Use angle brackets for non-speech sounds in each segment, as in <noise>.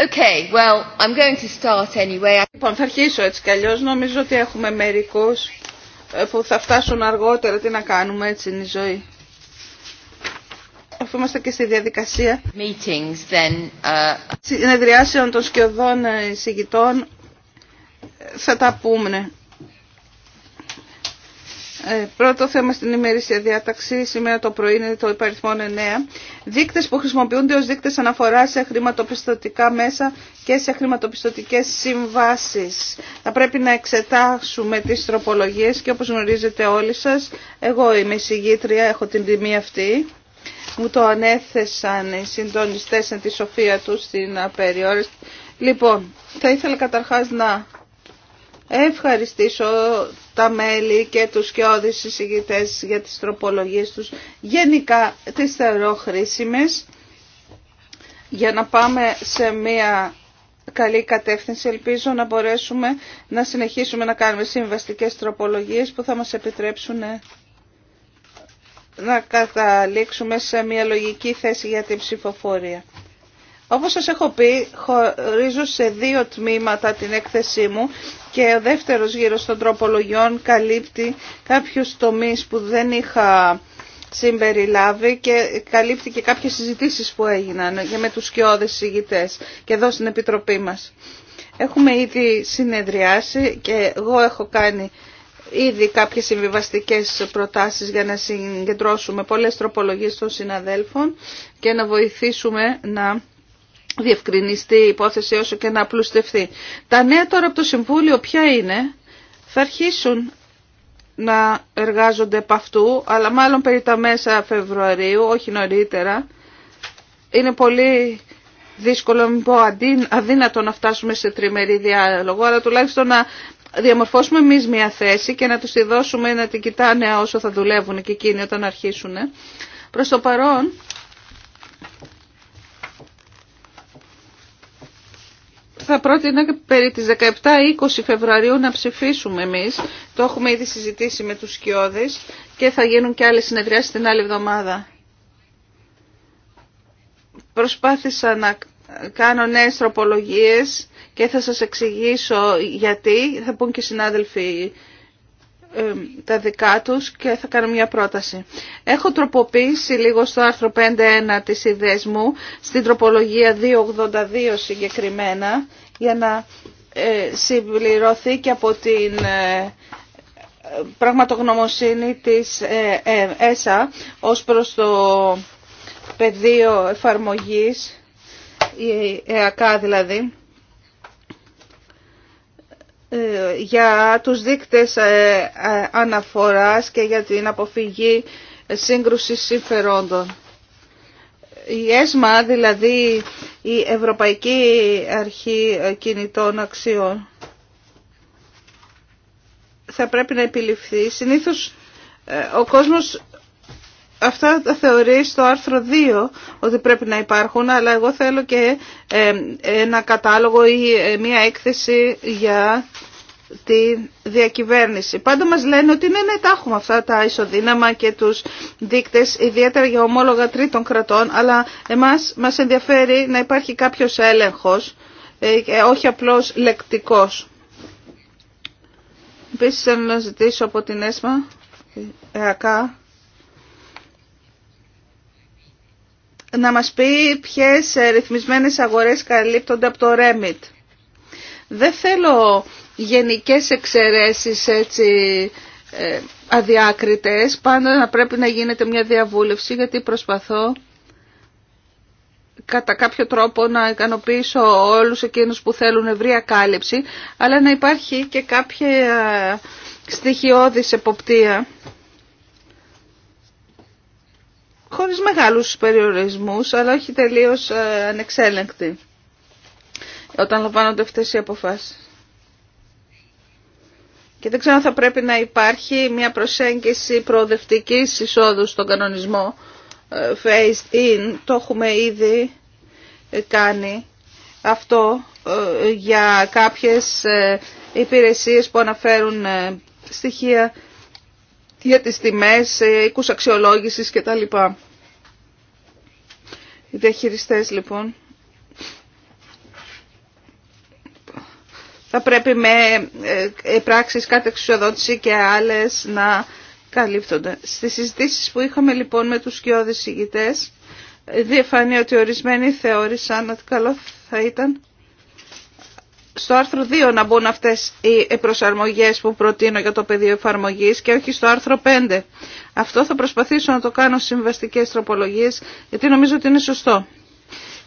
Okay, well, I'm going to start anyway. Λοιπόν, θα αρχίσω έτσι κι αλλιώς. Νομίζω ότι έχουμε μερικούς ε, που θα φτάσουν αργότερα. Τι να κάνουμε, έτσι είναι η ζωή. Αφού είμαστε και στη διαδικασία Meetings, then, uh... συνεδριάσεων των σκιωδών εισηγητών, ε, θα τα πούμε. Ε, πρώτο θέμα στην ημερήσια διάταξη σήμερα το πρωί είναι το υπαριθμό 9. Δείκτες που χρησιμοποιούνται ως δείκτες αναφορά σε χρηματοπιστωτικά μέσα και σε χρηματοπιστωτικές συμβάσεις. Θα πρέπει να εξετάσουμε τις τροπολογίες και όπως γνωρίζετε όλοι σας, εγώ είμαι η συγγήτρια, έχω την τιμή αυτή. Μου το ανέθεσαν οι συντονιστές εν τη σοφία του στην απεριόριστη. Λοιπόν, θα ήθελα καταρχάς να ευχαριστήσω τα μέλη και τους σκιώδεις για τις τροπολογίες τους. Γενικά τις θεωρώ χρήσιμες για να πάμε σε μια καλή κατεύθυνση. Ελπίζω να μπορέσουμε να συνεχίσουμε να κάνουμε συμβαστικές τροπολογίες που θα μας επιτρέψουν να καταλήξουμε σε μια λογική θέση για την ψηφοφορία. Όπως σας έχω πει, χωρίζω σε δύο τμήματα την έκθεσή μου και ο δεύτερος γύρος των τροπολογιών καλύπτει κάποιους τομείς που δεν είχα συμπεριλάβει και καλύπτει και κάποιες συζητήσεις που έγιναν και με τους σκιώδες συγητές και εδώ στην Επιτροπή μας. Έχουμε ήδη συνεδριάσει και εγώ έχω κάνει ήδη κάποιες συμβιβαστικές προτάσεις για να συγκεντρώσουμε πολλές τροπολογίες των συναδέλφων και να βοηθήσουμε να διευκρινιστεί η υπόθεση όσο και να απλουστευτεί. Τα νέα τώρα από το Συμβούλιο ποια είναι, θα αρχίσουν να εργάζονται επ' αυτού, αλλά μάλλον περί τα μέσα Φεβρουαρίου, όχι νωρίτερα. Είναι πολύ δύσκολο, μην πω, αδύνατο να φτάσουμε σε τριμερή διάλογο, αλλά τουλάχιστον να διαμορφώσουμε εμεί μια θέση και να τους τη δώσουμε να την κοιτάνε όσο θα δουλεύουν και εκείνοι όταν αρχίσουν. Προς το παρόν, θα πρότεινα περί τις 17-20 Φεβρουαρίου να ψηφίσουμε εμείς. Το έχουμε ήδη συζητήσει με τους σκιώδες και θα γίνουν και άλλες συνεδριάσεις την άλλη εβδομάδα. Προσπάθησα να κάνω νέες τροπολογίες και θα σας εξηγήσω γιατί. Θα πούν και οι συνάδελφοι τα δικά τους και θα κάνω μια πρόταση. Έχω τροποποιήσει λίγο στο άρθρο 5.1 της ιδέας μου, στην τροπολογία 282 συγκεκριμένα, για να ε, συμπληρωθεί και από την ε, πραγματογνωμοσύνη της ε, ΕΣΑ ως προς το πεδίο εφαρμογής, η ΕΑΚΑ δηλαδή, ε, για τους δείκτες ε, ε, αναφοράς και για την αποφυγή σύγκρουσης συμφερόντων. Η ΕΣΜΑ, δηλαδή η Ευρωπαϊκή Αρχή Κινητών Αξιών, θα πρέπει να επιληφθεί. Συνήθως ο κόσμος Αυτά τα θεωρεί στο άρθρο 2 ότι πρέπει να υπάρχουν, αλλά εγώ θέλω και ε, ένα κατάλογο ή ε, μία έκθεση για τη διακυβέρνηση. Πάντα μας λένε ότι ναι, ναι, τα έχουμε αυτά τα ισοδύναμα και τους δείκτες, ιδιαίτερα για ομόλογα τρίτων κρατών, αλλά εμάς μας ενδιαφέρει να υπάρχει κάποιος έλεγχος, ε, και όχι απλώς λεκτικός. Επίσης θέλω να ζητήσω από την ΕΣΜΑ, ΕΑΚΑ, να μας πει ποιες ε, ρυθμισμένες αγορές καλύπτονται από το REMIT. Δεν θέλω γενικές εξαιρέσεις έτσι ε, αδιάκριτες, πάντα να πρέπει να γίνεται μια διαβούλευση γιατί προσπαθώ κατά κάποιο τρόπο να ικανοποιήσω όλους εκείνους που θέλουν ευρία κάλυψη, αλλά να υπάρχει και κάποια στοιχειώδης εποπτεία χωρίς μεγάλους περιορισμούς, αλλά όχι τελείως ε, ανεξέλεγκτη όταν λαμβάνονται αυτές οι αποφάσεις. Και δεν ξέρω αν θα πρέπει να υπάρχει μια προσέγγιση προοδευτικής εισόδου στον κανονισμό ε, phased in. Το έχουμε ήδη ε, κάνει αυτό για κάποιες υπηρεσίες που αναφέρουν στοιχεία για τις τιμές, οίκους αξιολόγησης κτλ. Οι διαχειριστές λοιπόν θα πρέπει με ε, ε, πράξεις κάτω εξουσιοδότηση και άλλες να καλύπτονται. Στις συζητήσεις που είχαμε λοιπόν με τους σκιώδεις ηγητές, διεφανεί ότι ορισμένοι θεώρησαν ότι καλό θα ήταν στο άρθρο 2 να μπουν αυτές οι προσαρμογές που προτείνω για το πεδίο εφαρμογής και όχι στο άρθρο 5. Αυτό θα προσπαθήσω να το κάνω στις συμβαστικές τροπολογίες γιατί νομίζω ότι είναι σωστό.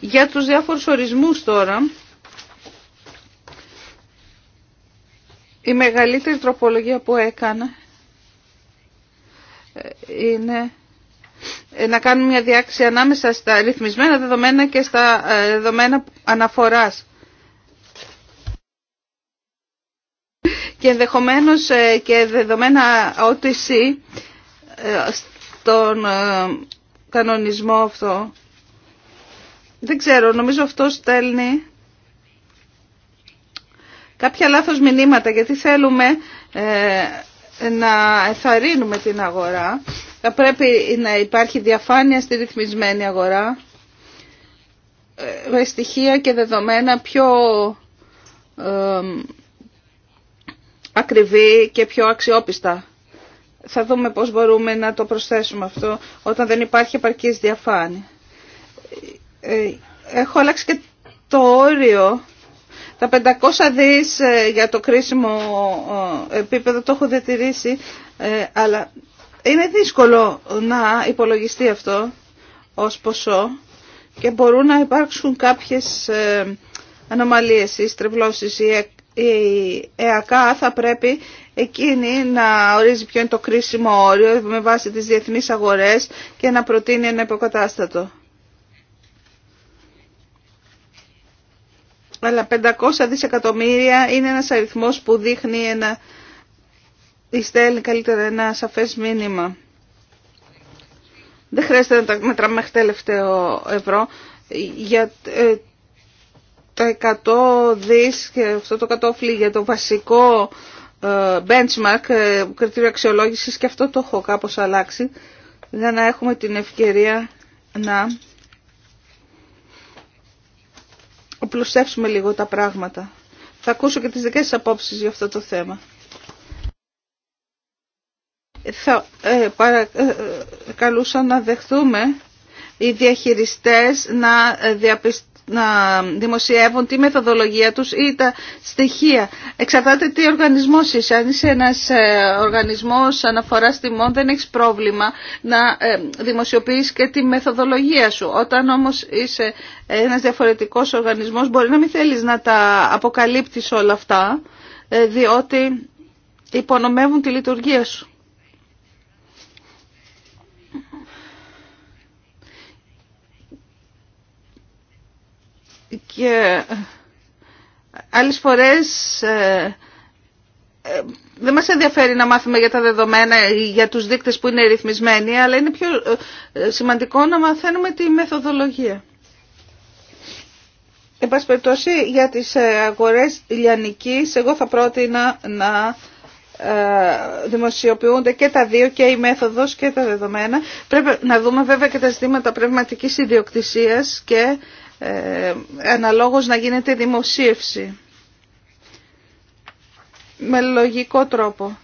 Για τους διάφορους ορισμούς τώρα, η μεγαλύτερη τροπολογία που έκανα ε, είναι ε, να κάνουμε μια διάκριση ανάμεσα στα ρυθμισμένα δεδομένα και στα ε, δεδομένα αναφοράς. και ενδεχομένως ε, και δεδομένα ότι ε, στον ε, κανονισμό αυτό. Δεν ξέρω, νομίζω αυτό στέλνει κάποια λάθος μηνύματα γιατί θέλουμε να εθαρρύνουμε την αγορά. Θα πρέπει να υπάρχει διαφάνεια στη ρυθμισμένη αγορά με στοιχεία και δεδομένα πιο ακριβή και πιο αξιόπιστα. Θα δούμε πώς μπορούμε να το προσθέσουμε αυτό όταν δεν υπάρχει επαρκής διαφάνεια. Ε, έχω αλλάξει και το όριο. Τα 500 δις ε, για το κρίσιμο ε, επίπεδο το έχω διατηρήσει, αλλά είναι δύσκολο να υπολογιστεί αυτό ως ποσό και μπορούν να υπάρξουν κάποιες ανομαλίες ή στρεβλώσεις η ΕΑΚΑ θα πρέπει εκείνη να ορίζει ποιο είναι το κρίσιμο όριο με βάση τις διεθνείς αγορές και να προτείνει ένα υποκατάστατο. Αλλά 500 δισεκατομμύρια είναι ένας αριθμός που δείχνει ένα, στέλνει καλύτερα ένα σαφές μήνυμα. Δεν χρειάζεται να τα μετράμε μέχρι τελευταίο ευρώ για ε, τα 100 δις και αυτό το κατόφλι για το βασικό ε, benchmark, ε, κριτήριο αξιολόγησης και αυτό το έχω κάπως αλλάξει για να έχουμε την ευκαιρία να οπλουστεύσουμε λίγο τα πράγματα. Θα ακούσω και τις δικές σας απόψεις για αυτό το θέμα. Θα ε, παρακαλούσα ε, να δεχθούμε οι διαχειριστές να διαπιστώσουν να δημοσιεύουν τη μεθοδολογία τους ή τα στοιχεία. Εξαρτάται τι οργανισμός είσαι. Αν είσαι ένας ε, οργανισμός αναφοράς τιμών δεν έχεις πρόβλημα να ε, δημοσιοποιείς και τη μεθοδολογία σου. Όταν όμως είσαι ένας διαφορετικός οργανισμός μπορεί να μην θέλεις να τα αποκαλύπτεις όλα αυτά ε, διότι υπονομεύουν τη λειτουργία σου. και άλλες φορές ε, ε, δεν μας ενδιαφέρει να μάθουμε για τα δεδομένα ή για τους δείκτες που είναι ρυθμισμένοι, αλλά είναι πιο ε, σημαντικό να μαθαίνουμε τη μεθοδολογία. Εν πάση περιπτώσει, για τις αγορές λιανικής, εγώ θα πρότεινα να δημοσιοποιούνται και τα δύο, και η μέθοδος και τα δεδομένα. Πρέπει να δούμε βέβαια και τα ζητήματα πνευματικής ιδιοκτησίας και ε, αναλόγως να γίνεται δημοσίευση με λογικό τρόπο.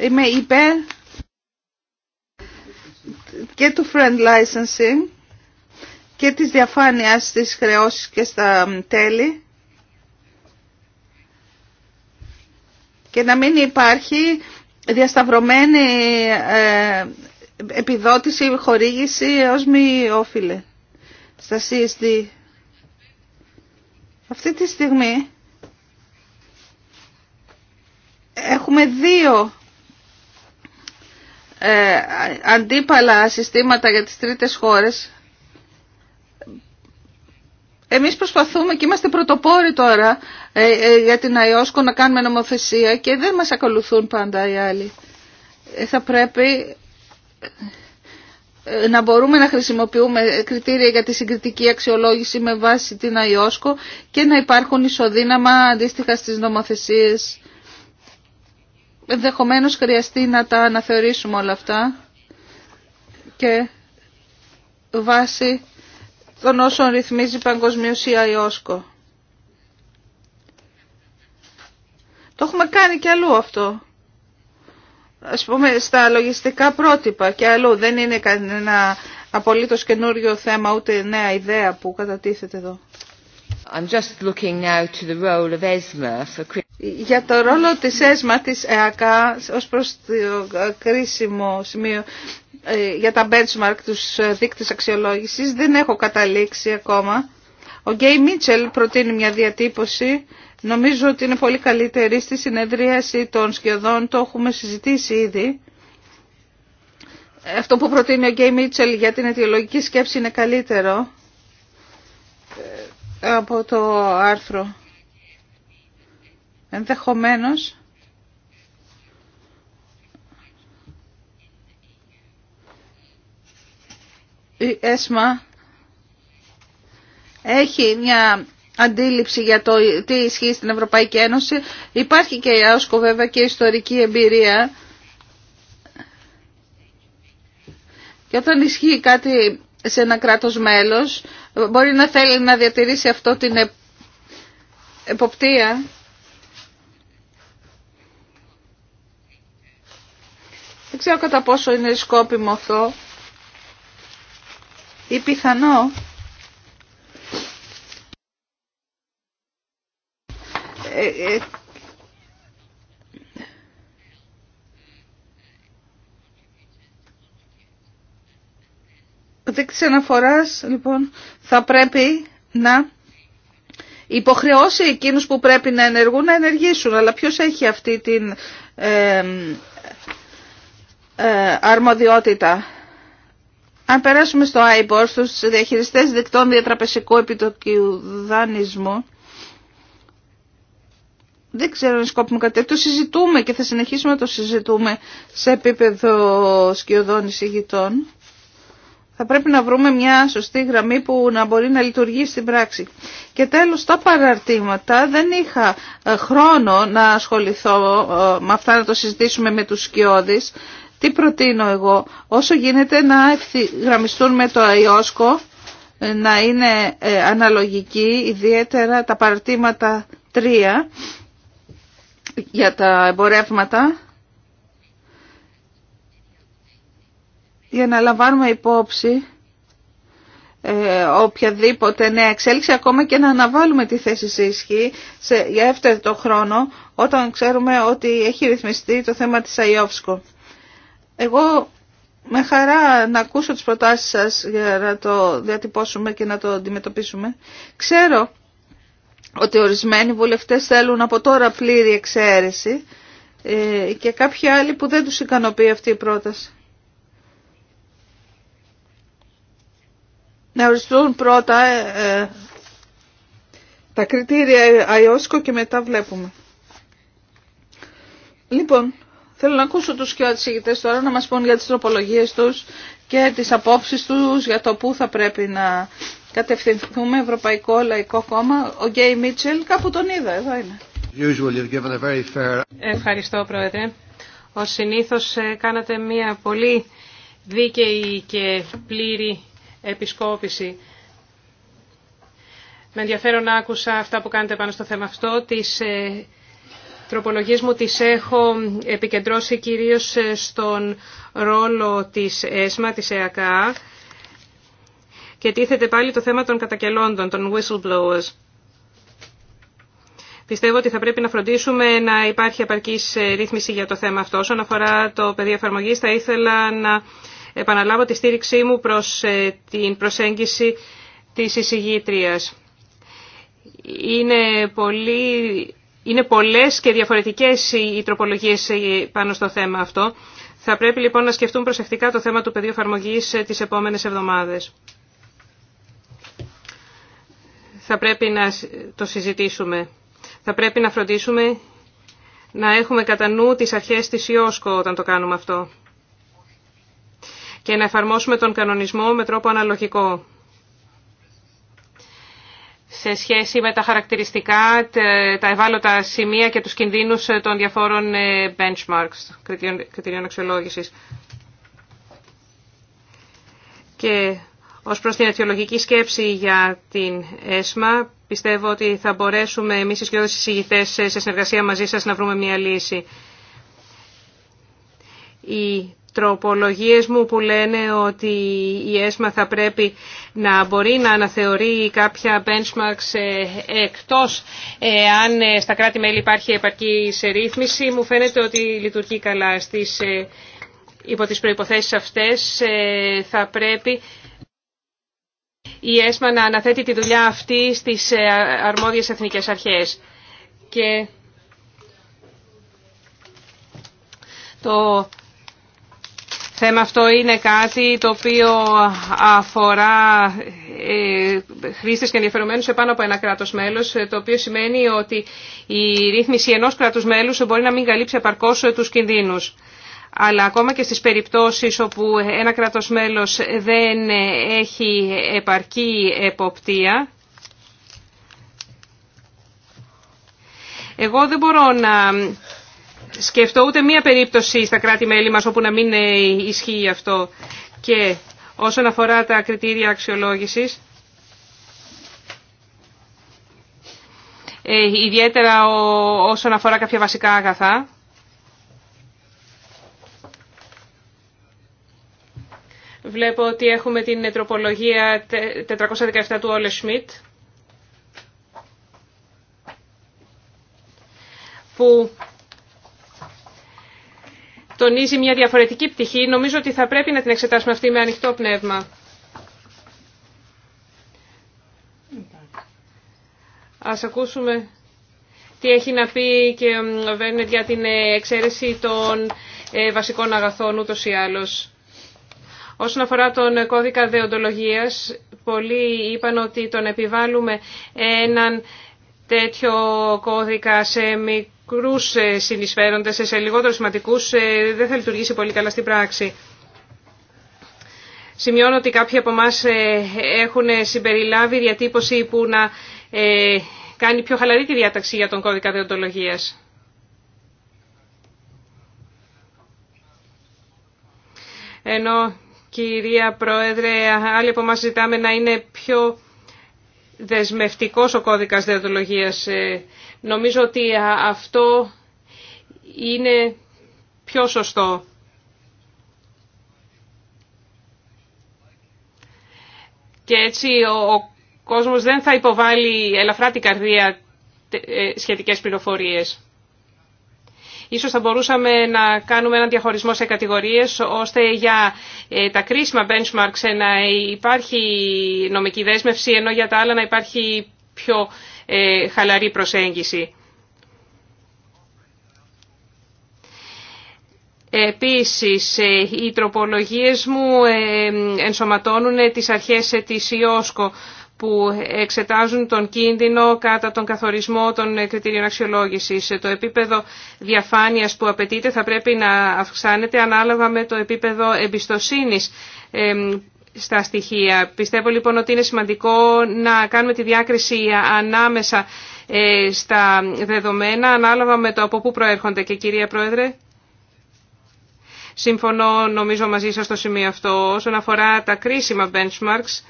Είμαι υπέρ και του friend licensing και της διαφάνειας της χρεώσεις και στα τέλη και να μην υπάρχει διασταυρωμένη ε, επιδότηση χορήγηση έως μη όφιλε στα CSD. Αυτή τη στιγμή έχουμε δύο ε, αντίπαλα συστήματα για τις τρίτες χώρες. Εμείς προσπαθούμε και είμαστε πρωτοπόροι τώρα ε, ε για την ΑΙΟΣΚΟ να κάνουμε νομοθεσία και δεν μας ακολουθούν πάντα οι άλλοι. Ε, θα πρέπει να μπορούμε να χρησιμοποιούμε κριτήρια για τη συγκριτική αξιολόγηση με βάση την ΑΙΟΣΚΟ και να υπάρχουν ισοδύναμα αντίστοιχα στις νομοθεσίες. Ενδεχομένως χρειαστεί να τα αναθεωρήσουμε όλα αυτά και βάση των όσων ρυθμίζει παγκοσμίω η ΑΙΟΣΚΟ. Το έχουμε κάνει και αλλού αυτό ας πούμε, στα λογιστικά πρότυπα και αλλού. Δεν είναι κανένα απολύτως καινούριο θέμα, ούτε νέα ιδέα που κατατίθεται εδώ. Για το ρόλο της ΕΣΜΑ, της ΕΑΚΑ, ως προς το κρίσιμο σημείο ε, για τα benchmark, τους δείκτες αξιολόγησης, δεν έχω καταλήξει ακόμα. Ο Γκέι Μίτσελ προτείνει μια διατύπωση Νομίζω ότι είναι πολύ καλύτερη στη συνεδρίαση των σχεδόν, το έχουμε συζητήσει ήδη. Αυτό που προτείνει ο Γκέι Μίτσελ για την αιτιολογική σκέψη είναι καλύτερο ε, από το άρθρο. Ενδεχομένως... Η ΕΣΜΑ έχει μια αντίληψη για το τι ισχύει στην Ευρωπαϊκή Ένωση. Υπάρχει και η Άσκο βέβαια και η ιστορική εμπειρία. Και όταν ισχύει κάτι σε ένα κράτος μέλος, μπορεί να θέλει να διατηρήσει αυτό την εποπτεία. Δεν ξέρω κατά πόσο είναι σκόπιμο αυτό ή πιθανό Ο ε, ε, δείκτης αναφοράς λοιπόν θα πρέπει να υποχρεώσει εκείνους που πρέπει να ενεργούν να ενεργήσουν. Αλλά ποιος έχει αυτή την ε, αρμοδιότητα. Αν περάσουμε στο IBOR, στους διαχειριστές δικτών διατραπεζικού επιτοκίου δεν ξέρω αν σκόπιμο κάτι Το συζητούμε και θα συνεχίσουμε να το συζητούμε σε επίπεδο σκιωδών εισηγητών. Θα πρέπει να βρούμε μια σωστή γραμμή που να μπορεί να λειτουργεί στην πράξη. Και τέλος, τα παραρτήματα δεν είχα ε, χρόνο να ασχοληθώ ε, με αυτά να το συζητήσουμε με τους σκιώδεις. Τι προτείνω εγώ, όσο γίνεται να γραμμιστούν με το ΑΙΟΣΚΟ, ε, να είναι αναλογική, ιδιαίτερα τα παραρτήματα 3 για τα εμπορεύματα για να λαμβάνουμε υπόψη ε, οποιαδήποτε νέα εξέλιξη, ακόμα και να αναβάλουμε τη θέση σε ισχύ σε, για χρόνο, όταν ξέρουμε ότι έχει ρυθμιστεί το θέμα της ΑΙΟΦΣΚΟ. Εγώ με χαρά να ακούσω τις προτάσεις σας για να το διατυπώσουμε και να το αντιμετωπίσουμε. Ξέρω ότι ορισμένοι βουλευτές θέλουν από τώρα πλήρη εξαίρεση ε, και κάποιοι άλλοι που δεν τους ικανοποιεί αυτή η πρόταση. Να οριστούν πρώτα ε, ε, τα κριτήρια αιώσκο και μετά βλέπουμε. Λοιπόν, θέλω να ακούσω τους και τώρα να μας πούν για τις τροπολογίες τους και τις απόψεις τους για το πού θα πρέπει να κατευθυνθούμε Ευρωπαϊκό Λαϊκό Κόμμα. Ο Γκέι Μίτσελ, κάπου τον είδα, εδώ είναι. Ευχαριστώ, Πρόεδρε. Ο συνήθω ε, κάνατε μια πολύ δίκαιη και πλήρη επισκόπηση. Με ενδιαφέρον άκουσα αυτά που κάνετε πάνω στο θέμα αυτό. Της ε, τροπολογίε μου τις έχω επικεντρώσει κυρίως ε, στον ρόλο της ΕΣΜΑ, τη ΕΑΚΑ και τίθεται πάλι το θέμα των κατακελώντων, των whistleblowers. Πιστεύω ότι θα πρέπει να φροντίσουμε να υπάρχει επαρκής ε, ρύθμιση για το θέμα αυτό. Όσον αφορά το πεδίο εφαρμογή, θα ήθελα να επαναλάβω τη στήριξή μου προς ε, την προσέγγιση της εισηγήτριας. Είναι, πολύ... Είναι πολλές και διαφορετικές οι τροπολογίες ε, πάνω στο θέμα αυτό. Θα πρέπει λοιπόν να σκεφτούν προσεκτικά το θέμα του πεδίου εφαρμογή τις επόμενες εβδομάδες θα πρέπει να το συζητήσουμε. Θα πρέπει να φροντίσουμε να έχουμε κατά νου τις αρχές της ΙΟΣΚΟ όταν το κάνουμε αυτό και να εφαρμόσουμε τον κανονισμό με τρόπο αναλογικό σε σχέση με τα χαρακτηριστικά, τα ευάλωτα σημεία και τους κινδύνους ε, των διαφόρων ε, benchmarks, κριτηρίων αξιολόγησης. Και ως προς την αιτιολογική σκέψη για την ΕΣΜΑ, πιστεύω ότι θα μπορέσουμε εμείς οι σκιώδες συζητητές σε συνεργασία μαζί σας να βρούμε μια λύση. Οι τροπολογίες μου που λένε ότι η ΕΣΜΑ θα πρέπει να μπορεί να αναθεωρεί κάποια benchmarks ε, εκτός ε, αν ε, στα κράτη-μέλη υπάρχει επαρκή σε ρύθμιση, μου φαίνεται ότι λειτουργεί καλά. Στις, υπό τις προϋποθέσεις αυτές θα πρέπει η ΕΣΜΑ να αναθέτει τη δουλειά αυτή στις ε, αρμόδιες εθνικές αρχές. Και το θέμα αυτό είναι κάτι το οποίο αφορά ε, χρήστες και ενδιαφερομένους σε πάνω από ένα κράτος μέλος, ε, το οποίο σημαίνει ότι η ρύθμιση ενός κράτους μέλους μπορεί να μην καλύψει επαρκώς τους κινδύνους αλλά ακόμα και στις περιπτώσεις όπου ένα κράτος μέλος δεν έχει επαρκή εποπτεία, εγώ δεν μπορώ να σκεφτώ ούτε μία περίπτωση στα κράτη-μέλη μας όπου να μην ισχύει αυτό. Και όσον αφορά τα κριτήρια αξιολόγησης, ε, ιδιαίτερα όσον αφορά κάποια βασικά αγαθά, Βλέπω ότι έχουμε την τροπολογία 417 του Όλε Σμιτ. που τονίζει μια διαφορετική πτυχή. Νομίζω ότι θα πρέπει να την εξετάσουμε αυτή με ανοιχτό πνεύμα. Ας ακούσουμε τι έχει να πει και ο Βέρνετ για την ε, εξαίρεση των ε, βασικών αγαθών ούτως ή άλλως. Όσον αφορά τον κώδικα δεοντολογίας, πολλοί είπαν ότι τον επιβάλλουμε έναν τέτοιο κώδικα σε μικρούς ε, συνεισφέροντες, σε λιγότερο σημαντικούς, ε, δεν θα λειτουργήσει πολύ καλά στην πράξη. Σημειώνω ότι κάποιοι από εμάς ε, έχουν συμπεριλάβει διατύπωση που να κάνει πιο χαλαρή τη διάταξη για τον κώδικα δεοντολογίας. Κυρία Πρόεδρε, άλλοι από εμάς ζητάμε να είναι πιο δεσμευτικός ο κώδικας δεοντολογίας. Ε, νομίζω ότι αυτό είναι πιο σωστό. Και έτσι ο, ο κόσμος δεν θα υποβάλει ελαφρά την καρδία ε, σχετικές πληροφορίες. Ίσως θα μπορούσαμε να κάνουμε έναν διαχωρισμό σε κατηγορίες ώστε για ε, τα κρίσιμα benchmarks να υπάρχει νομική δέσμευση ενώ για τα άλλα να υπάρχει πιο ε, χαλαρή προσέγγιση. Επίσης, ε, οι τροπολογίες μου ενσωματώνουν τις αρχές της ΙΟΣΚΟ που εξετάζουν τον κίνδυνο κατά τον καθορισμό των κριτηρίων αξιολόγησης. Το επίπεδο διαφάνειας που απαιτείται θα πρέπει να αυξάνεται ανάλογα με το επίπεδο εμπιστοσύνης στα στοιχεία. Πιστεύω λοιπόν ότι είναι σημαντικό να κάνουμε τη διάκριση ανάμεσα ε, στα δεδομένα ανάλογα με το από πού προέρχονται. Και κυρία Πρόεδρε, συμφωνώ νομίζω μαζί σας στο σημείο αυτό όσον αφορά τα κρίσιμα benchmarks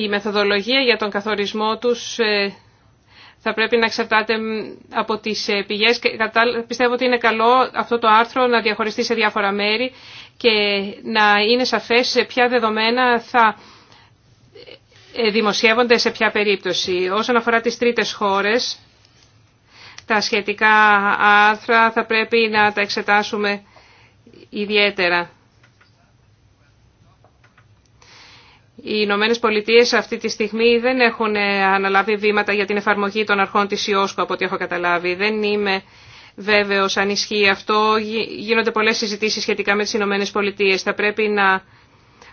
Η μεθοδολογία για τον καθορισμό τους ε, θα πρέπει να εξαρτάται από τις ε, πηγές. Πιστεύω ότι είναι καλό αυτό το άρθρο να διαχωριστεί σε διάφορα μέρη και να είναι σαφές σε ποια δεδομένα θα ε, δημοσιεύονται σε ποια περίπτωση. Όσον αφορά τις τρίτες χώρες, τα σχετικά άρθρα θα πρέπει να τα εξετάσουμε ιδιαίτερα. Οι Ηνωμένε Πολιτείε αυτή τη στιγμή δεν έχουν ε, αναλάβει βήματα για την εφαρμογή των αρχών της ΙΟΣΚΟ από ό,τι έχω καταλάβει. Δεν είμαι βέβαιος αν ισχύει αυτό. Γίνονται πολλές συζητήσεις σχετικά με τις Ηνωμένε Πολιτείε. Θα πρέπει να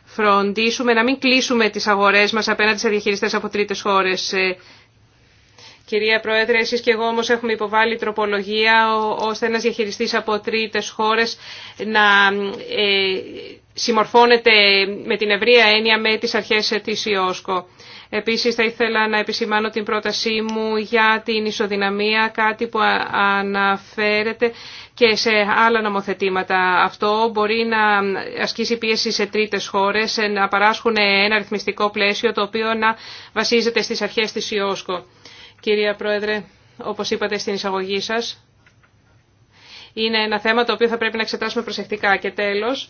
φροντίσουμε να μην κλείσουμε τις αγορές μας απέναντι σε διαχειριστές από τρίτες χώρες. Ε, κυρία Πρόεδρε, εσείς και εγώ όμως έχουμε υποβάλει τροπολογία ώστε ένας διαχειριστής από τρίτες χώρες να ε, συμμορφώνεται με την ευρεία έννοια με τις αρχές της ΙΟΣΚΟ. Επίσης θα ήθελα να επισημάνω την πρότασή μου για την ισοδυναμία, κάτι που αναφέρεται και σε άλλα νομοθετήματα. Αυτό μπορεί να ασκήσει πίεση σε τρίτες χώρες, να παράσχουν ένα ρυθμιστικό πλαίσιο το οποίο να βασίζεται στις αρχές της ΙΟΣΚΟ. Κυρία Πρόεδρε, όπως είπατε στην εισαγωγή σας, είναι ένα θέμα το οποίο θα πρέπει να εξετάσουμε προσεκτικά. Και τέλος,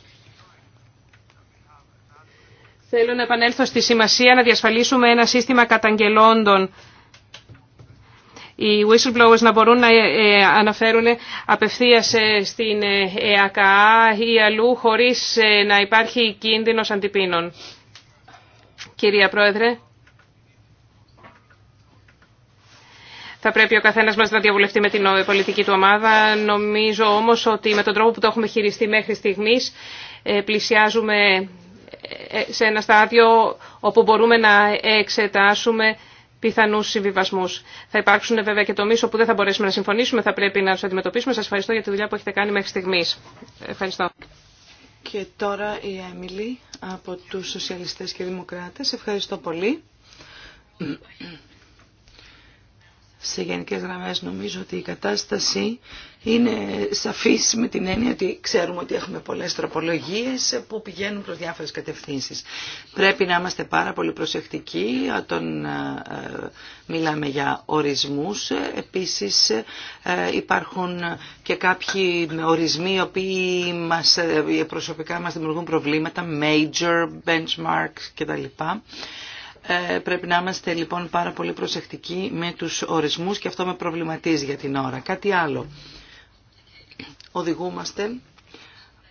Θέλω να επανέλθω στη σημασία να διασφαλίσουμε ένα σύστημα καταγγελόντων. Οι whistleblowers να μπορούν να ε, ε, αναφέρουν απευθείας ε, στην ΕΑΚΑ ή αλλού χωρίς να υπάρχει κίνδυνος αντιπίνων. Κυρία Πρόεδρε. Θα πρέπει ο καθένα μα να διαβουλευτεί με την πολιτική του ομάδα. Νομίζω όμω ότι με τον τρόπο που το έχουμε χειριστεί μέχρι στιγμή πλησιάζουμε ε, σε ένα στάδιο όπου μπορούμε να εξετάσουμε πιθανού συμβιβασμού. Θα υπάρξουν βέβαια και τομεί όπου δεν θα μπορέσουμε να συμφωνήσουμε, θα πρέπει να του αντιμετωπίσουμε. Σα ευχαριστώ για τη δουλειά που έχετε κάνει μέχρι στιγμή. Ευχαριστώ. Και τώρα η Έμιλη από του σοσιαλιστέ και δημοκράτε. Ευχαριστώ πολύ σε γενικές γραμμές νομίζω ότι η κατάσταση είναι σαφής με την έννοια ότι ξέρουμε ότι έχουμε πολλές τροπολογίες που πηγαίνουν προς διάφορες κατευθύνσεις. Πρέπει να είμαστε πάρα πολύ προσεκτικοί όταν ε, ε, μιλάμε για ορισμούς. Επίσης ε, υπάρχουν και κάποιοι ορισμοί οι οποίοι μας, προσωπικά μας δημιουργούν προβλήματα, major benchmarks κτλ. Ε, πρέπει να είμαστε λοιπόν πάρα πολύ προσεκτικοί με τους ορισμούς και αυτό με προβληματίζει για την ώρα. Κάτι άλλο. Οδηγούμαστε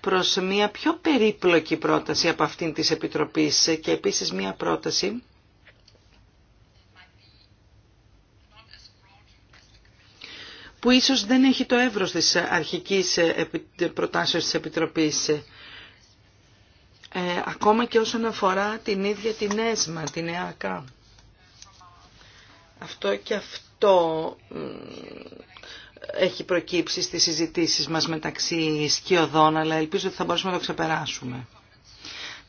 προς μια πιο περίπλοκη πρόταση από αυτήν της Επιτροπής και επίσης μια πρόταση που ίσως δεν έχει το εύρος της αρχικής προτάσεως της Επιτροπής. Ε, ακόμα και όσον αφορά την ίδια την ΕΣΜΑ, την ΕΑΚΑ. Αυτό και αυτό έχει προκύψει στις συζητήσεις μας μεταξύ σκιωδών, αλλά ελπίζω ότι θα μπορέσουμε να το ξεπεράσουμε.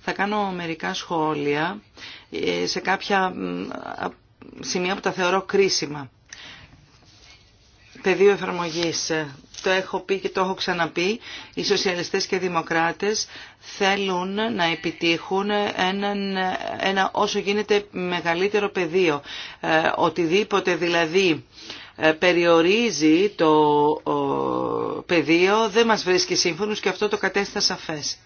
Θα κάνω μερικά σχόλια ε, σε κάποια σημεία που τα θεωρώ κρίσιμα πεδίο εφαρμογής. Το έχω πει και το έχω ξαναπεί, οι σοσιαλιστές και οι δημοκράτες θέλουν να επιτύχουν έναν, ένα όσο γίνεται μεγαλύτερο πεδίο. Ε, οτιδήποτε δηλαδή ε, περιορίζει το πεδίο δεν μας βρίσκει σύμφωνος και αυτό το κατέστα σαφές.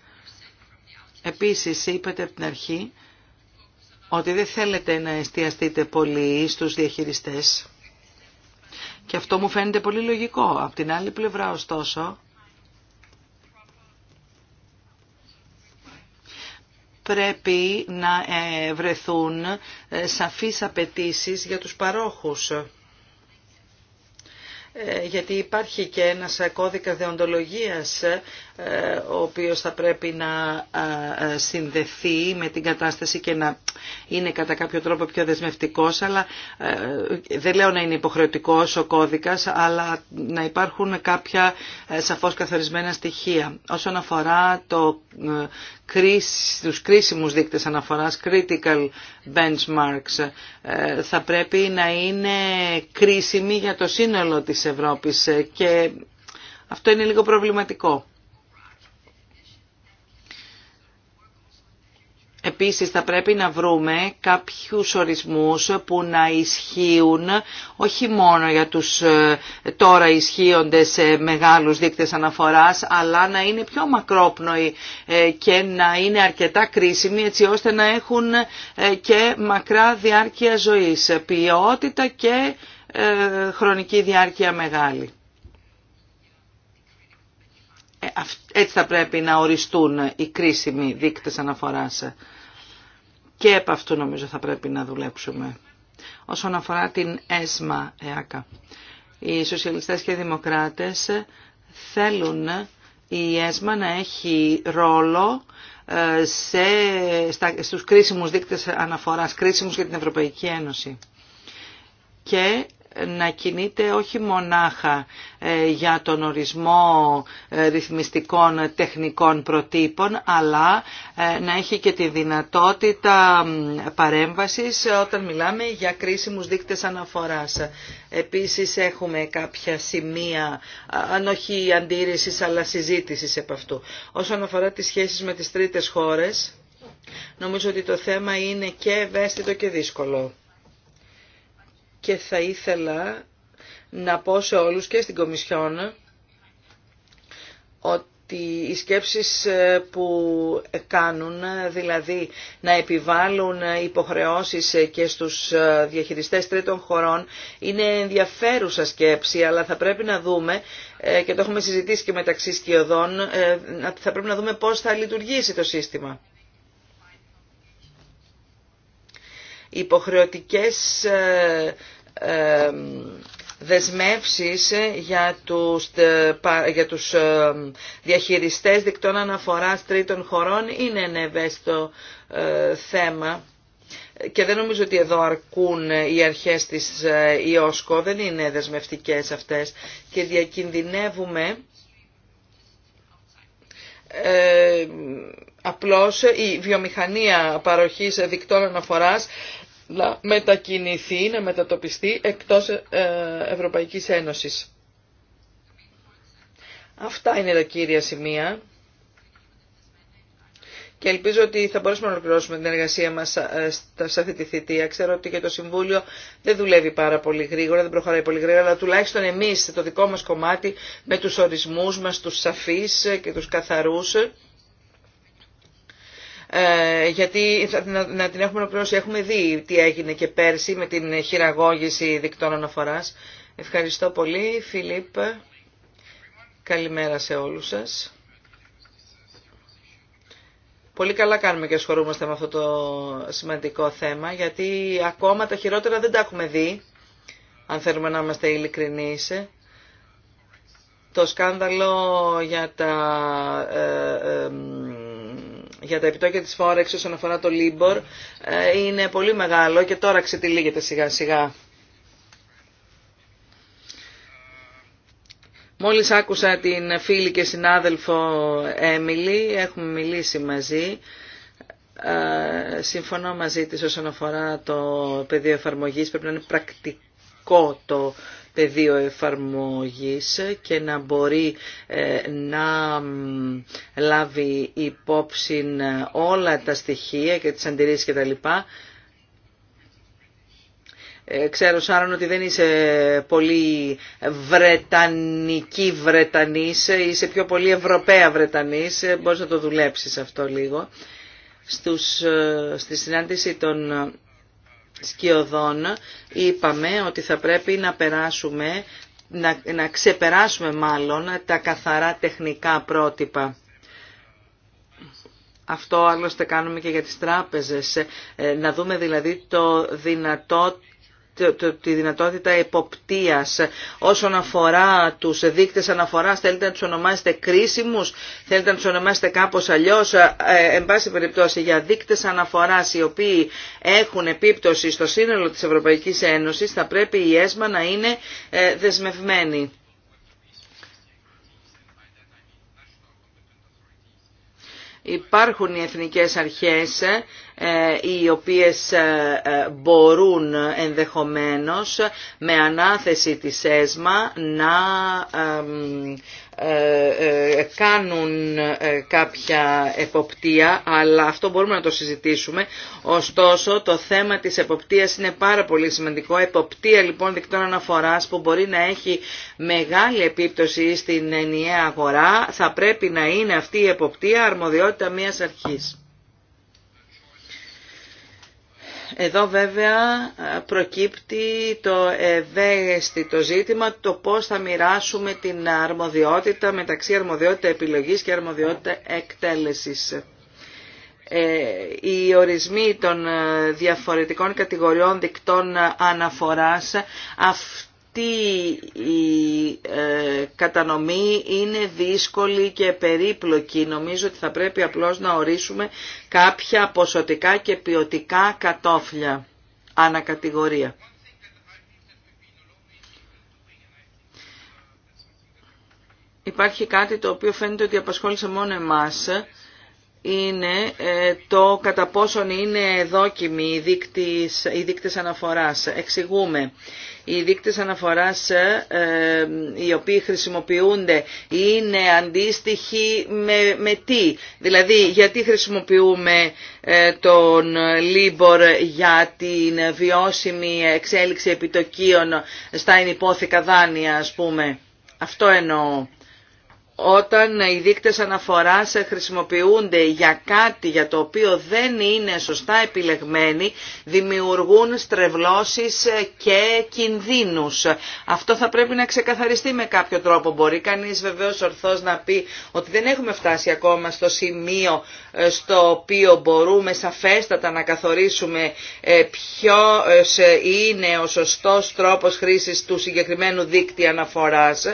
Επίσης είπατε από την αρχή ότι δεν θέλετε να εστιαστείτε πολύ στους διαχειριστές και αυτό μου φαίνεται πολύ λογικό. Απ' την άλλη πλευρά ωστόσο, πρέπει να ε, βρεθούν ε, σαφείς απαιτήσει για τους παρόχους. Ε, γιατί υπάρχει και ένας κώδικας δεοντολογίας ο οποίος θα πρέπει να συνδεθεί με την κατάσταση και να είναι κατά κάποιο τρόπο πιο δεσμευτικός, αλλά ε, δεν λέω να είναι υποχρεωτικός ο κώδικας, αλλά να υπάρχουν κάποια ε, σαφώς καθορισμένα στοιχεία. Όσον αφορά το, ε, τους κρίσιμους δείκτες αναφοράς, critical benchmarks, θα πρέπει να είναι κρίσιμοι για το σύνολο της Ευρώπης και αυτό είναι λίγο προβληματικό. Επίσης θα πρέπει να βρούμε κάποιους ορισμούς που να ισχύουν όχι μόνο για τους ε, τώρα ισχύοντες μεγάλους δείκτες αναφοράς αλλά να είναι πιο μακρόπνοοι ε, και να είναι αρκετά κρίσιμοι έτσι ώστε να έχουν ε, και μακρά διάρκεια ζωής, ποιότητα και χρονική διάρκεια μεγάλη. Έτσι θα πρέπει να οριστούν οι κρίσιμοι δείκτες αναφοράς. Και επ' αυτού νομίζω θα πρέπει να δουλέψουμε. Όσον αφορά την ΕΣΜΑ ΕΑΚΑ, οι σοσιαλιστές και οι δημοκράτες θέλουν η ΕΣΜΑ να έχει ρόλο ε, σε, στα, στους κρίσιμους δείκτες αναφοράς, κρίσιμους για την Ευρωπαϊκή Ένωση. Και να κινείται όχι μονάχα ε, για τον ορισμό ε, ρυθμιστικών τεχνικών προτύπων, αλλά ε, να έχει και τη δυνατότητα παρέμβασης όταν μιλάμε για κρίσιμους δείκτες αναφοράς. Επίσης έχουμε κάποια σημεία, αν όχι αντίρρησης, αλλά συζήτησης επ' αυτού. Όσον αφορά τις σχέσεις με τις τρίτες χώρες, νομίζω ότι το θέμα είναι και ευαίσθητο και δύσκολο και θα ήθελα να πω σε όλους και στην Κομισιόν ότι οι σκέψεις ε, που κάνουν, δηλαδή να επιβάλλουν υποχρεώσεις ε, και στους ε, διαχειριστές τρίτων χωρών, είναι ενδιαφέρουσα σκέψη, αλλά θα πρέπει να δούμε, και το έχουμε συζητήσει και μεταξύ σκιωδών, θα πρέπει να δούμε πώς θα λειτουργήσει το σύστημα. υποχρεωτικές ε, ε, δεσμεύσεις για τους, ε, για τους διαχειριστές δικτών αναφοράς τρίτων χωρών είναι ένα ευαίσθητο θέμα και δεν νομίζω ότι εδώ αρκούν οι αρχές της ΙΟΣΚΟ, δεν είναι δεσμευτικές αυτές και διακινδυνεύουμε ε, απλώς η βιομηχανία παροχής δικτών αναφοράς να μετακινηθεί, να μετατοπιστεί εκτός ε, Ευρωπαϊκής Ένωσης. Αυτά είναι τα κύρια σημεία και ελπίζω ότι θα μπορέσουμε να ολοκληρώσουμε την εργασία μας ε, σε αυτή τη θητεία. Ξέρω ότι και το Συμβούλιο δεν δουλεύει πάρα πολύ γρήγορα, δεν προχωράει πολύ γρήγορα, αλλά τουλάχιστον εμείς το δικό μας κομμάτι με τους ορισμούς μας, τους σαφείς και τους καθαρούς, ε, γιατί να, την έχουμε ολοκληρώσει. Έχουμε δει τι έγινε και πέρσι με την χειραγώγηση δικτών αναφοράς. Ευχαριστώ πολύ. Φιλίπ, καλημέρα σε όλους σας. Πολύ καλά κάνουμε και ασχολούμαστε με αυτό το σημαντικό θέμα, γιατί ακόμα τα χειρότερα δεν τα έχουμε δει, αν θέλουμε να είμαστε ειλικρινεί. Το σκάνδαλο για τα ε, ε, για τα επιτόκια της Forex όσον αφορά το Libor ε, είναι πολύ μεγάλο και τώρα ξετυλίγεται σιγά σιγά. Μόλις άκουσα την φίλη και συνάδελφο Έμιλη, έχουμε μιλήσει μαζί. Ε, συμφωνώ μαζί της όσον αφορά το πεδίο εφαρμογής, πρέπει να είναι πρακτικό το πεδίο εφαρμογής και να μπορεί ε, να λάβει υπόψη ε, όλα τα στοιχεία και τις αντιρρήσεις κτλ. Ε, ξέρω Σάρων ότι δεν είσαι πολύ Βρετανική Βρετανής, είσαι πιο πολύ Ευρωπαία Βρετανής, μπορείς να το δουλέψεις αυτό λίγο. Στους, στη συνάντηση των σκιωδών είπαμε ότι θα πρέπει να περάσουμε, να, ξεπεράσουμε μάλλον τα καθαρά τεχνικά πρότυπα. Αυτό άλλωστε κάνουμε και για τις τράπεζες. Ε, να δούμε δηλαδή το δυνατό τη δυνατότητα εποπτείας όσον αφορά τους δείκτες αναφοράς, θέλετε να τους ονομάσετε κρίσιμους, θέλετε να τους ονομάσετε κάπως αλλιώς, ε, εν πάση περιπτώσει για δείκτες αναφοράς οι οποίοι έχουν επίπτωση στο σύνολο της Ευρωπαϊκής Ένωσης θα πρέπει η ΕΣΜΑ να είναι ε, δεσμευμένη. Υπάρχουν οι εθνικές αρχές ε, οι οποίες ε, ε, μπορούν ενδεχομένως με ανάθεση της ΕΣΜΑ να ε, ε, κάνουν ε, κάποια εποπτεία, αλλά αυτό μπορούμε να το συζητήσουμε. Ωστόσο, το θέμα της εποπτείας είναι πάρα πολύ σημαντικό. Εποπτεία λοιπόν δικτών αναφοράς που μπορεί να έχει μεγάλη επίπτωση στην ενιαία αγορά, θα πρέπει να είναι αυτή η εποπτεία αρμοδιότητα μιας αρχής. Εδώ βέβαια προκύπτει το ευαίσθητο ζήτημα το πώς θα μοιράσουμε την αρμοδιότητα μεταξύ αρμοδιότητα επιλογής και αρμοδιότητα εκτέλεσης. Ε, οι ορισμοί των διαφορετικών κατηγοριών δικτών αναφοράς, αυτό η ε, κατανομή είναι δύσκολη και περίπλοκη. Νομίζω ότι θα πρέπει απλώς να ορίσουμε κάποια ποσοτικά και ποιοτικά κατόφλια ανακατηγορία. Υπάρχει κάτι το οποίο φαίνεται ότι απασχόλησε μόνο εμάς, είναι ε, το κατά πόσον είναι δόκιμοι οι, δείκτες, οι αναφοράς. Εξηγούμε οι δείκτες αναφοράς ε, ε, οι οποίοι χρησιμοποιούνται είναι αντίστοιχοι με, με τι. Δηλαδή γιατί χρησιμοποιούμε ε, τον Λίμπορ για την βιώσιμη εξέλιξη επιτοκίων στα ενυπόθηκα δάνεια ας πούμε. Αυτό εννοώ όταν οι δείκτες αναφοράς χρησιμοποιούνται για κάτι για το οποίο δεν είναι σωστά επιλεγμένοι, δημιουργούν στρεβλώσεις και κινδύνους. Αυτό θα πρέπει να ξεκαθαριστεί με κάποιο τρόπο. Μπορεί κανείς βεβαίως ορθώς να πει ότι δεν έχουμε φτάσει ακόμα στο σημείο ε, στο οποίο μπορούμε σαφέστατα να καθορίσουμε ε, ποιο ε, είναι ο σωστός τρόπος χρήσης του συγκεκριμένου δείκτη αναφοράς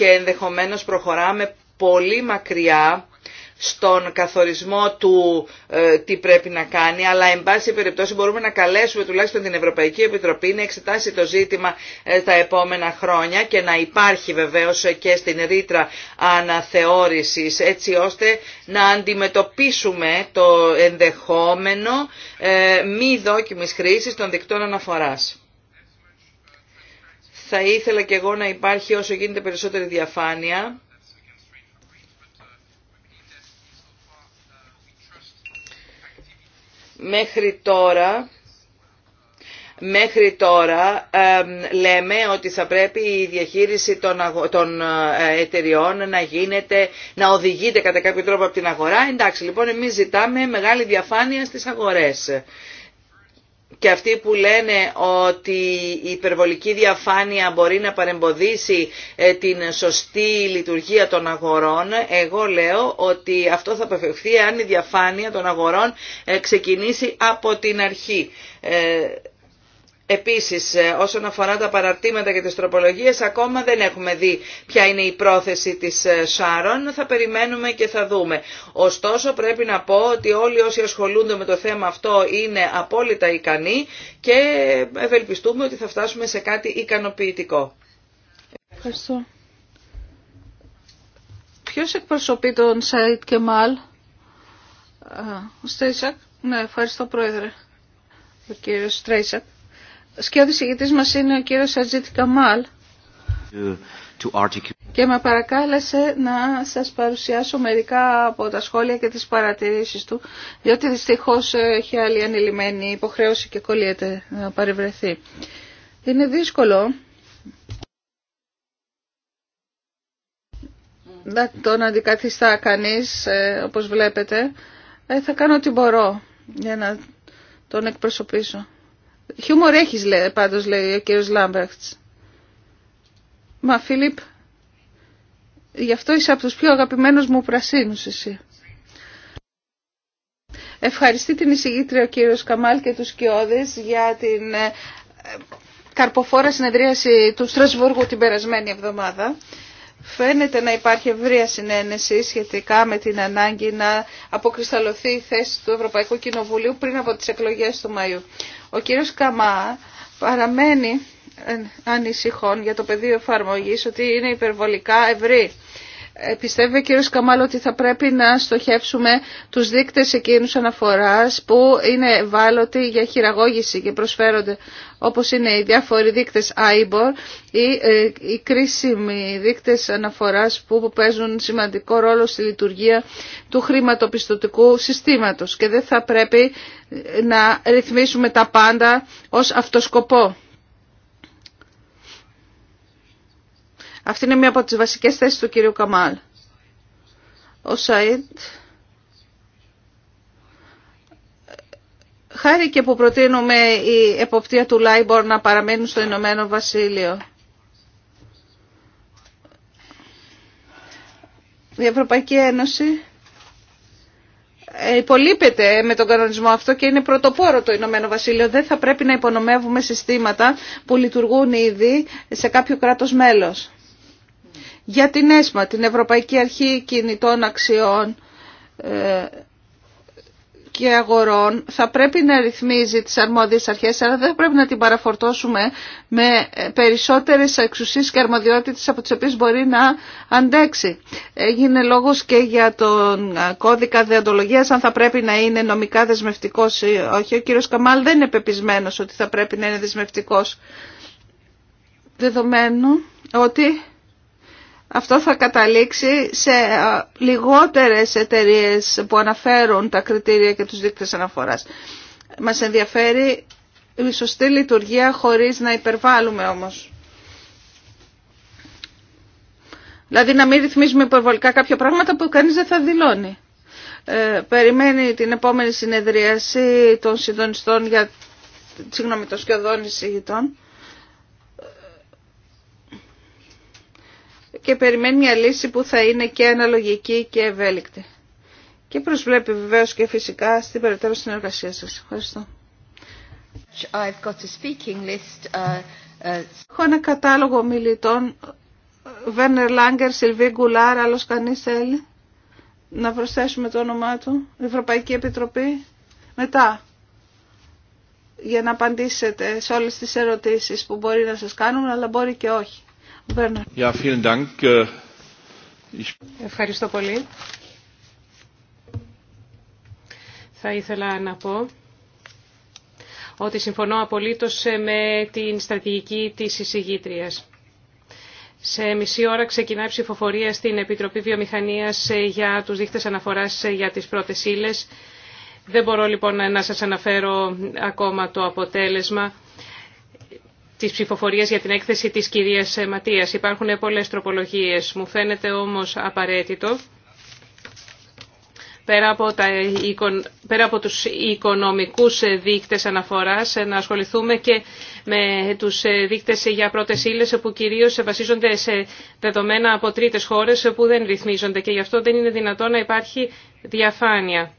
και ενδεχομένως προχωράμε πολύ μακριά στον καθορισμό του ε, τι πρέπει να κάνει, αλλά εν πάση περιπτώσει μπορούμε να καλέσουμε τουλάχιστον την Ευρωπαϊκή Επιτροπή να εξετάσει το ζήτημα ε, τα επόμενα χρόνια και να υπάρχει βεβαίως και στην ρήτρα αναθεώρησης έτσι ώστε να αντιμετωπίσουμε το ενδεχόμενο ε, μη δόκιμης χρήσης των δικτών αναφοράς. Θα ήθελα και εγώ να υπάρχει όσο γίνεται περισσότερη διαφάνεια. Μέχρι τώρα, μέχρι τώρα λέμε ότι θα πρέπει η διαχείριση των, των ε, εταιριών να γίνεται, να οδηγείται κατά κάποιο τρόπο από την αγορά. Εντάξει, λοιπόν, εμείς ζητάμε μεγάλη διαφάνεια στις αγορές και αυτοί που λένε ότι η υπερβολική διαφάνεια μπορεί να παρεμποδίσει ε, την σωστή λειτουργία των αγορών, εγώ λέω ότι αυτό θα πεφευχθεί αν η διαφάνεια των αγορών ε, ξεκινήσει από την αρχή. Ε, Επίσης, ε, όσον αφορά τα παραρτήματα και τις τροπολογίες, ακόμα δεν έχουμε δει ποια είναι η πρόθεση της ε, Σάρων, θα περιμένουμε και θα δούμε. Ωστόσο, πρέπει να πω ότι όλοι όσοι ασχολούνται με το θέμα αυτό είναι απόλυτα ικανοί και ευελπιστούμε ότι θα φτάσουμε σε κάτι ικανοποιητικό. Ευχαριστώ. Ποιος εκπροσωπεί τον Σαϊτ Κεμάλ? Στέισακ. Ναι, ευχαριστώ πρόεδρε. Ο κύριος Σκέφτης ηγητής μας είναι ο κύριος Ατζήτη Καμάλ ε, και με παρακάλεσε να σας παρουσιάσω μερικά από τα σχόλια και τις παρατηρήσεις του, διότι δυστυχώς έχει άλλη ανηλυμένη υποχρέωση και κολλιέται να παρευρεθεί. Είναι δύσκολο να τον αντικαθιστά κανείς, ε, όπως βλέπετε. Ε, θα κάνω ό,τι μπορώ για να τον εκπροσωπήσω. Χιούμορ έχεις λέει, πάντως λέει ο κύριος Λάμπραχτς. Μα Φίλιπ, γι' αυτό είσαι από τους πιο αγαπημένους μου πρασίνους εσύ. Ευχαριστεί την εισηγήτρια ο κύριος Καμάλ και τους Κιώδης για την ε, καρποφόρα συνεδρίαση του Στρασβούργου την περασμένη εβδομάδα. Φαίνεται να υπάρχει ευρία συνένεση σχετικά με την ανάγκη να αποκρισταλωθεί η θέση του Ευρωπαϊκού Κοινοβουλίου πριν από τις εκλογές του Μαΐου. Ο κύριος Καμά παραμένει ανησυχών για το πεδίο εφαρμογής ότι είναι υπερβολικά ευρύ ε, πιστεύει ο κύριος Καμάλ ότι θα πρέπει να στοχεύσουμε τους δείκτες εκείνους αναφοράς που είναι ευάλωτοι για χειραγώγηση και προσφέρονται όπως είναι οι διάφοροι δείκτες IBOR ή ε, οι κρίσιμοι δείκτες αναφοράς που παίζουν σημαντικό ρόλο στη λειτουργία του χρηματοπιστωτικού συστήματος και δεν θα πρέπει να ρυθμίσουμε τα πάντα ως αυτοσκοπό. Αυτή είναι μία από τις βασικές θέσεις του κυρίου Καμάλ. Ο Σαΐντ και που προτείνουμε η εποπτεία του Λάιμπορ να παραμένουν στο Ηνωμένο Βασίλειο. Η Ευρωπαϊκή Ένωση υπολείπεται με τον κανονισμό αυτό και είναι πρωτοπόρο το Ηνωμένο Βασίλειο. Δεν θα πρέπει να υπονομεύουμε συστήματα που λειτουργούν ήδη σε κάποιο κράτος μέλος για την ΕΣΜΑ, την Ευρωπαϊκή Αρχή Κινητών Αξιών ε, και Αγορών, θα πρέπει να ρυθμίζει τις αρμόδιες αρχές, αλλά δεν πρέπει να την παραφορτώσουμε με περισσότερες εξουσίες και αρμοδιότητες από τις οποίες μπορεί να αντέξει. Έγινε λόγος και για τον κώδικα δεοντολογίας, αν θα πρέπει να είναι νομικά δεσμευτικός ή όχι. Ο κύριος Καμάλ δεν είναι πεπισμένος ότι θα πρέπει να είναι δεσμευτικός δεδομένου ότι αυτό θα καταλήξει σε ε, λιγότερες εταιρείες που αναφέρουν τα κριτήρια και τους δείκτες αναφοράς. Μας ενδιαφέρει η σωστή λειτουργία χωρίς να υπερβάλλουμε όμως. Δηλαδή να μην ρυθμίζουμε υπερβολικά κάποια πράγματα που κανείς δεν θα δηλώνει. Ε, περιμένει την επόμενη συνεδρίαση των συντονιστών για συγγνώμη των εισηγητών και περιμένει μια λύση που θα είναι και αναλογική και ευέλικτη. Και προσβλέπει βεβαίω και φυσικά στην περαιτέρω συνεργασία σα. Ευχαριστώ. Uh, uh, Έχω ένα κατάλογο μιλητών. Βέρνερ Λάγκερ, Σιλβί Γκουλάρ, άλλο κανεί θέλει να προσθέσουμε το όνομά του. Ευρωπαϊκή Επιτροπή. Μετά για να απαντήσετε σε όλες τις ερωτήσεις που μπορεί να σας κάνουν, αλλά μπορεί και όχι. Äh, Ευχαριστώ πολύ. Θα ήθελα να πω ότι συμφωνώ απολύτως με την στρατηγική της εισηγήτριας. Σε μισή ώρα ξεκινάει ψηφοφορία στην Επιτροπή Βιομηχανίας για τους δείχτες αναφοράς για τις πρώτες ύλες. Δεν μπορώ λοιπόν να σας αναφέρω ακόμα το αποτέλεσμα τις ψηφοφορίε για την έκθεση τη κυρία Ματία. Υπάρχουν πολλές τροπολογίε. Μου φαίνεται όμως απαραίτητο, πέρα από, τα, πέρα από τους οικονομικούς δείκτες αναφοράς, να ασχοληθούμε και με τους δείκτες για πρώτες ύλες που κυρίως βασίζονται σε δεδομένα από τρίτες χώρες που δεν ρυθμίζονται και γι' αυτό δεν είναι δυνατό να υπάρχει διαφάνεια.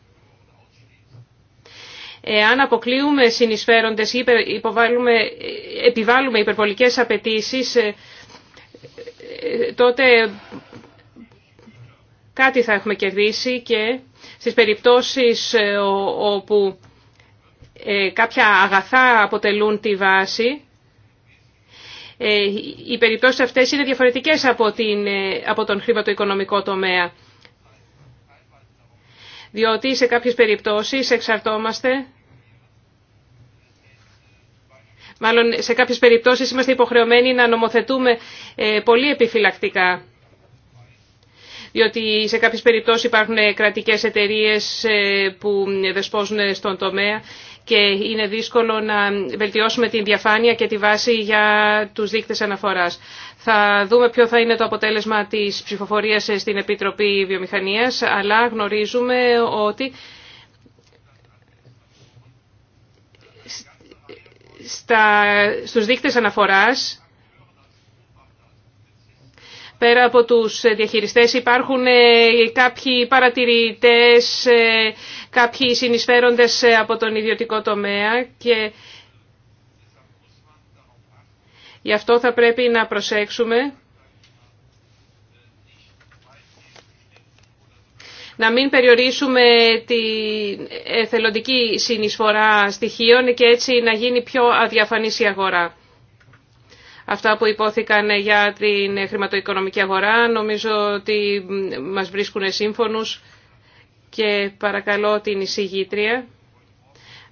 Αν αποκλείουμε συνεισφέροντες ή επιβάλλουμε υπερβολικές απαιτήσεις, ε, ε, τότε κάτι θα έχουμε κερδίσει και στις περιπτώσεις ε, όπου κάποια αγαθά αποτελούν τη βάση, οι περιπτώσεις αυτές είναι διαφορετικές από, την, από τον χρηματοοικονομικό τομέα διότι σε κάποιες περιπτώσεις εξαρτόμαστε, Μάλλον σε κάποιες περιπτώσεις είμαστε υποχρεωμένοι να νομοθετούμε ε, πολύ επιφυλακτικά. Διότι σε κάποιες περιπτώσεις υπάρχουν κρατικές εταιρείες ε, που δεσπόζουν στον τομέα και είναι δύσκολο να βελτιώσουμε την διαφάνεια και τη βάση για τους δείκτες αναφοράς. Θα δούμε ποιο θα είναι το αποτέλεσμα της ψηφοφορίας στην Επιτροπή Βιομηχανίας, αλλά γνωρίζουμε ότι στα, στους δείκτες αναφοράς Πέρα από τους ε, διαχειριστές υπάρχουν ε, κάποιοι παρατηρητές, ε, κάποιοι συνεισφέροντες από τον ιδιωτικό τομέα και γι' αυτό θα πρέπει να προσέξουμε να μην περιορίσουμε τη θελοντική συνεισφορά στοιχείων και έτσι να γίνει πιο αδιαφανής η αγορά αυτά που υπόθηκαν για την χρηματοοικονομική αγορά. Νομίζω ότι μας βρίσκουν σύμφωνους και παρακαλώ την εισηγήτρια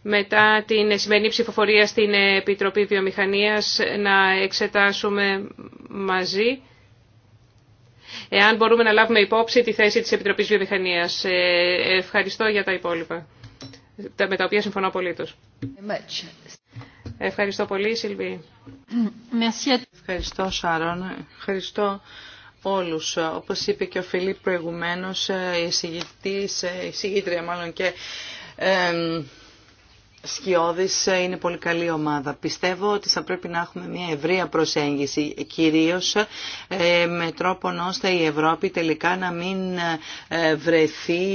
μετά την σημερινή ψηφοφορία στην Επιτροπή Βιομηχανίας να εξετάσουμε μαζί εάν μπορούμε να λάβουμε υπόψη τη θέση της Επιτροπής Βιομηχανίας. Ε, ευχαριστώ για τα υπόλοιπα, με τα οποία συμφωνώ απολύτως. Ευχαριστώ πολύ, Σιλβί. Ευχαριστώ, Σάρων. Ευχαριστώ όλους. Όπως είπε και ο Φιλίπ προηγουμένως, ε, η συγγήτρια ε, μάλλον και ε, Σκιώδης είναι πολύ καλή ομάδα. Πιστεύω ότι θα πρέπει να έχουμε μια ευρεία προσέγγιση, κυρίως ε, με τρόπο ώστε η Ευρώπη τελικά να μην βρεθεί...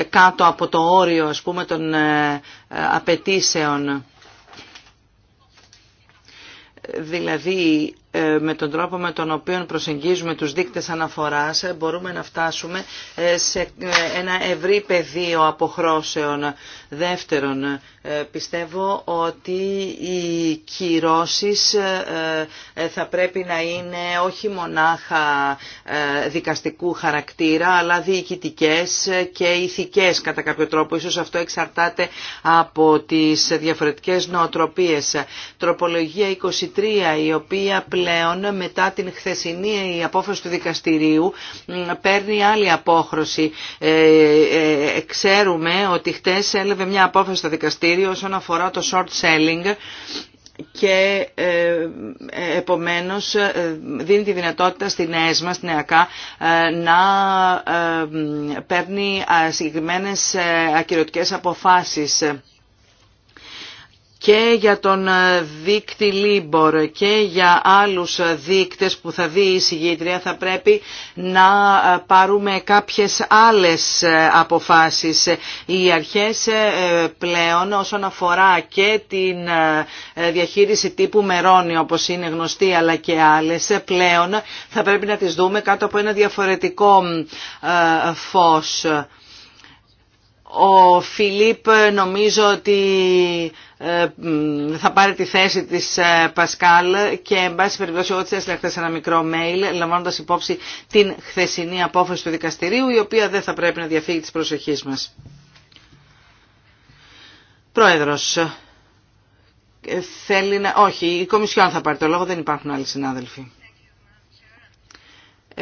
Ε, κάτω από το όριο ας πούμε των ε, ε, απαιτήσεων. Δηλαδή ε, με τον τρόπο με τον οποίο προσεγγίζουμε τους δείκτες αναφοράς ε, μπορούμε να φτάσουμε ε, σε ένα ευρύ πεδίο αποχρώσεων. Δεύτερον, πιστεύω ότι οι κυρώσεις θα πρέπει να είναι όχι μονάχα δικαστικού χαρακτήρα αλλά διοικητικές και ηθικές κατά κάποιο τρόπο. Ίσως αυτό εξαρτάται από τις διαφορετικές νοοτροπίες. Τροπολογία 23 η οποία πλέον μετά την χθεσινή η απόφαση του δικαστηρίου παίρνει άλλη απόχρωση. Ε, ε, ε, ξέρουμε ότι χθες έλαβε μια απόφαση στο δικαστήριο όσον αφορά το short selling και επομένως δίνει τη δυνατότητα στην ΕΣΜΑ, στην ΕΑΚΑ, να παίρνει συγκεκριμένες ακυρωτικές αποφάσεις και για τον ε, δίκτυ Λίμπορ και για άλλους ε, δίκτες που θα δει η συγγήτρια θα πρέπει να ε, πάρουμε κάποιες άλλες αποφάσεις. Οι αρχές πλέον όσον αφορά και την διαχείριση τύπου Μερώνη όπως είναι γνωστή αλλά και άλλες πλέον θα πρέπει να τις δούμε κάτω από ένα διαφορετικό φως. Ο Φιλίπ νομίζω ότι ε, θα πάρει τη θέση της ε, Πασκάλ και εν πάση περιπτώσει εγώ της έστειλα χθες ένα μικρό mail λαμβάνοντας υπόψη την χθεσινή απόφαση του δικαστηρίου η οποία δεν θα πρέπει να διαφύγει της προσοχής μας. Πρόεδρος, ε, θέλει να... όχι, η Κομισιόν θα πάρει το λόγο, δεν υπάρχουν άλλοι συνάδελφοι.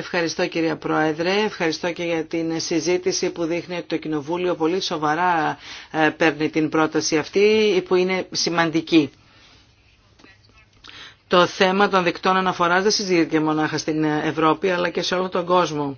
Ευχαριστώ κυρία Πρόεδρε, ευχαριστώ και για την συζήτηση που δείχνει ότι το Κοινοβούλιο πολύ σοβαρά ε, παίρνει την πρόταση αυτή που είναι σημαντική. Το θέμα των δικτών αναφοράς δεν συζητείται μονάχα στην Ευρώπη αλλά και σε όλο τον κόσμο.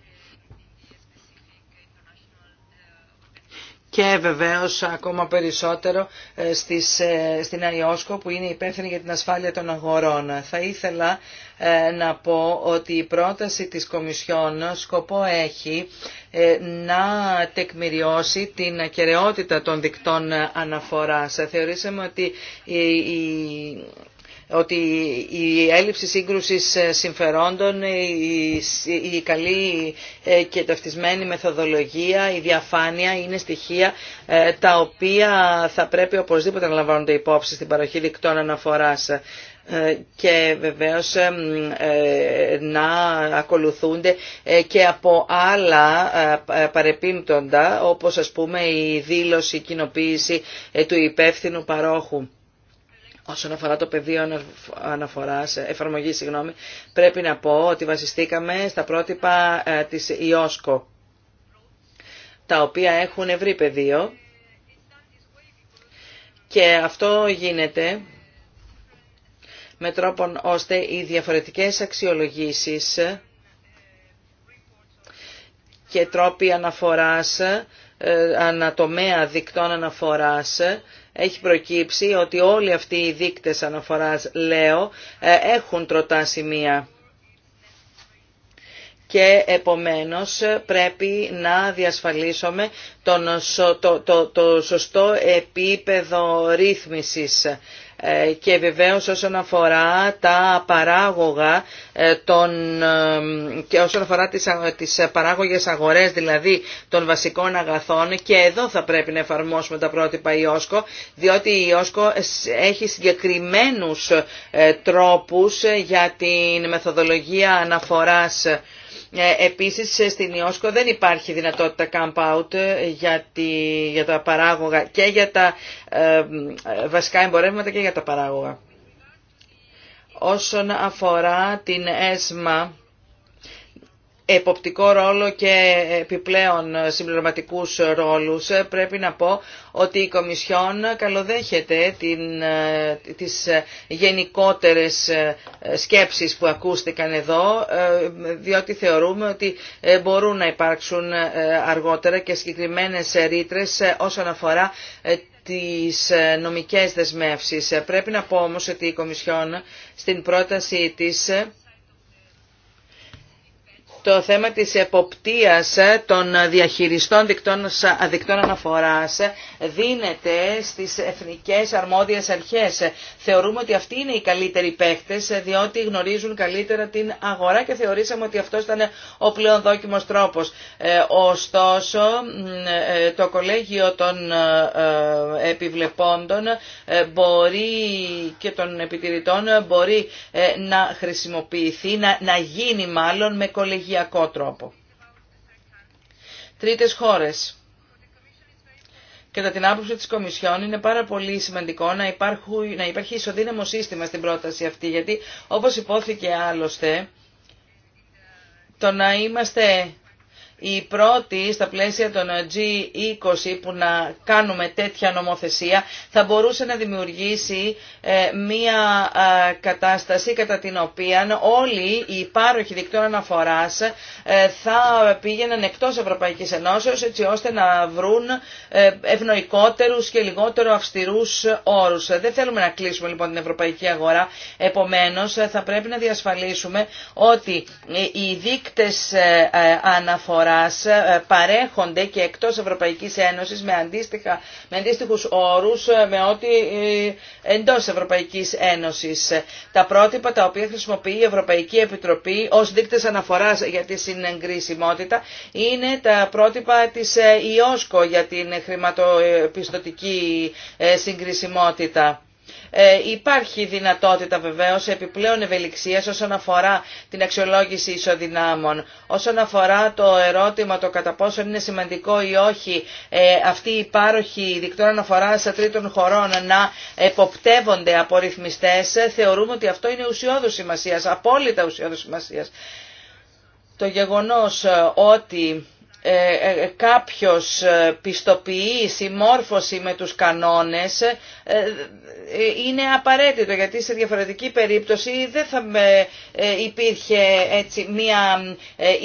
και βεβαίως ακόμα περισσότερο ε, στις, ε, στην ΑΙΟΣΚΟ που είναι υπεύθυνη για την ασφάλεια των αγορών. Θα ήθελα ε, να πω ότι η πρόταση της Κομισιόν σκοπό έχει να τεκμηριώσει την ακεραιότητα των δικτών αναφοράς. Θεωρήσαμε ότι ότι η έλλειψη σύγκρουσης ε, συμφερόντων, η καλή ε, και ταυτισμένη μεθοδολογία, η διαφάνεια είναι στοιχεία ε, τα οποία θα πρέπει οπωσδήποτε να λαμβάνονται υπόψη στην παροχή δικτών αναφοράς και βεβαίως να ακολουθούνται και από άλλα παρεπίμπτοντα όπως ας πούμε η δήλωση, η κοινοποίηση του υπεύθυνου παρόχου. Όσον αφορά το πεδίο αναφοράς, ε, εφαρμογή, συγγνώμη, πρέπει να πω ότι βασιστήκαμε στα πρότυπα ε, της ΙΟΣΚΟ, τα οποία έχουν ευρύ πεδίο και αυτό γίνεται με τρόπον ώστε οι διαφορετικές αξιολογήσεις και τρόποι αναφοράς, ε, ανατομέα δικτών αναφοράς, έχει προκύψει ότι όλοι αυτοί οι δείκτες αναφοράς, λέω, ε, έχουν τροτά σημεία και επομένως ε, πρέπει να διασφαλίσουμε το, το σωστό επίπεδο ρύθμισης ε, και βεβαίως όσον αφορά τα παράγωγα ε, των, ε, και όσον αφορά τις, τις παράγωγες αγορές δηλαδή των βασικών αγαθών και εδώ θα πρέπει να εφαρμόσουμε τα πρότυπα ΙΟΣΚΟ διότι η ΙΟΣΚΟ έχει συγκεκριμένους τρόπους για την μεθοδολογία αναφοράς ε, επίσης στην Ιόσκο δεν υπάρχει δυνατότητα camp out για, τη, για τα παράγωγα και για τα ε, βασικά εμπορεύματα και για τα παράγωγα. Όσον αφορά την ΕΣΜΑ, εποπτικό ρόλο και επιπλέον συμπληρωματικούς ρόλους, πρέπει να πω ότι η Κομισιόν καλοδέχεται την, ε, τις γενικότερες ε, σκέψεις που ακούστηκαν εδώ, ε, διότι θεωρούμε ότι μπορούν να υπάρξουν αργότερα και συγκεκριμένες ρήτρες όσον αφορά τις νομικές δεσμεύσεις. Πρέπει να πω όμως ότι η Κομισιόν στην πρότασή της το θέμα της εποπτείας των διαχειριστών δικτών, αναφοράς δίνεται στις εθνικές αρμόδιες αρχές. Θεωρούμε ότι αυτοί είναι οι καλύτεροι παίχτες διότι γνωρίζουν καλύτερα την αγορά και θεωρήσαμε ότι αυτό ήταν ο πλέον δόκιμος τρόπος. Ε, ωστόσο ε, το κολέγιο των ε, επιβλεπόντων μπορεί και των επιτηρητών μπορεί να χρησιμοποιηθεί, να, γίνει μάλλον με κολεγίου ενεργειακό τρόπο. Τρίτες χώρες. Κατά την άποψη της Κομισιόν είναι πάρα πολύ σημαντικό να, υπάρχουν, να υπάρχει ισοδύναμο σύστημα στην πρόταση αυτή, γιατί όπως υπόθηκε άλλωστε, το να είμαστε η πρώτη στα πλαίσια των G20 που να κάνουμε τέτοια νομοθεσία θα μπορούσε να δημιουργήσει ε, μία κατάσταση κατά την οποία όλοι οι υπάροχοι δικτών αναφοράς ε, θα πήγαιναν εκτός Ευρωπαϊκής Ενώσεως έτσι ώστε να βρουν ε, ευνοϊκότερους και λιγότερο αυστηρούς όρους. Δεν θέλουμε να κλείσουμε λοιπόν την ευρωπαϊκή αγορά, επομένως θα πρέπει να διασφαλίσουμε ότι οι δείκτες αναφοράς ε, παρέχονται και εκτός Ευρωπαϊκής Ένωσης με, αντίστοιχα, με αντίστοιχους όρους ε, με ό,τι ε, εντός Ευρωπαϊκής Ένωσης. Τα πρότυπα τα οποία χρησιμοποιεί η Ευρωπαϊκή Επιτροπή ως δείκτες αναφοράς για τη συνεγκρισιμότητα είναι τα πρότυπα της ΙΟΣΚΟ για την χρηματοπιστωτική συγκρισιμότητα. Ε, υπάρχει δυνατότητα βεβαίως επιπλέον ευελιξίας όσον αφορά την αξιολόγηση ισοδυνάμων, όσον αφορά το ερώτημα το κατά πόσο είναι σημαντικό ή όχι ε, αυτοί οι πάροχοι δικτών σε τρίτων χωρών να εποπτεύονται από ρυθμιστές, θεωρούμε ότι αυτό είναι ουσιώδου σημασίας, απόλυτα ουσιώδου σημασίας. Το γεγονός ε, ότι ε, ε, ε, κάποιος πιστοποιεί συμμόρφωση με τους κανόνες είναι απαραίτητο γιατί σε διαφορετική περίπτωση δεν θα υπήρχε έτσι μία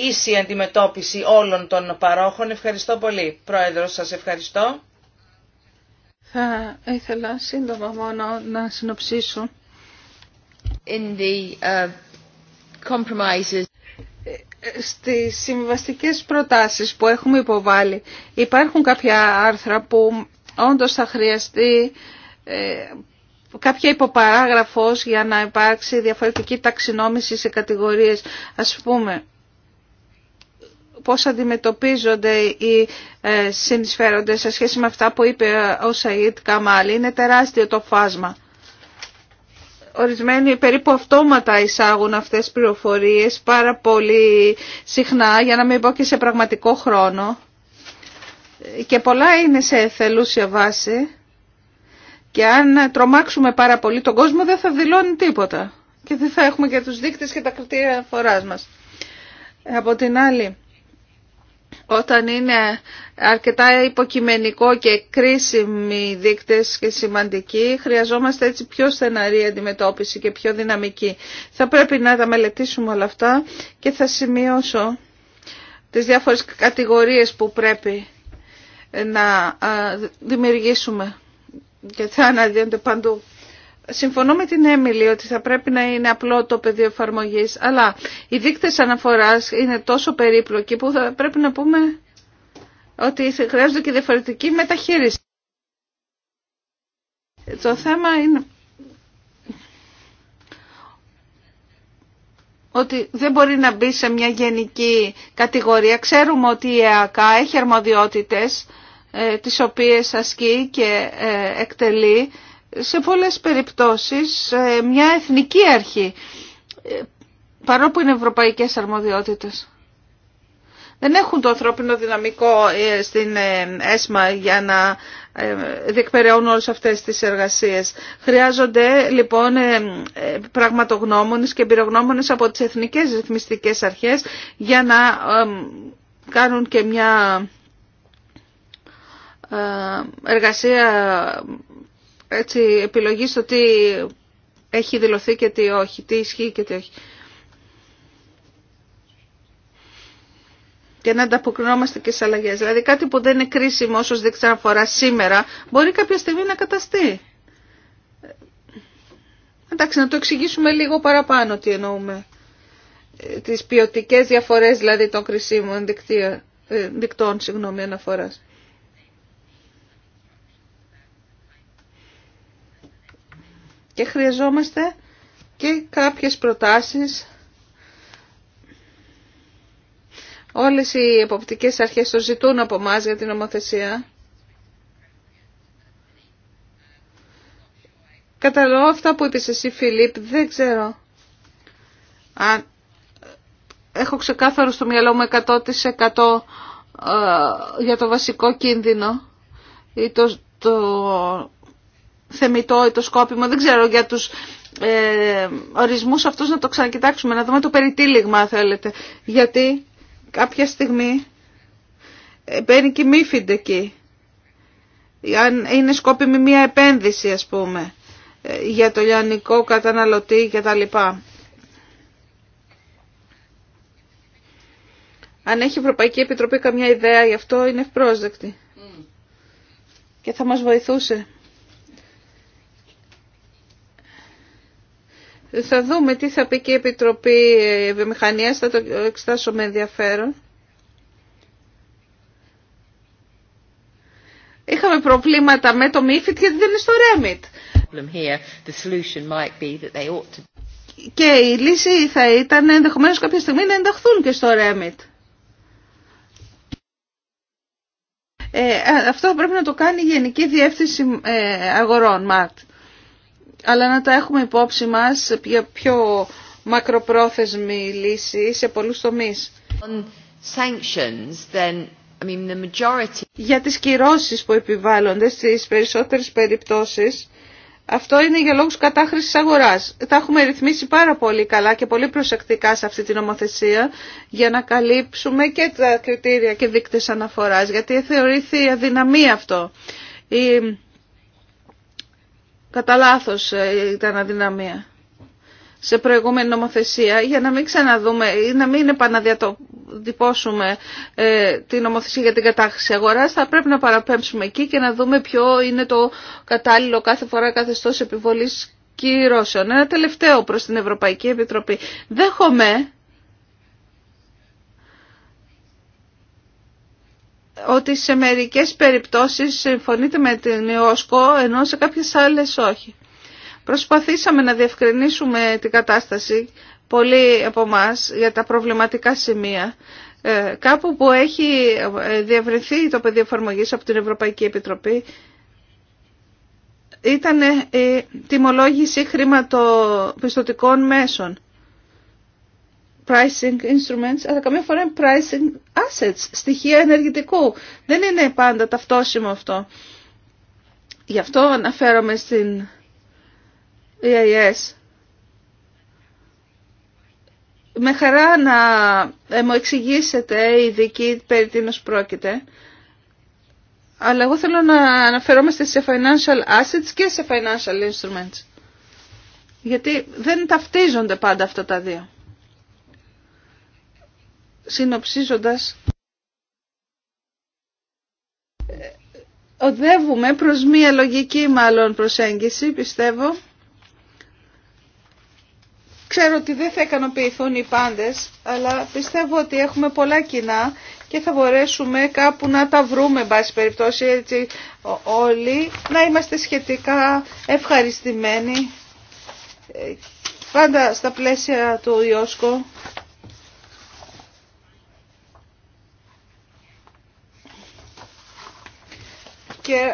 ίση αντιμετώπιση όλων των παρόχων. Ευχαριστώ πολύ. Πρόεδρος, σας ευχαριστώ. Θα ήθελα σύντομα μόνο να συνοψίσω. In the, uh, compromises στις συμβαστικές προτάσεις που έχουμε υποβάλει υπάρχουν κάποια άρθρα που όντως θα χρειαστεί ε, κάποια υποπαράγραφος για να υπάρξει διαφορετική ταξινόμηση σε κατηγορίες. Ας πούμε, πώς αντιμετωπίζονται οι ε, συνεισφέροντες σε σχέση με αυτά που είπε ο Σαΐτ Καμάλη. Είναι τεράστιο το φάσμα. Ορισμένοι περίπου αυτόματα εισάγουν αυτές τις πληροφορίες πάρα πολύ συχνά, για να μην πω και σε πραγματικό χρόνο. Και πολλά είναι σε θέλουσια βάση. Και αν τρομάξουμε πάρα πολύ τον κόσμο δεν θα δηλώνει τίποτα. Και δεν θα έχουμε και τους δείκτες και τα κριτήρια φοράς μας. Από την άλλη, όταν είναι αρκετά υποκειμενικό και κρίσιμοι δείκτες και σημαντικοί, χρειαζόμαστε έτσι πιο στεναρή αντιμετώπιση και πιο δυναμική. Θα πρέπει να τα μελετήσουμε όλα αυτά και θα σημειώσω τις διάφορες κατηγορίες που πρέπει να δημιουργήσουμε και θα αναδύονται παντού. Συμφωνώ με την Έμιλη ότι θα πρέπει να είναι απλό το πεδίο εφαρμογή, αλλά οι δείκτε αναφοράς είναι τόσο περίπλοκοι που θα πρέπει να πούμε ότι χρειάζονται και διαφορετική μεταχείριση. Το θέμα είναι ότι δεν μπορεί να μπει σε μια γενική κατηγορία. Ξέρουμε ότι η ΕΑΚΑ έχει αρμοδιότητες ε, τις οποίες ασκεί και ε, εκτελεί σε πολλές περιπτώσεις ε, μια εθνική αρχή, ε, παρόλο είναι ευρωπαϊκές αρμοδιότητες. Δεν έχουν το ανθρώπινο δυναμικό ε, στην ΕΣΜΑ για να διεκπαιρεώνουν όλες αυτές τις εργασίες. Χρειάζονται λοιπόν πραγματογνώμονες και εμπειρογνώμονες από τις εθνικές ρυθμιστικές αρχές για να κάνουν και μια εργασία έτσι, επιλογή στο τι έχει δηλωθεί και τι όχι, τι ισχύει και τι όχι. και να ανταποκρινόμαστε και στι αλλαγέ. Δηλαδή κάτι που δεν είναι κρίσιμο όσο δείξει αφορά σήμερα, μπορεί κάποια στιγμή να καταστεί. Εντάξει, να το εξηγήσουμε λίγο παραπάνω τι εννοούμε. Ε, τις ποιοτικές διαφορές δηλαδή των κρισίμων δικτύων, ε, δικτών συγγνώμη, αναφοράς. και χρειαζόμαστε και κάποιες προτάσεις Όλες οι εποπτικές αρχές το ζητούν από εμά για την ομοθεσία. Καταλαβαίνω αυτά που είπες εσύ Φιλίπ, δεν ξέρω. Αν έχω ξεκάθαρο στο μυαλό μου 100% ε, για το βασικό κίνδυνο ή το, το θεμητό ή το σκόπιμο. Δεν ξέρω για τους ε, ορισμούς αυτούς να το ξανακοιτάξουμε, να δούμε το περιτύλιγμα θέλετε. Γιατί κάποια στιγμή ε, μπαίνει και μύφιντ εκεί. Αν είναι σκόπιμη μια επένδυση ας πούμε ε, για το λιανικό καταναλωτή και τα λοιπά. Αν έχει η Ευρωπαϊκή Επιτροπή καμιά ιδέα γι' αυτό είναι ευπρόσδεκτη. Mm. Και θα μας βοηθούσε. Θα δούμε τι θα πει και η Επιτροπή Βιομηχανίας, θα το εξετάσω με ενδιαφέρον. Είχαμε προβλήματα με το MIFID γιατί δεν είναι στο REMIT. Και η λύση θα ήταν ενδεχομένως κάποια στιγμή να ενταχθούν και στο REMIT. Ε, αυτό πρέπει να το κάνει η Γενική Διεύθυνση ε, Αγορών, ΜΑΤ αλλά να τα έχουμε υπόψη μας για πιο μακροπρόθεσμη λύση σε πολλούς τομείς. Για τις κυρώσεις που επιβάλλονται στις περισσότερες περιπτώσεις, αυτό είναι για λόγους κατάχρησης αγοράς. Τα έχουμε ρυθμίσει πάρα πολύ καλά και πολύ προσεκτικά σε αυτή την νομοθεσία για να καλύψουμε και τα κριτήρια και δείκτες αναφοράς, γιατί θεωρήθηκε αδυναμία αυτό. Η Κατά λάθο ε, ήταν αδυναμία σε προηγούμενη νομοθεσία για να μην ξαναδούμε ή να μην επαναδιατυπώσουμε ε, την νομοθεσία για την κατάχρηση αγοράς θα πρέπει να παραπέμψουμε εκεί και να δούμε ποιο είναι το κατάλληλο κάθε φορά καθεστώς επιβολής κυρώσεων. Ένα τελευταίο προς την Ευρωπαϊκή Επιτροπή. Δέχομαι ότι σε μερικές περιπτώσεις συμφωνείτε με την ΙΟΣΚΟ ενώ σε κάποιες άλλες όχι. Προσπαθήσαμε να διευκρινίσουμε την κατάσταση πολύ από εμά για τα προβληματικά σημεία. Ε, κάπου που έχει ε, διευρυνθεί το πεδίο εφαρμογή από την Ευρωπαϊκή Επιτροπή ήταν η τιμολόγηση χρηματοπιστωτικών μέσων pricing instruments, αλλά καμία φορά είναι pricing assets, στοιχεία ενεργητικού. Δεν είναι πάντα ταυτόσιμο αυτό. Γι' αυτό αναφέρομαι στην EIS. Με χαρά να ε, μου εξηγήσετε η δική περί τίνος πρόκειται. Αλλά εγώ θέλω να αναφερόμαστε σε financial assets και σε financial instruments. Γιατί δεν ταυτίζονται πάντα αυτά τα δύο συνοψίζοντας ε, οδεύουμε προς μία λογική μάλλον προσέγγιση πιστεύω ξέρω ότι δεν θα ικανοποιηθούν οι πάντες αλλά πιστεύω ότι έχουμε πολλά κοινά και θα μπορέσουμε κάπου να τα βρούμε εν πάση περιπτώσει έτσι όλοι να είμαστε σχετικά ευχαριστημένοι ε, πάντα στα πλαίσια του Ιώσκο και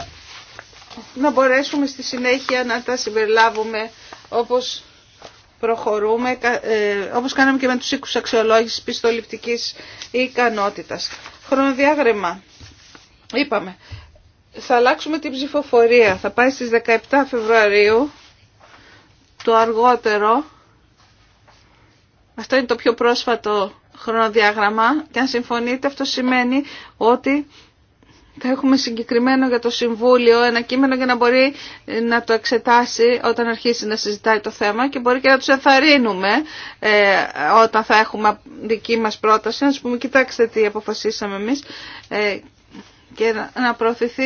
να μπορέσουμε στη συνέχεια να τα συμπεριλάβουμε όπως προχωρούμε, ε, όπως κάναμε και με τους οίκους αξιολόγησης πιστοληπτικής ικανότητας. Χρονοδιάγραμμα. Είπαμε. Θα αλλάξουμε την ψηφοφορία. Θα πάει στις 17 Φεβρουαρίου το αργότερο. Αυτό είναι το πιο πρόσφατο χρονοδιάγραμμα και αν συμφωνείτε αυτό σημαίνει ότι θα έχουμε συγκεκριμένο για το Συμβούλιο ένα κείμενο για να μπορεί ε, να το εξετάσει όταν αρχίσει να συζητάει το θέμα και μπορεί και να τους ενθαρρύνουμε ε, όταν θα έχουμε δική μας πρόταση, να πούμε κοιτάξτε τι αποφασίσαμε εμείς ε, και να προωθηθεί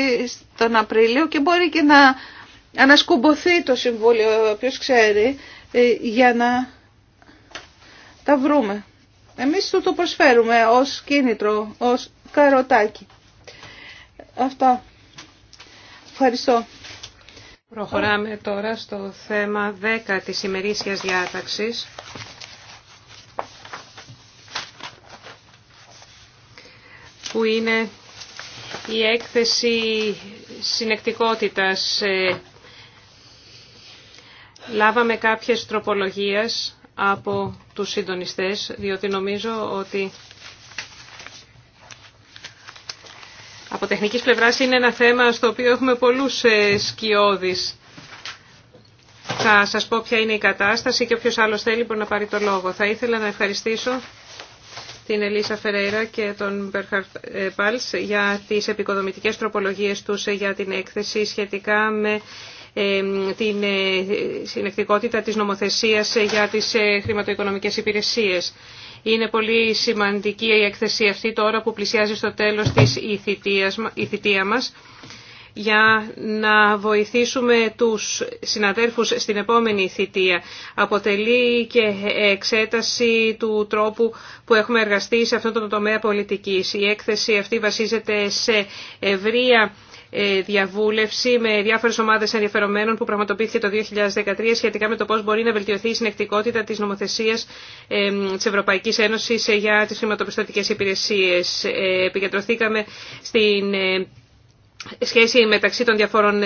τον Απρίλιο και μπορεί και να ανασκουμποθεί το Συμβούλιο, ποιος ξέρει, για να τα βρούμε. Εμείς το, το προσφέρουμε ως κίνητρο, ως καροτάκι. Αυτά. Ευχαριστώ. Προχωράμε τώρα στο θέμα 10 της ημερήσιας διάταξης. που είναι η έκθεση συνεκτικότητας. Ε, λάβαμε κάποιες τροπολογίες από τους συντονιστές, διότι νομίζω ότι Από τεχνικής πλευράς είναι ένα θέμα στο οποίο έχουμε πολλούς ε, σκιώδεις. Θα σας πω ποια είναι η κατάσταση και όποιος άλλος θέλει μπορεί να πάρει το λόγο. Θα ήθελα να ευχαριστήσω την Ελίσα Φερέιρα και τον Μπέρχαρτ ε, Πάλς για τις επικοδομητικές τροπολογίες τους ε, για την έκθεση σχετικά με την συνεκτικότητα της νομοθεσίας για τις χρηματοοικονομικές υπηρεσίες. Είναι πολύ σημαντική η έκθεση αυτή τώρα που πλησιάζει στο τέλος της η θητεία μας για να βοηθήσουμε τους συναδέρφους στην επόμενη θητεία. Αποτελεί και εξέταση του τρόπου που έχουμε εργαστεί σε αυτό το τομέα πολιτικής. Η έκθεση αυτή βασίζεται σε ευρεία ε, διαβούλευση με διάφορε ομάδε ενδιαφερομένων που πραγματοποιήθηκε το 2013 σχετικά με το πώ μπορεί να βελτιωθεί η συνεκτικότητα της νομοθεσίας ε, τη Ευρωπαϊκή Ένωση ε, για τις υπηρεσίε. υπηρεσίες. Επικεντρωθήκαμε στην σχέση μεταξύ των διαφόρων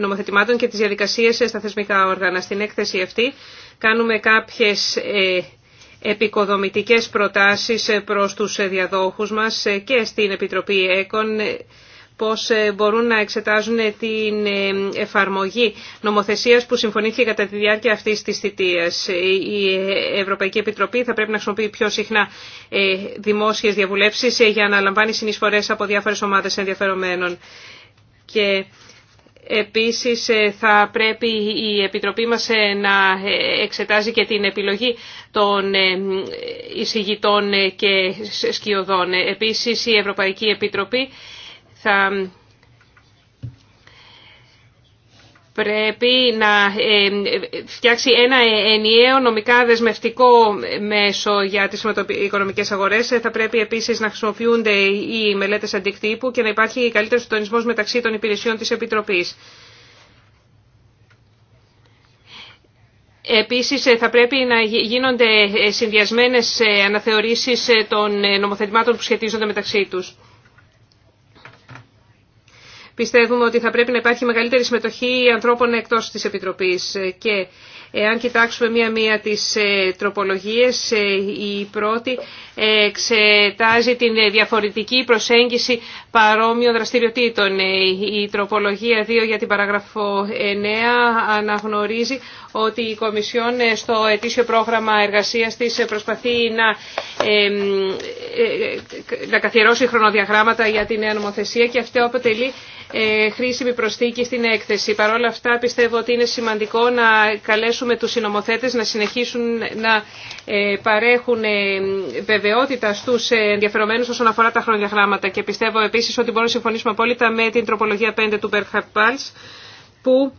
νομοθετημάτων και τις διαδικασίες στα θεσμικά όργανα. Στην έκθεση αυτή κάνουμε κάποιες επικοδομητικέ προτάσεις προς τους διαδόχους μας και στην Επιτροπή ΕΚΟΝ πώς ε, μπορούν να εξετάζουν ε, την ε, εφαρμογή νομοθεσίας που συμφωνήθηκε κατά τη διάρκεια αυτής της θητείας. Η Ευρωπαϊκή Επιτροπή θα πρέπει να χρησιμοποιεί πιο συχνά δημόσιες διαβουλεύσεις για να λαμβάνει συνεισφορές από διάφορες ομάδες ενδιαφερομένων. Και Επίσης θα πρέπει η Επιτροπή μας να εξετάζει και την επιλογή των εισηγητών και σκιωδών. Επίσης η Ευρωπαϊκή Επιτροπή θα πρέπει να ε, φτιάξει ένα ενιαίο νομικά δεσμευτικό μέσο για τις οικονομικές αγορές. Ε, θα πρέπει επίσης να χρησιμοποιούνται οι μελέτες αντικτύπου και να υπάρχει καλύτερο συντονισμός μεταξύ των υπηρεσιών της Επιτροπής. Επίσης ε, θα πρέπει να γίνονται συνδυασμένες αναθεωρήσεις των νομοθετημάτων που σχετίζονται μεταξύ τους. Πιστεύουμε ότι θα πρέπει να υπάρχει μεγαλύτερη συμμετοχή ανθρώπων εκτός της Επιτροπής ε, και Εάν κοιτάξουμε μία-μία τις ε, τροπολογίες, ε, η πρώτη εξετάζει την διαφορετική προσέγγιση παρόμοιων δραστηριοτήτων. Ε, η τροπολογία 2 για την παράγραφο 9 αναγνωρίζει ότι η Κομισιόν ε, στο ετήσιο πρόγραμμα εργασίας της ε, προσπαθεί να, ε, να καθιερώσει χρονοδιαγράμματα για την νέα νομοθεσία και αυτό αποτελεί χρήσιμη προσθήκη στην έκθεση. Παρ' όλα αυτά πιστεύω ότι είναι σημαντικό να καλέσουμε τους συνομοθέτες να συνεχίσουν να παρέχουν βεβαιότητα στους ενδιαφερομένους όσον αφορά τα χρονοδιαγράμματα και πιστεύω επίσης ότι μπορούμε να συμφωνήσουμε απόλυτα με την τροπολογία 5 του Μπέρχαρτ που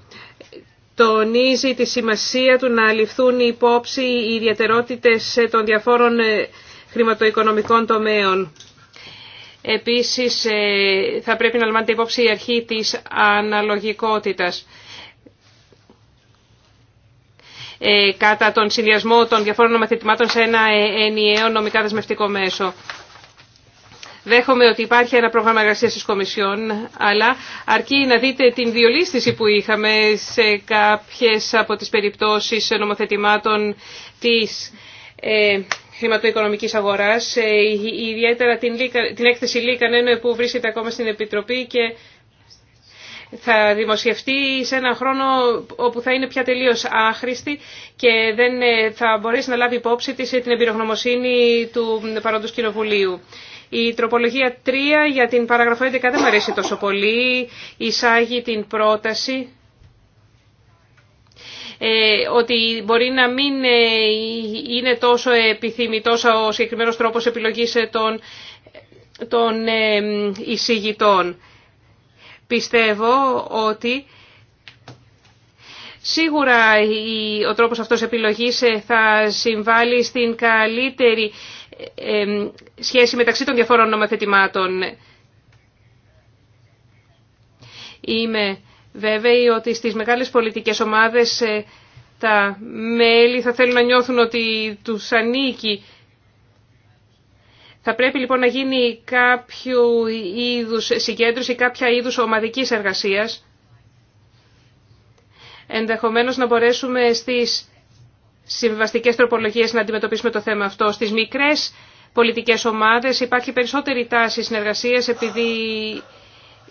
τονίζει τη σημασία του να ληφθούν υπόψη οι ιδιαιτερότητες των διαφόρων ε, χρηματοοικονομικών τομέων. Επίσης, ε, θα πρέπει να λαμβάνεται υπόψη η αρχή της αναλογικότητας. Ε, κατά τον συνδυασμό των διαφόρων μαθητημάτων σε ένα ενιαίο νομικά δεσμευτικό μέσο. Δέχομαι ότι υπάρχει ένα πρόγραμμα εργασία τη Κομισιόν, αλλά αρκεί να δείτε την διολίστηση που είχαμε σε κάποιε από τι περιπτώσει νομοθετημάτων τη ε, χρηματοοικονομική αγορά, ε, ιδιαίτερα την, την έκθεση Λίκανεν που βρίσκεται ακόμα στην Επιτροπή και θα δημοσιευτεί σε ένα χρόνο όπου θα είναι πια τελείως άχρηστη και δεν ε, θα μπορέσει να λάβει υπόψη της την εμπειρογνωμοσύνη του παρόντος κοινοβουλίου. Η τροπολογία 3 για την παραγραφή 11 δεν μου αρέσει τόσο πολύ. Εισάγει την πρόταση ε, ότι μπορεί να μην ε, είναι τόσο επιθυμητός ο συγκεκριμένος τρόπος επιλογής ε, των, των εισηγητών. Πιστεύω ότι σίγουρα ο τρόπος αυτός επιλογής θα συμβάλλει στην καλύτερη σχέση μεταξύ των διαφόρων νομοθετημάτων. Είμαι βέβαιη ότι στις μεγάλες πολιτικές ομάδες ε, τα μέλη θα θέλουν να νιώθουν ότι τους ανήκει. Θα πρέπει λοιπόν να γίνει κάποιο είδους συγκέντρωση, κάποια είδους ομαδικής εργασίας. Ενδεχομένως να μπορέσουμε στις συμβαστικές τροπολογίες να αντιμετωπίσουμε το θέμα αυτό. Στις μικρές πολιτικές ομάδες υπάρχει περισσότερη τάση συνεργασία επειδή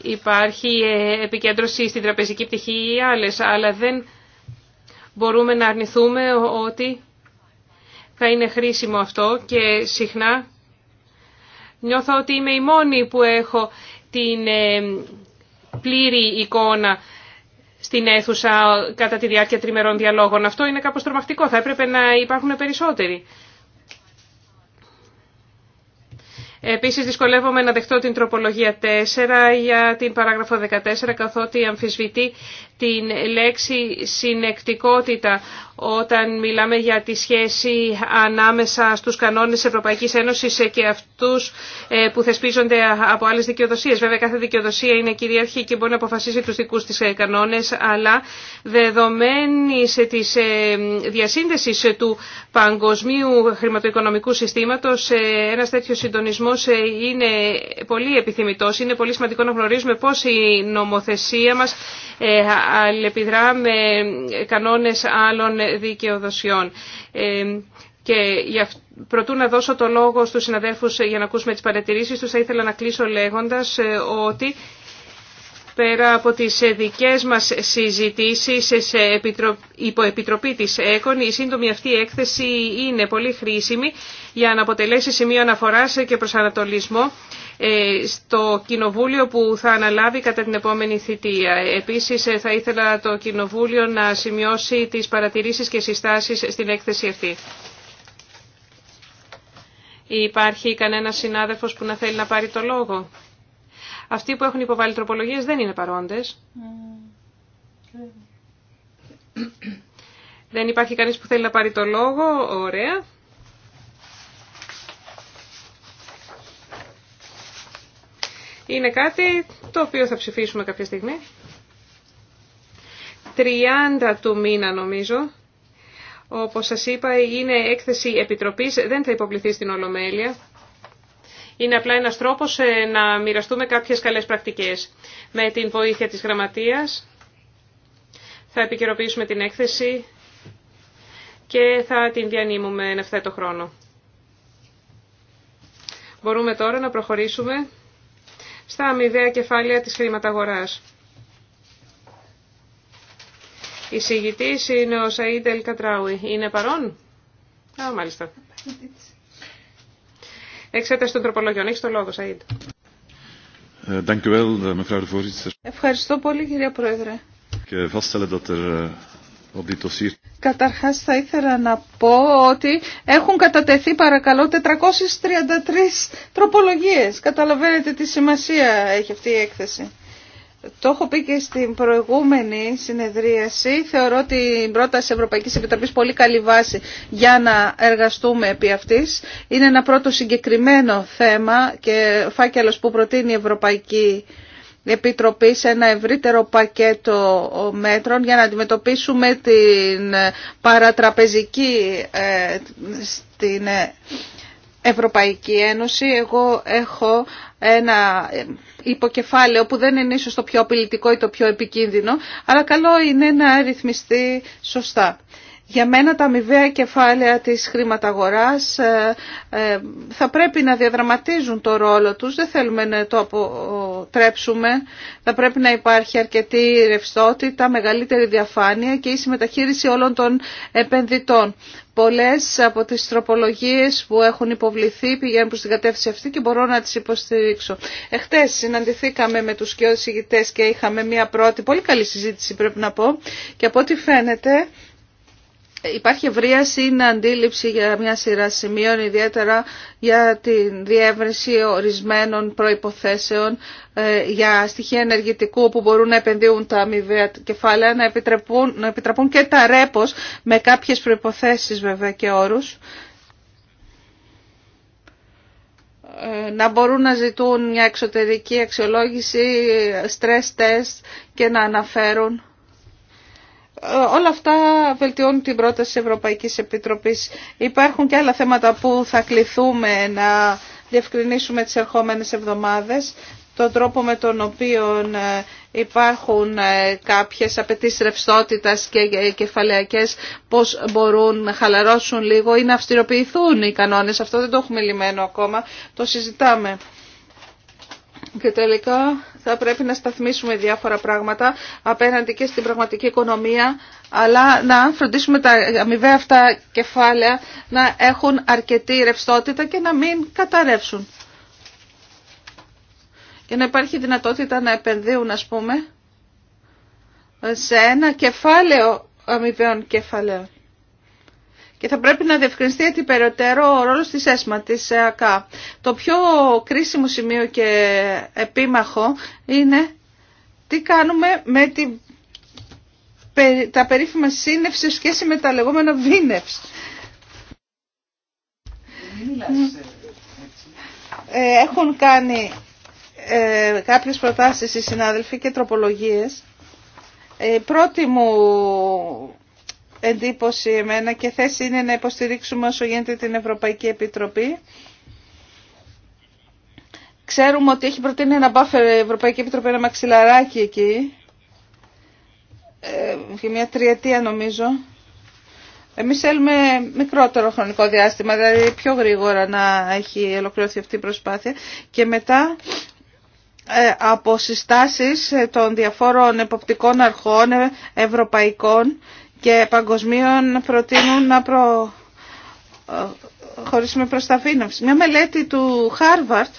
υπάρχει ε, επικέντρωση στην τραπεζική πτυχή ή άλλες, αλλά δεν μπορούμε να αρνηθούμε ότι θα είναι χρήσιμο αυτό και συχνά νιώθω ότι είμαι η αλλε αλλα δεν μπορουμε να αρνηθουμε οτι θα ειναι χρησιμο αυτο και συχνα νιωθω οτι ειμαι η μονη που έχω την ε, πλήρη εικόνα στην αίθουσα κατά τη διάρκεια τριμερών διαλόγων. Αυτό είναι κάπως τρομακτικό. Θα έπρεπε να υπάρχουν περισσότεροι. Επίσης δυσκολεύομαι να δεχτώ την τροπολογία 4 για την παράγραφο 14 καθότι αμφισβητεί την λέξη συνεκτικότητα όταν μιλάμε για τη σχέση ανάμεσα στους κανόνες Ευρωπαϊκής Ένωσης και αυτούς ε, που θεσπίζονται από άλλες δικαιοδοσίες. Βέβαια κάθε δικαιοδοσία είναι κυρίαρχη και μπορεί να αποφασίσει τους δικούς της ε, κανόνες, αλλά δεδομένης της ε, διασύνδεσης του παγκοσμίου χρηματοοικονομικού συστήματος, ένας τέτοιος συντονισμός είναι πολύ επιθυμητός. Είναι πολύ σημαντικό να γνωρίζουμε πώς η νομοθεσία μας αλληλεπιδρά με κανόνες άλλων δικαιοδοσιών. Ε, και για, προτού να δώσω το λόγο στους συναδέλφους για να ακούσουμε τις παρατηρήσεις τους, θα ήθελα να κλείσω λέγοντας ε, ότι πέρα από τις ε, δικές μας συζητήσεις σε επιτροπή υποεπιτροπή της ΕΚΟΝ, η σύντομη αυτή έκθεση είναι πολύ χρήσιμη για να αποτελέσει σημείο αναφοράς και προσανατολισμό ε, στο Κοινοβούλιο που θα αναλάβει κατά την επόμενη θητεία. Επίσης ε, θα ήθελα το Κοινοβούλιο να σημειώσει τις παρατηρήσεις και συστάσεις στην έκθεση αυτή. Υπάρχει κανένα συνάδελφος που να θέλει να πάρει το λόγο. Αυτοί που έχουν υποβάλει τροπολογίες δεν είναι παρόντες. Mm. Δεν υπάρχει κανείς που θέλει να πάρει το λόγο. Ωραία. είναι κάτι το οποίο θα ψηφίσουμε κάποια στιγμή. 30 του μήνα νομίζω. Όπως σας είπα είναι έκθεση επιτροπής, δεν θα υποβληθεί στην Ολομέλεια. Είναι απλά ένας τρόπος ε, να μοιραστούμε κάποιες καλές πρακτικές. Με την βοήθεια της γραμματείας θα επικαιροποιήσουμε την έκθεση και θα την διανύμουμε εν ευθέτω χρόνο. Μπορούμε τώρα να προχωρήσουμε στα αμοιβαία κεφάλαια της χρηματαγοράς. Η συγητής είναι ο Σαΐντ κατράουι. Είναι παρόν? Α, μάλιστα. Εξέταση των τροπολογιών. Έχει το λόγο, Σαΐντ. Ε, ε, ευχαριστώ πολύ, κυρία Πρόεδρε. Καταρχάς θα ήθελα να πω ότι έχουν κατατεθεί παρακαλώ 433 τροπολογίες. Καταλαβαίνετε τι σημασία έχει αυτή η έκθεση. Το έχω πει και στην προηγούμενη συνεδρίαση. Θεωρώ ότι την πρόταση Ευρωπαϊκής Επιτροπής πολύ καλή βάση για να εργαστούμε επί αυτής. Είναι ένα πρώτο συγκεκριμένο θέμα και φάκελος που προτείνει η Ευρωπαϊκή Επιτροπή Επιτροπή σε ένα ευρύτερο πακέτο μέτρων για να αντιμετωπίσουμε την παρατραπεζική ε, στην ε, Ευρωπαϊκή Ένωση. Εγώ έχω ένα υποκεφάλαιο που δεν είναι ίσως το πιο απειλητικό ή το πιο επικίνδυνο, αλλά καλό είναι να ρυθμιστεί σωστά. Για μένα τα αμοιβαία κεφάλαια της χρηματαγοράς ε, ε, θα πρέπει να διαδραματίζουν το ρόλο τους, δεν θέλουμε να το αποτρέψουμε. Θα πρέπει να υπάρχει αρκετή ρευστότητα, μεγαλύτερη διαφάνεια και η συμμεταχείριση όλων των επενδυτών. Πολλές από τις τροπολογίες που έχουν υποβληθεί πηγαίνουν προς την κατεύθυνση αυτή και μπορώ να τις υποστηρίξω. Εχθές συναντηθήκαμε με τους κοιόδους ηγητές και είχαμε μια πρώτη πολύ καλή συζήτηση πρέπει να πω και από ό,τι φαίνεται Υπάρχει ευρεία αντίληψη για μια σειρά σημείων, ιδιαίτερα για τη διεύρυνση ορισμένων προϋποθέσεων ε, για στοιχεία ενεργητικού που μπορούν να επενδύουν τα αμοιβαία κεφάλαια, να επιτραπούν, να και τα ρέπος με κάποιες προϋποθέσεις βέβαια και όρους. Ε, να μπορούν να ζητούν μια εξωτερική αξιολόγηση, stress test και να αναφέρουν ε, όλα αυτά βελτιώνουν την πρόταση Ευρωπαϊκής Επιτροπής. Υπάρχουν και άλλα θέματα που θα κληθούμε να διευκρινίσουμε τις ερχόμενες εβδομάδες, τον τρόπο με τον οποίο ε, υπάρχουν ε, κάποιες απαιτήσει ρευστότητα και κεφαλαιακές πώς μπορούν να χαλαρώσουν λίγο ή να αυστηροποιηθούν οι κανόνες. Αυτό δεν το έχουμε λυμμένο ακόμα, το συζητάμε. Και τελικά θα πρέπει να σταθμίσουμε διάφορα πράγματα απέναντι και στην πραγματική οικονομία, αλλά να φροντίσουμε τα αμοιβαία αυτά κεφάλαια να έχουν αρκετή ρευστότητα και να μην καταρρεύσουν. Και να υπάρχει δυνατότητα να επενδύουν, ας πούμε, σε ένα κεφάλαιο αμοιβαίων κεφαλαίων και θα πρέπει να διευκρινιστεί έτσι περαιτέρω ο ρόλος της ΕΣΜΑ, της ΑΚΑ. Το πιο κρίσιμο σημείο και επίμαχο είναι τι κάνουμε με τα περίφημα σύννευση και σχέση με τα λεγόμενα ε, Έχουν κάνει ε, κάποιες προτάσεις οι συνάδελφοι και τροπολογίες. Ε, πρώτη μου εντύπωση εμένα και θέση είναι να υποστηρίξουμε όσο γίνεται την Ευρωπαϊκή Επιτροπή. Ξέρουμε ότι έχει προτείνει ένα buffer η Ευρωπαϊκή Επιτροπή, ένα μαξιλαράκι εκεί. Ε, μια τριετία νομίζω. Εμείς θέλουμε μικρότερο χρονικό διάστημα, δηλαδή πιο γρήγορα να έχει ολοκληρωθεί αυτή η προσπάθεια και μετά ε, από συστάσεις των διαφόρων εποπτικών αρχών ε, ευρωπαϊκών και παγκοσμίων προτείνουν να προ... Ε, χωρίσουμε προς τα φύνευση. Μια μελέτη του Χάρβαρτ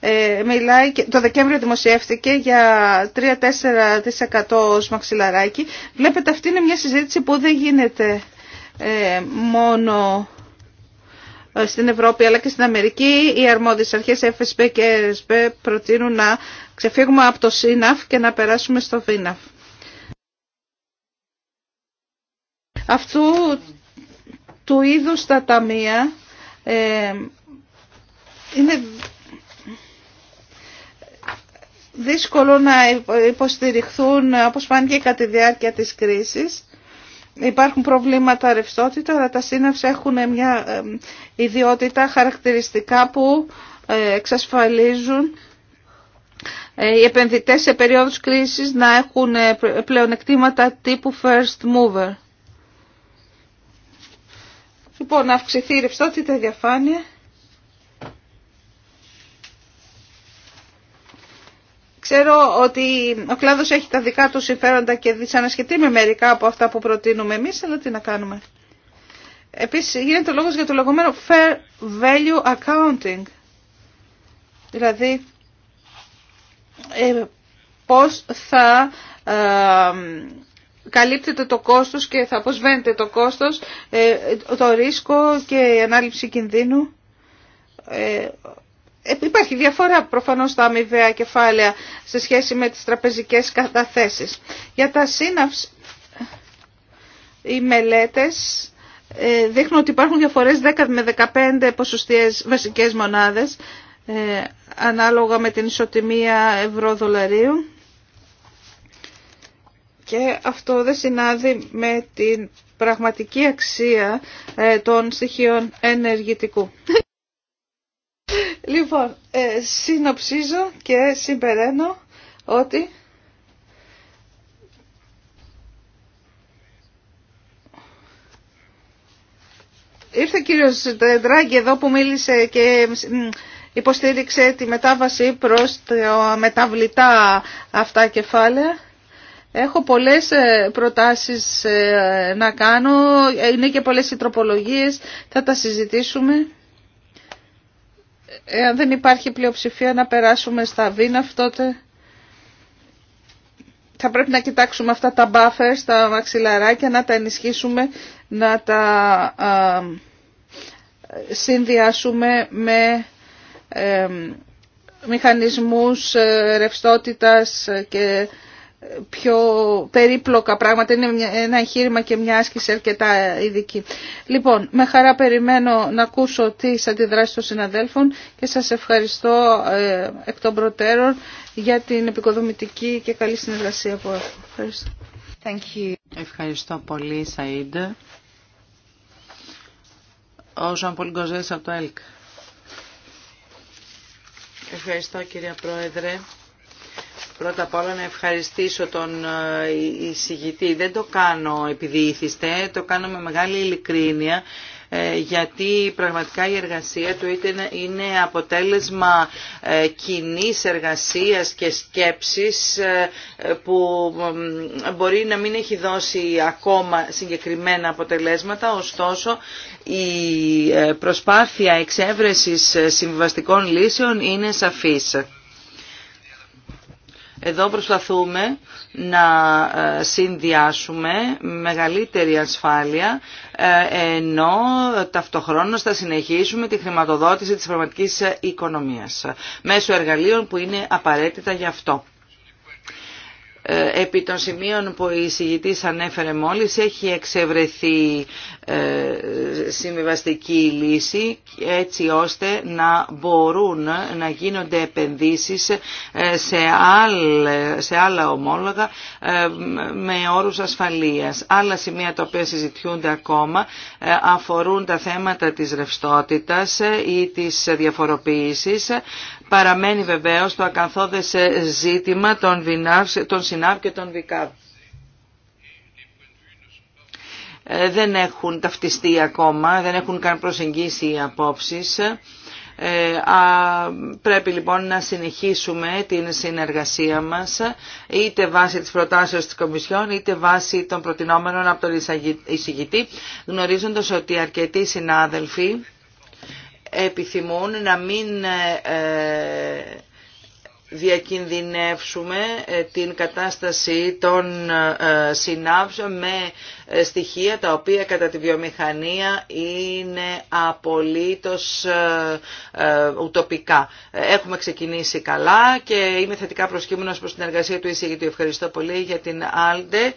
ε, μιλάει, το Δεκέμβριο δημοσιεύτηκε για 3-4% ως μαξιλαράκι. Βλέπετε αυτή είναι μια συζήτηση που δεν γίνεται ε, μόνο στην Ευρώπη αλλά και στην Αμερική. Οι αρμόδιες αρχές FSB και RSB προτείνουν να ξεφύγουμε από το ΣΥΝΑΦ και να περάσουμε στο ΒΙΝΑΦ. αυτού του είδους τα ταμεία ε, είναι δύσκολο να υποστηριχθούν όπως φάνηκε κατά τη διάρκεια της κρίσης. Υπάρχουν προβλήματα ρευστότητα, αλλά τα σύναυσα έχουν μια ε, ιδιότητα χαρακτηριστικά που ε, εξασφαλίζουν οι επενδυτές σε περίοδους κρίσης να έχουν πλεονεκτήματα τύπου first mover. Λοιπόν, να αυξηθεί η ρευστότητα, η διαφάνεια. Ξέρω ότι ο κλάδος έχει τα δικά του συμφέροντα και δυσανασχετεί με μερικά από αυτά που προτείνουμε εμείς, αλλά τι να κάνουμε. Επίσης γίνεται λόγος για το λεγόμενο Fair Value Accounting. Δηλαδή, ε, πώς θα ε, καλύπτεται το κόστος και θα αποσβαίνεται το κόστος, ε, το ρίσκο και η ανάληψη κινδύνου. Ε, ε, υπάρχει διαφορά προφανώς στα αμοιβαία κεφάλαια σε σχέση με τις τραπεζικές καταθέσεις. Για τα σύναυση, οι μελέτες δείχνουν ότι υπάρχουν διαφορές 10 με 15 ποσοστιαίες βασικές μονάδες ανάλογα με την ισοτιμία ευρώ-δολαρίου και αυτό δεν συνάδει με την πραγματική αξία ε, των στοιχείων ενεργητικού. <laughs> Λοιπόν, ε, συνοψίζω και συμπεραίνω ότι ήρθε ο κύριος Δράγκη εδώ που μίλησε και υποστήριξε τη μετάβαση προς τα μεταβλητά αυτά κεφάλαια. Έχω πολλές ε, προτάσεις ε, να κάνω, είναι και πολλές οι θα τα συζητήσουμε. Εάν δεν υπάρχει πλειοψηφία να περάσουμε στα βίνα τότε θα πρέπει να κοιτάξουμε αυτά τα buffers, τα μαξιλαράκια, να τα ενισχύσουμε, να τα συνδυάσουμε με μηχανισμούς ε, ρευστότητας και πιο περίπλοκα πράγματα. Είναι ένα εγχείρημα και μια άσκηση αρκετά ειδική. Λοιπόν, με χαρά περιμένω να ακούσω τις αντιδράσεις των συναδέλφων και σας ευχαριστώ ε, εκ των προτέρων για την επικοδομητική και καλή συνεργασία που έχω. Ευχαριστώ. Thank Ευχαριστώ πολύ, Σαΐντ. Ο Ζωάν Πολυγκοζές από το ΕΛΚ. Ευχαριστώ, κυρία Πρόεδρε. Πρώτα απ' όλα να ευχαριστήσω τον ε, ε, εισηγητή. Δεν το κάνω επειδή ήθιστε, το κάνω με μεγάλη ειλικρίνεια ε, γιατί πραγματικά η εργασία του είναι αποτέλεσμα κοινή εργασίας και σκέψης που μπορεί να μην έχει δώσει ακόμα συγκεκριμένα αποτελέσματα, ωστόσο η προσπάθεια εξέβρεσης συμβιβαστικών λύσεων είναι σαφής. Εδώ προσπαθούμε να ε, συνδυάσουμε μεγαλύτερη ασφάλεια ε, ενώ ταυτοχρόνως θα συνεχίσουμε τη χρηματοδότηση της πραγματικής ε, οικονομίας μέσω εργαλείων που είναι απαραίτητα γι' αυτό. Ε, επί των σημείων που η συγητής ανέφερε μόλις έχει εξευρεθεί ε, συμβιβαστική λύση έτσι ώστε να μπορούν να γίνονται επενδύσεις ε, σε, άλλα, σε άλλα ομόλογα με όρους ασφαλείας. Άλλα σημεία τα οποία συζητιούνται ακόμα αφορούν τα θέματα της ρευστότητας ή της διαφοροποίησης παραμένει βεβαίως το ακαθόδες ε, ζήτημα των, των και των ΒΙΚΑΒ. Ε, δεν έχουν ταυτιστεί ακόμα, δεν έχουν καν προσεγγίσει οι απόψεις. Ε, πρέπει λοιπόν να συνεχίσουμε την συνεργασία μας είτε βάσει της προτάσεως της Κομισιόν είτε βάσει των προτινόμενων από τον εισηγητή γνωρίζοντας ότι αρκετοί συνάδελφοι επιθυμούν να μην ε, ε, διακινδυνεύσουμε ε, την κατάσταση των συνάψεων με στοιχεία τα οποία κατά τη βιομηχανία είναι απολύτως ουτοπικά. Έχουμε ξεκινήσει καλά και είμαι θετικά προσκύμενος προς την εργασία του εισηγητή. Ευχαριστώ πολύ για την Άλντε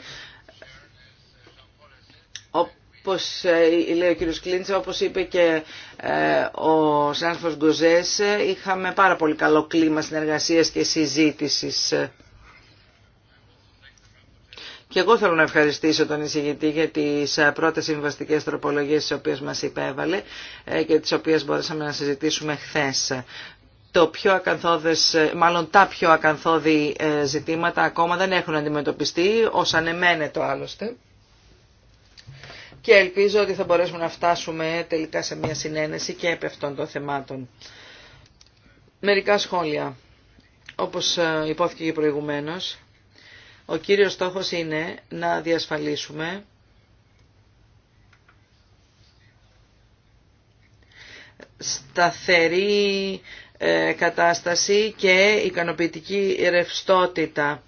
όπως ε, λέει ο κύριος Κλίντσα, όπως είπε και ε, ο Σάνσφος Γκοζές, είχαμε πάρα πολύ καλό κλίμα συνεργασίας και συζήτησης. Και εγώ θέλω να ευχαριστήσω τον εισηγητή για τις ε, πρώτες συμβαστικές τροπολογίες τις οποίες μας υπέβαλε και τις οποίες μπορέσαμε να συζητήσουμε χθες το πιο ακαθόδες, μάλλον τα πιο ακαθόδη ζητήματα ακόμα δεν έχουν αντιμετωπιστεί, ως το άλλωστε και ελπίζω ότι θα μπορέσουμε να φτάσουμε τελικά σε μια συνένεση και επ' αυτών των θεμάτων. Μερικά σχόλια. Όπως ε, υπόθηκε και προηγουμένως, ο κύριος στόχος είναι να διασφαλίσουμε σταθερή ε, κατάσταση και ικανοποιητική ρευστότητα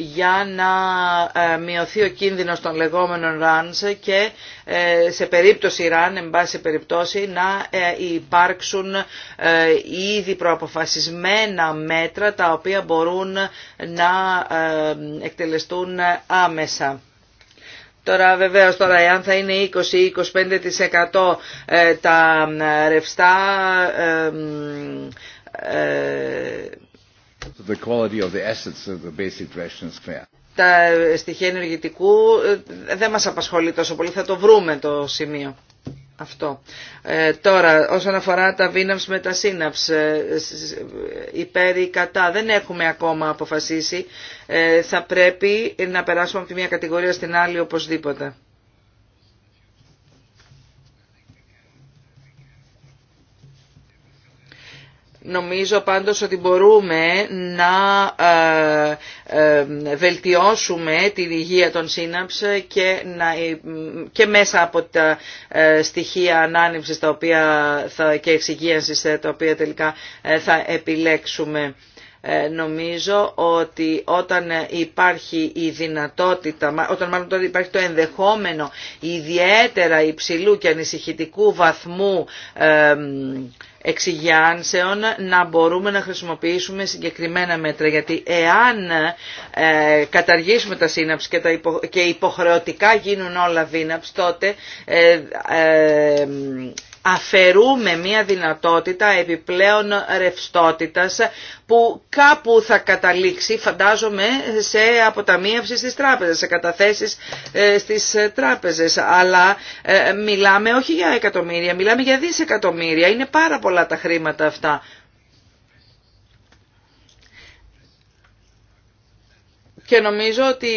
για να ε, μειωθεί ο κίνδυνος των λεγόμενων runs και ε, σε περίπτωση run, εν πάση περιπτώσει, να ε, υπάρξουν ήδη προαποφασισμένα μέτρα τα οποία μπορούν να εκτελεστούν άμεσα. Τώρα βεβαίως τώρα εάν θα είναι 20-25% τα ρευστά the quality of the assets of the basic Τα στοιχεία ενεργητικού ε, δεν μας απασχολεί τόσο πολύ, θα το βρούμε το σημείο αυτό. Ε, τώρα, όσον αφορά τα βίναυς με τα ε, υπέρ ή κατά, δεν έχουμε ακόμα αποφασίσει. Ε, θα πρέπει να περάσουμε από τη μία κατηγορία στην άλλη οπωσδήποτε. Νομίζω πάντως ότι μπορούμε να ε, ε, βελτιώσουμε τη υγεία των σύναψ και, και μέσα από τα ε, στοιχεία ανάνυψης τα οποία θα, και εξυγίανσης τα οποία τελικά θα επιλέξουμε. Νομίζω ότι όταν υπάρχει η δυνατότητα, όταν μάλλον υπάρχει το ενδεχόμενο ιδιαίτερα υψηλού και ανησυχητικού βαθμού εξηγιάνσεων να μπορούμε να χρησιμοποιήσουμε συγκεκριμένα μέτρα. Γιατί εάν ε, καταργήσουμε τα σύναψη και, τα υποχρεωτικά γίνουν όλα δύναψη, τότε ε, ε, αφαιρούμε μια δυνατότητα επιπλέον ρευστότητας που κάπου θα καταλήξει φαντάζομαι σε αποταμίευση στις τράπεζες, σε καταθέσεις ε, στις τράπεζες. Αλλά ε, μιλάμε όχι για εκατομμύρια, μιλάμε για δισεκατομμύρια. Είναι πάρα πολλά τα χρήματα αυτά. Και νομίζω ότι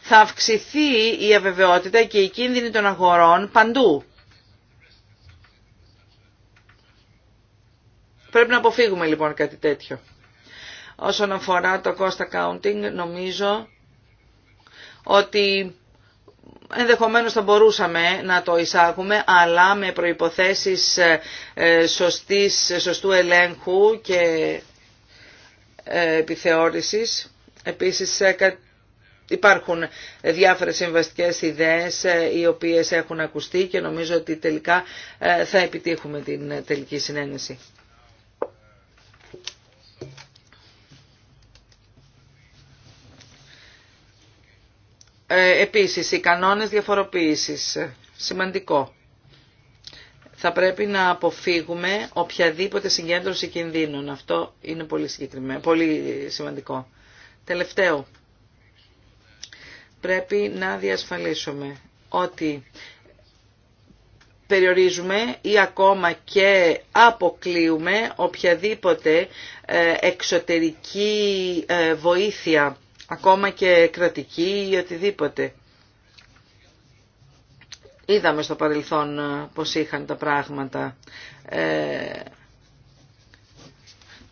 θα αυξηθεί η αβεβαιότητα και η κίνδυνη των αγορών παντού. Πρέπει να αποφύγουμε λοιπόν κάτι τέτοιο. Όσον αφορά το cost accounting, νομίζω ότι ενδεχομένως θα μπορούσαμε να το εισάγουμε, αλλά με προϋποθέσεις ε, σωστής, σωστού ελέγχου και ε, επιθεώρησης. Επίσης ε, υπάρχουν διάφορες συμβαστικές ιδέες οι οποίες έχουν ακουστεί και νομίζω ότι τελικά θα επιτύχουμε την τελική συνένεση. Ε, επίσης, οι κανόνες διαφοροποίησης. Σημαντικό. Θα πρέπει να αποφύγουμε οποιαδήποτε συγκέντρωση κινδύνων. Αυτό είναι πολύ, συγκεκριμένο, πολύ σημαντικό. Τελευταίο. Πρέπει να διασφαλίσουμε ότι περιορίζουμε ή ακόμα και αποκλείουμε οποιαδήποτε ε, εξωτερική ε, βοήθεια ακόμα και κρατική ή οτιδήποτε. Είδαμε στο παρελθόν ε, πώς είχαν τα πράγματα. Ε,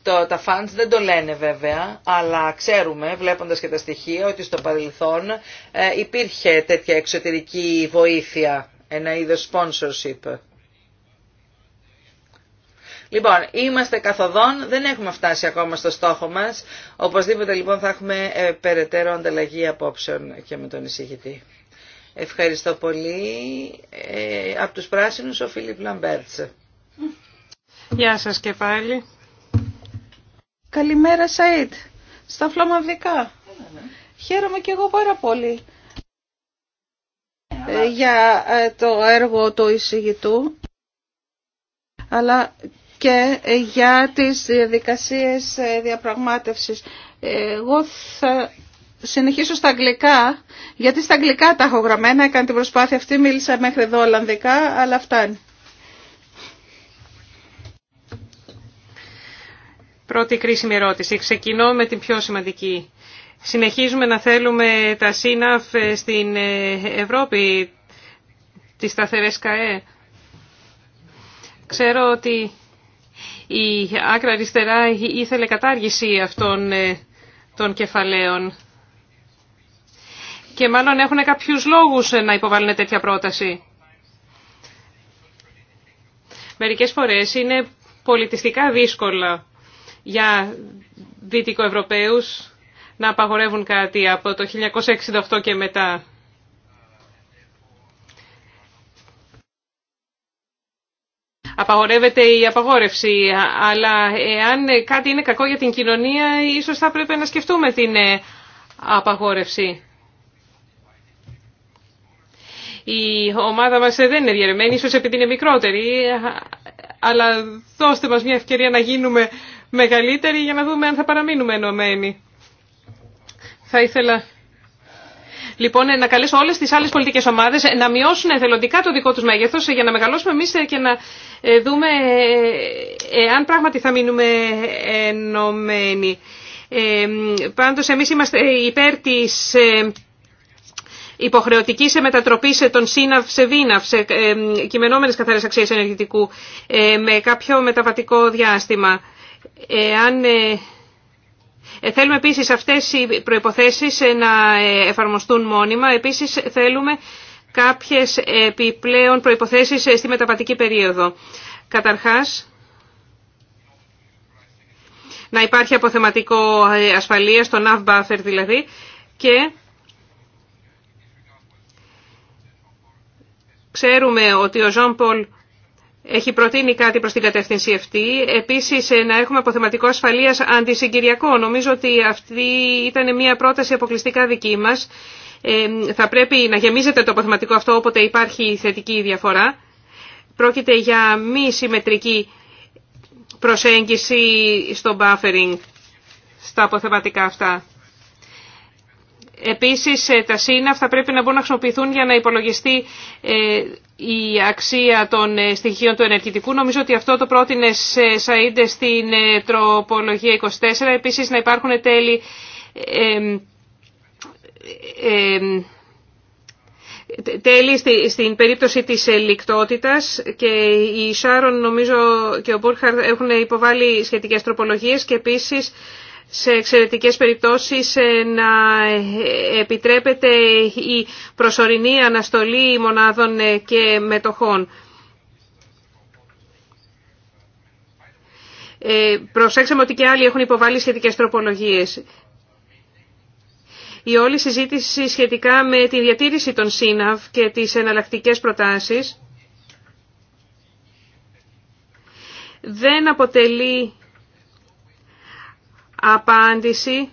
το, τα fans δεν το λένε βέβαια, αλλά ξέρουμε βλέποντας και τα στοιχεία ότι στο παρελθόν ε, υπήρχε τέτοια εξωτερική βοήθεια, ένα είδος sponsorship. Λοιπόν, είμαστε καθοδόν, δεν έχουμε φτάσει ακόμα στο στόχο μας. Οπωσδήποτε λοιπόν θα έχουμε ε, περαιτέρω ανταλλαγή απόψεων και με τον εισηγητή. Ευχαριστώ πολύ. Ε, από τους πράσινους ο Φίλιπ Λαμπέρτσε. Γεια σας και πάλι. Καλημέρα Σαΐτ. Στα φλαμανδικά. Ναι, ναι. Χαίρομαι και εγώ πάρα πολύ ε, ε, για το έργο του εισηγητού αλλά και για τις διαδικασίες ε, διαπραγμάτευσης. Εγώ θα συνεχίσω στα αγγλικά, γιατί στα αγγλικά τα έχω γραμμένα, έκανε την προσπάθεια αυτή, μίλησα μέχρι εδώ ολλανδικά, αλλά φτάνει. Πρώτη κρίσιμη ερώτηση. Ξεκινώ με την πιο σημαντική. Συνεχίζουμε να θέλουμε τα ΣΥΝΑΦ ε, στην ε, Ευρώπη, τις σταθερές ΚΑΕ. Ξέρω ότι η άκρα αριστερά ήθελε κατάργηση αυτών ε, των κεφαλαίων. Και μάλλον έχουν κάποιους λόγους ε, να υποβάλουν τέτοια πρόταση. Μερικές φορές είναι πολιτιστικά δύσκολα για δυτικοευρωπαίους να απαγορεύουν κάτι από το 1968 και μετά. απαγορεύεται η απαγόρευση. Αλλά εάν κάτι είναι κακό για την κοινωνία, ίσως θα πρέπει να σκεφτούμε την ε, απαγόρευση. Η ομάδα μας δεν είναι διαρρεμένη, ίσως επειδή είναι μικρότερη, αλλά δώστε μας μια ευκαιρία να γίνουμε μεγαλύτεροι για να δούμε αν θα παραμείνουμε ενωμένοι. Θα ήθελα λοιπόν ε, να καλέσω όλε τι άλλε πολιτικέ ομάδε ε, να μειώσουν εθελοντικά το δικό του μέγεθο ε, για να μεγαλώσουμε εμεί και να δούμε αν πράγματι θα μείνουμε ενωμένοι. Ε, πάντως εμείς είμαστε υπέρ της υποχρεωτικής μετατροπής των ΣΥΝΑΒ σε ΒΙΝΑΒ, σε ε, ε, κειμενόμενες καθαρές αξίες ενεργητικού, με κάποιο μεταβατικό διάστημα. Εάν... Ε, θέλουμε επίσης αυτές οι προϋποθέσεις ε, να ε, εφαρμοστούν μόνιμα. Επίσης θέλουμε κάποιες επιπλέον προϋποθέσεις στη μεταπατική περίοδο. Καταρχάς, να υπάρχει αποθεματικό ασφαλείας, το NAV buffer δηλαδή, και ξέρουμε ότι ο Ζων Πολ έχει προτείνει κάτι προς την κατεύθυνση αυτή. Επίσης ε, να έχουμε αποθεματικό ασφαλείας αντισυγκυριακό. Νομίζω ότι αυτή ήταν μια πρόταση αποκλειστικά δική μας. Ε, θα πρέπει να γεμίζεται το αποθεματικό αυτό όποτε υπάρχει θετική διαφορά. Πρόκειται για μη συμμετρική προσέγγιση στο buffering στα αποθεματικά αυτά. Επίσης ε, τα ΣΥΝΑΦ θα πρέπει να μπορούν να χρησιμοποιηθούν για να υπολογιστεί ε, η αξία των ε, στοιχείων του ενεργητικού. Νομίζω ότι αυτό το πρότεινε Σαΐντε στην τροπολογία 24. Επίσης να υπάρχουν τέλη στην περίπτωση της ελικτότητας και η Σάρον νομίζω και ο Μπούρχαρ έχουν υποβάλει σχετικές τροπολογίες και επίσης σε εξαιρετικές περιπτώσεις ε, να ε, επιτρέπεται η προσωρινή αναστολή μονάδων ε, και μετοχών. Προσέξαμε ότι και άλλοι έχουν υποβάλει σχετικές τροπολογίες. Η όλη συζήτηση σχετικά με τη διατήρηση των ΣΥΝΑΒ και τις εναλλακτικές προτάσεις δεν αποτελεί απάντηση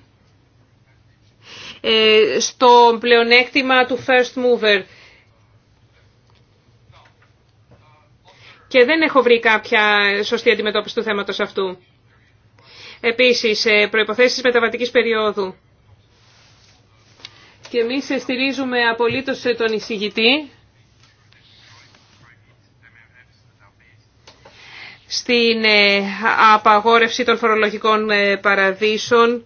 ε, στο πλεονέκτημα του first mover. Και δεν έχω βρει κάποια σωστή αντιμετώπιση του θέματος αυτού. Επίσης, ε, προϋποθέσεις μεταβατικής περίοδου. Και εμείς στηρίζουμε απολύτως ε, τον εισηγητή στην ε, απαγόρευση των φορολογικών ε, παραδείσων.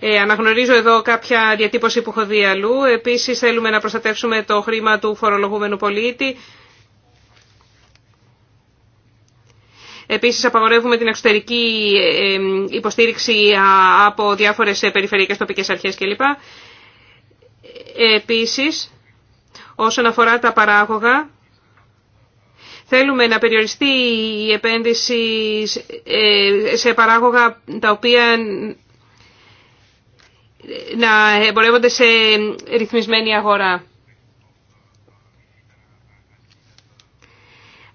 Ε, αναγνωρίζω εδώ κάποια διατύπωση που έχω δει αλλού. Επίσης θέλουμε να προστατεύσουμε το χρήμα του φορολογούμενου πολίτη. Επίσης απαγορεύουμε την εξωτερική υποστήριξη από διάφορες περιφερειακές τοπικές αρχές κλπ. Επίσης, όσον αφορά τα παράγωγα, Θέλουμε να περιοριστεί η επένδυση ε, σε παράγωγα τα οποία να εμπορεύονται σε ρυθμισμένη αγορά.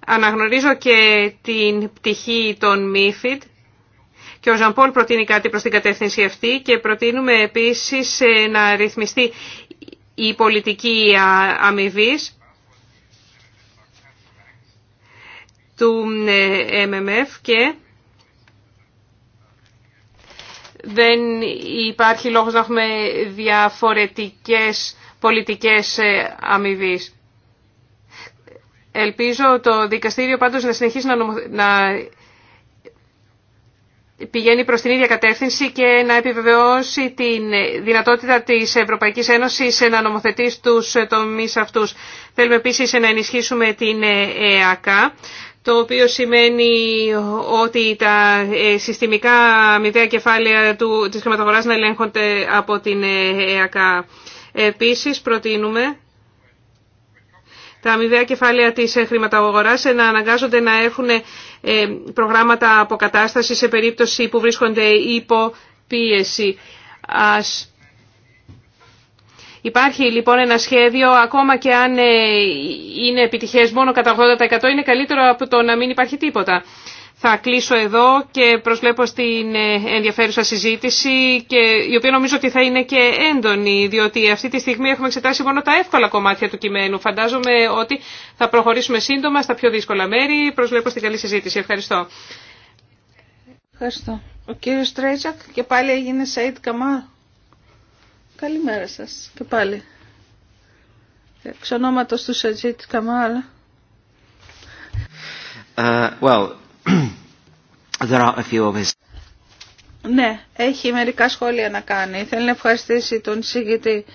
Αναγνωρίζω και την πτυχή των MIFID και ο Ζαμπόλ προτείνει κάτι προς την κατεύθυνση αυτή και προτείνουμε επίσης ε, να ρυθμιστεί η πολιτική αμοιβή. του ε, MMF και δεν υπάρχει λόγος να έχουμε διαφορετικές πολιτικές ε, αμοιβή. Ελπίζω το δικαστήριο πάντως να συνεχίσει να, να πηγαίνει προς την ίδια κατεύθυνση και να επιβεβαιώσει τη δυνατότητα της Ευρωπαϊκής Ένωσης να νομοθετεί στους τομείς αυτούς. Θέλουμε επίσης να ενισχύσουμε την ε, ΕΑΚΑ το οποίο σημαίνει ότι τα ε, συστημικά αμοιβαία κεφάλαια του, της χρηματογοράς να ελέγχονται από την ε, ΕΑΚΑ. Επίσης προτείνουμε τα αμοιβαία κεφάλαια της ε, χρηματαγοράς να αναγκάζονται να έχουν προγράμματα αποκατάστασης σε περίπτωση που βρίσκονται υπό πίεση. Υπάρχει λοιπόν ένα σχέδιο, ακόμα και αν ε, είναι επιτυχές μόνο κατά 80% είναι καλύτερο από το να μην υπάρχει τίποτα. Θα κλείσω εδώ και προσβλέπω στην ε, ενδιαφέρουσα συζήτηση, και, η οποία νομίζω ότι θα είναι και έντονη, διότι αυτή τη στιγμή έχουμε εξετάσει μόνο τα εύκολα κομμάτια του κειμένου. Φαντάζομαι ότι θα προχωρήσουμε σύντομα στα πιο δύσκολα μέρη. Προσβλέπω στην καλή συζήτηση. Ευχαριστώ. Ευχαριστώ. Ο κύριος Τρέτσακ και πάλι έγινε Σαΐτ Καλημέρα σας και πάλι. Εξ ονόματος του Σατζίτ Καμάλ. Ε, <clears throat> ναι, έχει μερικά σχόλια να κάνει. Θέλει να ευχαριστήσει τον Σίγητη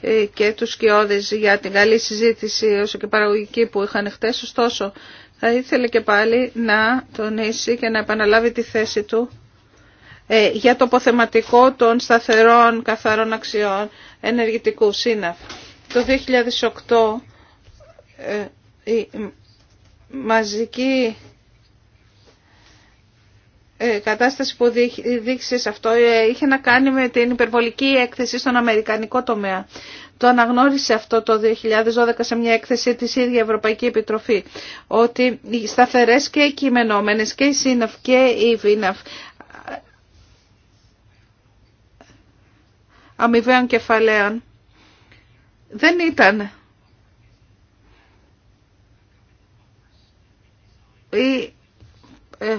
ε, και τους Κιώδη για την καλή συζήτηση όσο και παραγωγική που είχαν χτες. Ωστόσο, θα ήθελε και πάλι να τονίσει και να επαναλάβει τη θέση του ε, για το αποθεματικό των σταθερών καθαρών αξιών ενεργητικού ΣΥΝΑΦ. Το 2008 ε, η μαζική ε, κατάσταση που δείξει σε αυτό είχε να κάνει με την υπερβολική έκθεση στον Αμερικανικό τομέα. Το αναγνώρισε αυτό το 2012 σε μια έκθεση της ίδια Ευρωπαϊκή Επιτροφή, ότι οι σταθερές και οι κειμενόμενες και η ΣΥΝΑΦ και η ΒΙΝΑΦ αμοιβαίων κεφαλαίων δεν ήταν οι ε,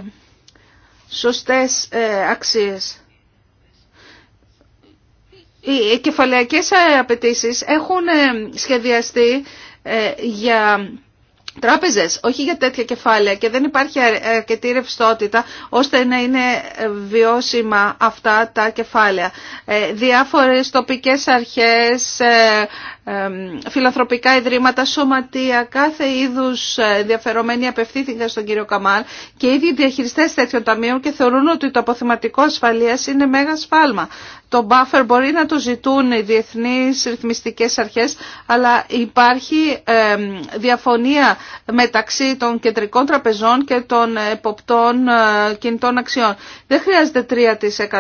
σωστές ε, αξίες. Οι κεφαλαιακές ε, απαιτήσει έχουν σχεδιαστεί για τράπεζες, όχι για τέτοια κεφάλαια και δεν υπάρχει αρκετή ρευστότητα ώστε να είναι βιώσιμα αυτά τα κεφάλαια. Ε, διάφορες τοπικές αρχές, ε, φιλανθρωπικά ιδρύματα, σωματεία, κάθε είδους ε, ενδιαφερομένοι απευθύνθηκαν στον κύριο Καμάλ και οι ίδιοι διαχειριστές τέτοιων ταμείων και θεωρούν ότι το αποθεματικό ασφαλείας είναι μέγα σφάλμα. Το buffer μπορεί να το ζητούν οι διεθνείς ρυθμιστικές αρχές, αλλά υπάρχει διαφωνία μεταξύ των κεντρικών τραπεζών και των εποπτών ε, κινητών αξιών. Δεν χρειάζεται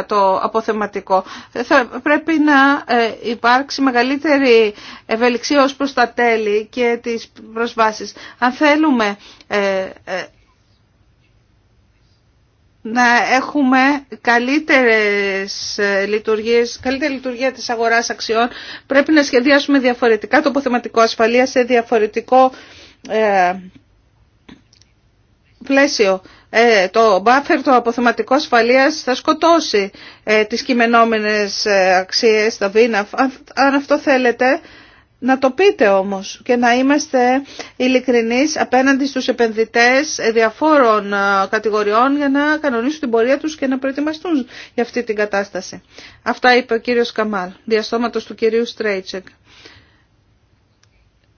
3% αποθεματικό. Θα πρέπει να ε, υπάρξει μεγαλύτερη ευελιξία ως προς τα τέλη και τις προσβάσεις. Αν θέλουμε ε, να έχουμε καλύτερες λειτουργίες, καλύτερη λειτουργία της αγοράς αξιών, πρέπει να σχεδιάσουμε διαφορετικά το αποθεματικό ασφαλεία σε διαφορετικό ε, πλαίσιο. Ε, το buffer, το αποθεματικό ασφαλείας θα σκοτώσει ε, τις κειμενόμενες αξίες, τα βίνα. Αν αυτό θέλετε, να το πείτε όμως και να είμαστε ειλικρινείς απέναντι στους επενδυτές διαφόρων κατηγοριών για να κανονίσουν την πορεία τους και να προετοιμαστούν για αυτή την κατάσταση. Αυτά είπε ο κύριος Καμάλ, διαστόματος του κυρίου Στρέιτσεκ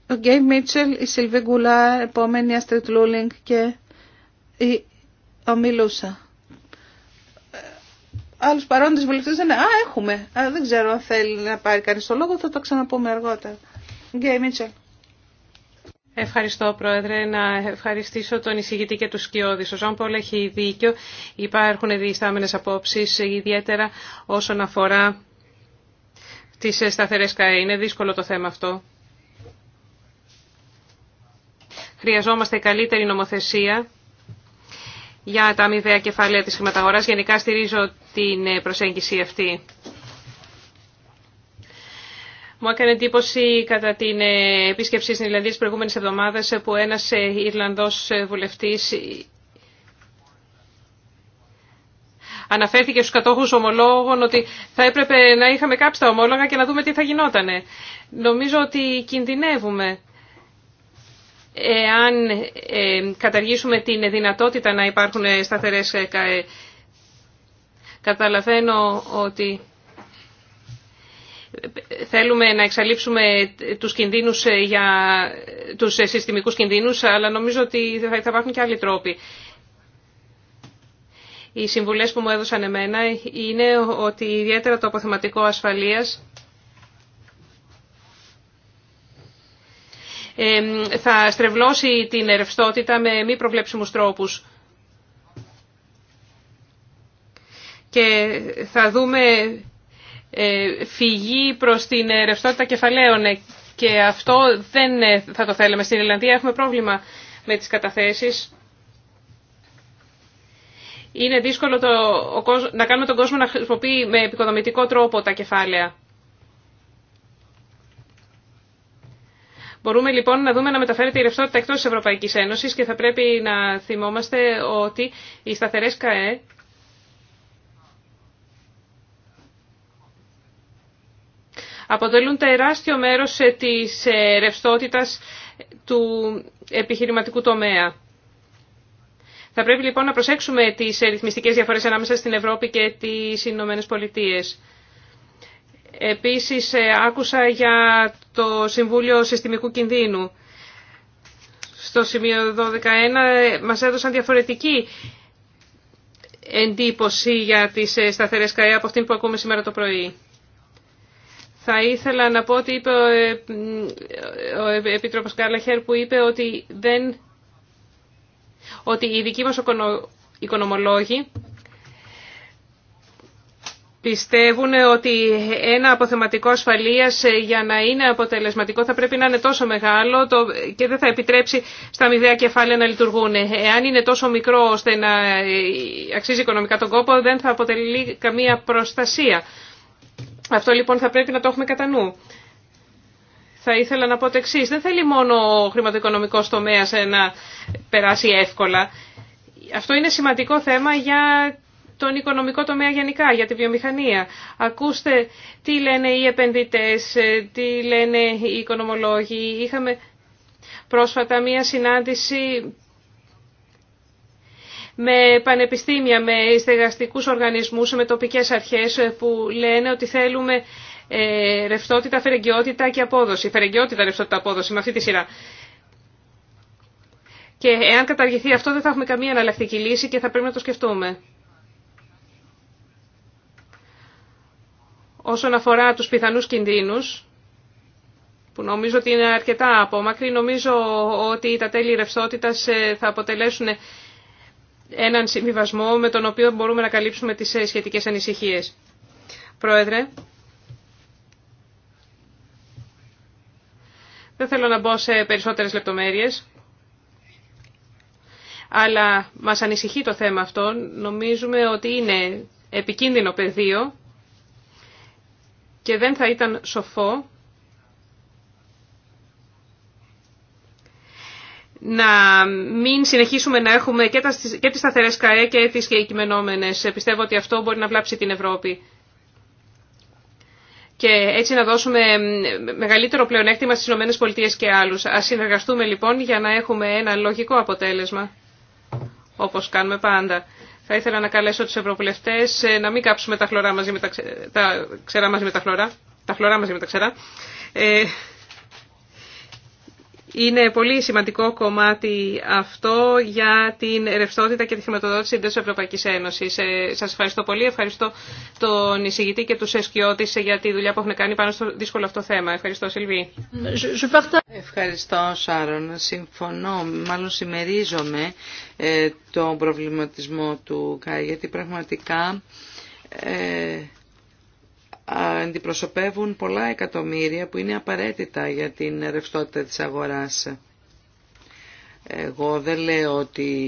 ο Γκέι Μίτσελ, η Σιλβί Γκουλάρ, επόμενη Αστρίτ Λούλινγκ και η Ομιλούσα. Άλλου παρόντε βουλευτέ δεν είναι. Α, έχουμε. Α, δεν ξέρω αν θέλει να πάρει κανεί το λόγο, θα το ξαναπούμε αργότερα. Γκέι Μίτσελ. Ευχαριστώ, Πρόεδρε. Να ευχαριστήσω τον εισηγητή και του Σκιώδη. Ο Ζαν Πολ έχει δίκιο. Υπάρχουν διεστάμενε απόψει, ιδιαίτερα όσον αφορά τι σταθερέ ΚΑΕ. Είναι δύσκολο το θέμα αυτό. χρειαζόμαστε καλύτερη νομοθεσία για τα αμοιβαία κεφάλαια της χρηματαγοράς. Γενικά στηρίζω την ε, προσέγγιση αυτή. Μου έκανε εντύπωση κατά την ε, επίσκεψη στην Ιρλανδία τις προηγούμενες εβδομάδες ε, που ένας Ιρλανδός βουλευτής αναφέρθηκε στους κατόχους ομολόγων ότι θα έπρεπε να είχαμε κάψει τα ομόλογα και να δούμε τι θα γινότανε. Νομίζω ότι κινδυνεύουμε εάν ε, καταργήσουμε την δυνατότητα να υπάρχουν σταθερές ε, ΚΑΕ. Καταλαβαίνω ότι θέλουμε να εξαλείψουμε τους κινδύνους ε, για τους συστημικούς κινδύνους, αλλά νομίζω ότι θα υπάρχουν και άλλοι τρόποι. Οι συμβουλές που μου έδωσαν εμένα είναι ότι ιδιαίτερα το αποθεματικό ασφαλείας θα στρεβλώσει την ρευστότητα με μη προβλέψιμους τρόπους. Και θα δούμε ε, φυγή προς την ρευστότητα κεφαλαίων και αυτό δεν ε, θα το θέλαμε. Στην Ιρλανδία έχουμε πρόβλημα με τις καταθέσεις. Είναι δύσκολο το, να κάνουμε τον κόσμο να χρησιμοποιεί με επικοδομητικό τρόπο τα κεφάλαια. Μπορούμε λοιπόν να δούμε να μεταφέρεται η ρευστότητα εκτό τη Ευρωπαϊκής Ένωση και θα πρέπει να θυμόμαστε ότι οι σταθερές ΚΑΕ αποτελούν τεράστιο μέρος ε, της ε, ρευστότητα του επιχειρηματικού τομέα. Θα πρέπει λοιπόν να προσέξουμε τις ε, ρυθμιστικές διαφορές ανάμεσα στην Ευρώπη και τις Ηνωμένε Πολιτείες. Επίσης ε, άκουσα για το Συμβούλιο Συστημικού Κινδύνου. Στο σημείο 12.1 ε, μας έδωσαν διαφορετική εντύπωση για τις ε, σταθερές ΚΑΕ από αυτή που ακούμε σήμερα το πρωί. Θα ήθελα να πω ότι είπε ο Επίτροπος Κάλαχερ που είπε ότι, δεν, ότι οι δικοί μας οικονομολόγοι πιστεύουν ότι ένα αποθεματικό ασφαλείας ε, για να είναι αποτελεσματικό θα πρέπει να είναι τόσο μεγάλο και δεν θα επιτρέψει στα μηδέα κεφάλαια να λειτουργούν. Εάν είναι τόσο μικρό ώστε να ε, αξίζει οικονομικά τον κόπο δεν θα αποτελεί καμία προστασία. Αυτό λοιπόν θα πρέπει να το έχουμε κατά νου. Θα ήθελα να πω το εξή. Δεν θέλει μόνο ο χρηματοοικονομικός τομέας ε, να περάσει εύκολα. Αυτό είναι σημαντικό θέμα για τον οικονομικό τομέα γενικά, για τη βιομηχανία. Ακούστε τι λένε οι επενδυτές, ε, τι λένε οι οικονομολόγοι. Είχαμε πρόσφατα μία συνάντηση με πανεπιστήμια, με στεγαστικούς οργανισμούς, με τοπικές αρχές ε, που λένε ότι θέλουμε ε, ρευστότητα, φερεγγιότητα και απόδοση. Φερεγγιότητα, ρευστότητα, απόδοση με αυτή τη σειρά. Και εάν καταργηθεί αυτό δεν θα έχουμε καμία εναλλακτική λύση και θα πρέπει να το σκεφτούμε. Όσον αφορά τους πιθανούς κινδύνους, που νομίζω ότι είναι αρκετά απόμακροι, νομίζω ότι τα τέλη ρευστότητα ε, θα αποτελέσουν έναν συμβιβασμό με τον οποίο μπορούμε να καλύψουμε τις ε, σχετικές ανησυχίες. Πρόεδρε, δεν θέλω να μπω σε περισσότερες λεπτομέρειες, αλλά μας ανησυχεί το θέμα αυτό. Νομίζουμε ότι είναι επικίνδυνο πεδίο και δεν θα ήταν σοφό να μην συνεχίσουμε να έχουμε και, τα, και τις σταθερές ΚΑΕ και τις κειμενόμενες. Πιστεύω ότι αυτό μπορεί να βλάψει την Ευρώπη. Και έτσι να δώσουμε μεγαλύτερο πλεονέκτημα στις ΗΠΑ και άλλους. Ας συνεργαστούμε λοιπόν για να έχουμε ένα λογικό αποτέλεσμα, όπως κάνουμε πάντα. Θα ήθελα να καλέσω τους ευρωβουλευτές ε, να μην κάψουμε τα, χλωρά μαζί με τα, ξε... τα ξερά μαζί με τα χλωρά, τα χλωρά μαζί με τα ξερά, ε, είναι πολύ σημαντικό κομμάτι αυτό για την ρευστότητα και τη χρηματοδότηση της Ευρωπαϊκής Ένωσης. Ε, σας ευχαριστώ πολύ. Ευχαριστώ τον εισηγητή και τους εσκιώτης για τη δουλειά που έχουν κάνει πάνω στο δύσκολο αυτό θέμα. Ευχαριστώ, Σιλβί. Ευχαριστώ, Σάρων. Συμφωνώ, μάλλον συμμερίζομαι ε, τον προβληματισμό του Κάι, γιατί πραγματικά... Ε, αντιπροσωπεύουν πολλά εκατομμύρια που είναι απαραίτητα για την ρευστότητα της αγοράς. Εγώ δεν λέω ότι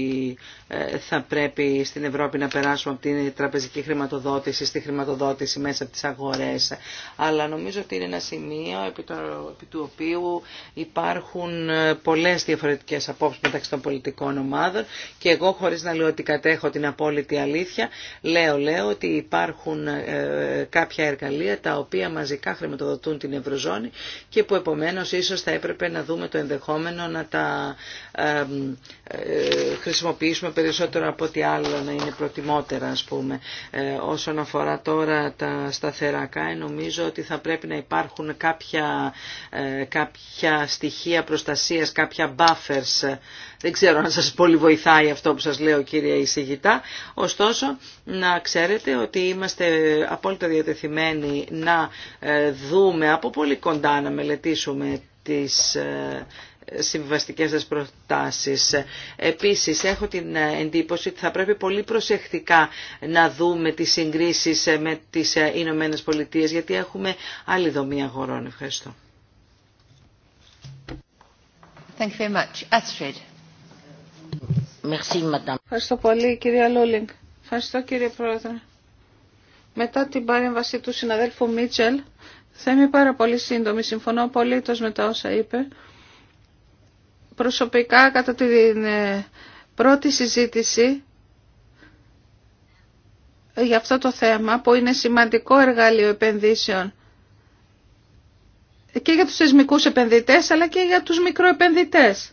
ε, θα πρέπει στην Ευρώπη να περάσουμε από την τραπεζική χρηματοδότηση στη χρηματοδότηση μέσα από τις αγορές. Αλλά νομίζω ότι είναι ένα σημείο επί του οποίου υπάρχουν ε, πολλές διαφορετικές απόψεις μεταξύ των πολιτικών ομάδων και εγώ χωρίς να λέω ότι κατέχω την απόλυτη αλήθεια, λέω, λέω ότι υπάρχουν ε, κάποια εργαλεία τα οποία μαζικά χρηματοδοτούν την Ευρωζώνη και που επομένως ίσως θα έπρεπε να δούμε το ενδεχόμενο να τα ε, χρησιμοποιήσουμε περισσότερο από ό,τι άλλο να είναι προτιμότερα ας πούμε. Ε, όσον αφορά τώρα τα σταθερακά νομίζω ότι θα πρέπει να υπάρχουν κάποια, ε, κάποια στοιχεία προστασίας, κάποια buffers δεν ξέρω αν σας πολύ βοηθάει αυτό που σας λέω κύριε εισηγητά Ωστόσο να ξέρετε ότι είμαστε απόλυτα διατεθειμένοι να δούμε από πολύ κοντά να μελετήσουμε τις συμβαστικές σας προτάσεις. Επίσης, έχω την εντύπωση ότι θα πρέπει πολύ προσεκτικά να δούμε τις συγκρίσεις με τις Ηνωμένε Πολιτείε, γιατί έχουμε άλλη δομή αγορών. Ευχαριστώ. Thank you very much. Astrid. Merci, madame. Ευχαριστώ πολύ, κυρία Λούλινγκ. Ευχαριστώ, κύριε Πρόεδρε. Μετά την παρέμβαση του συναδέλφου Μίτσελ, θα είμαι πάρα πολύ σύντομη. Συμφωνώ πολύ με τα όσα είπε προσωπικά κατά την ε, πρώτη συζήτηση για αυτό το θέμα που είναι σημαντικό εργαλείο επενδύσεων και για τους θεσμικούς επενδυτές αλλά και για τους μικροεπενδυτές.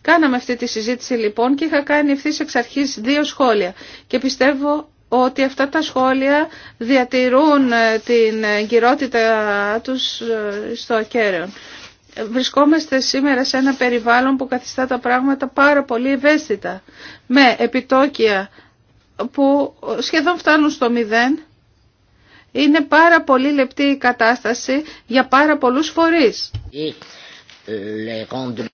Κάναμε αυτή τη συζήτηση λοιπόν και είχα κάνει ευθύ εξ αρχής δύο σχόλια και πιστεύω ότι αυτά τα σχόλια διατηρούν ε, την εγκυρότητα τους ε, στο ακέραιο βρισκόμαστε σήμερα σε ένα περιβάλλον που καθιστά τα πράγματα πάρα πολύ ευαίσθητα με επιτόκια που σχεδόν φτάνουν στο μηδέν. Είναι πάρα πολύ λεπτή η κατάσταση για πάρα πολλούς φορείς. Ε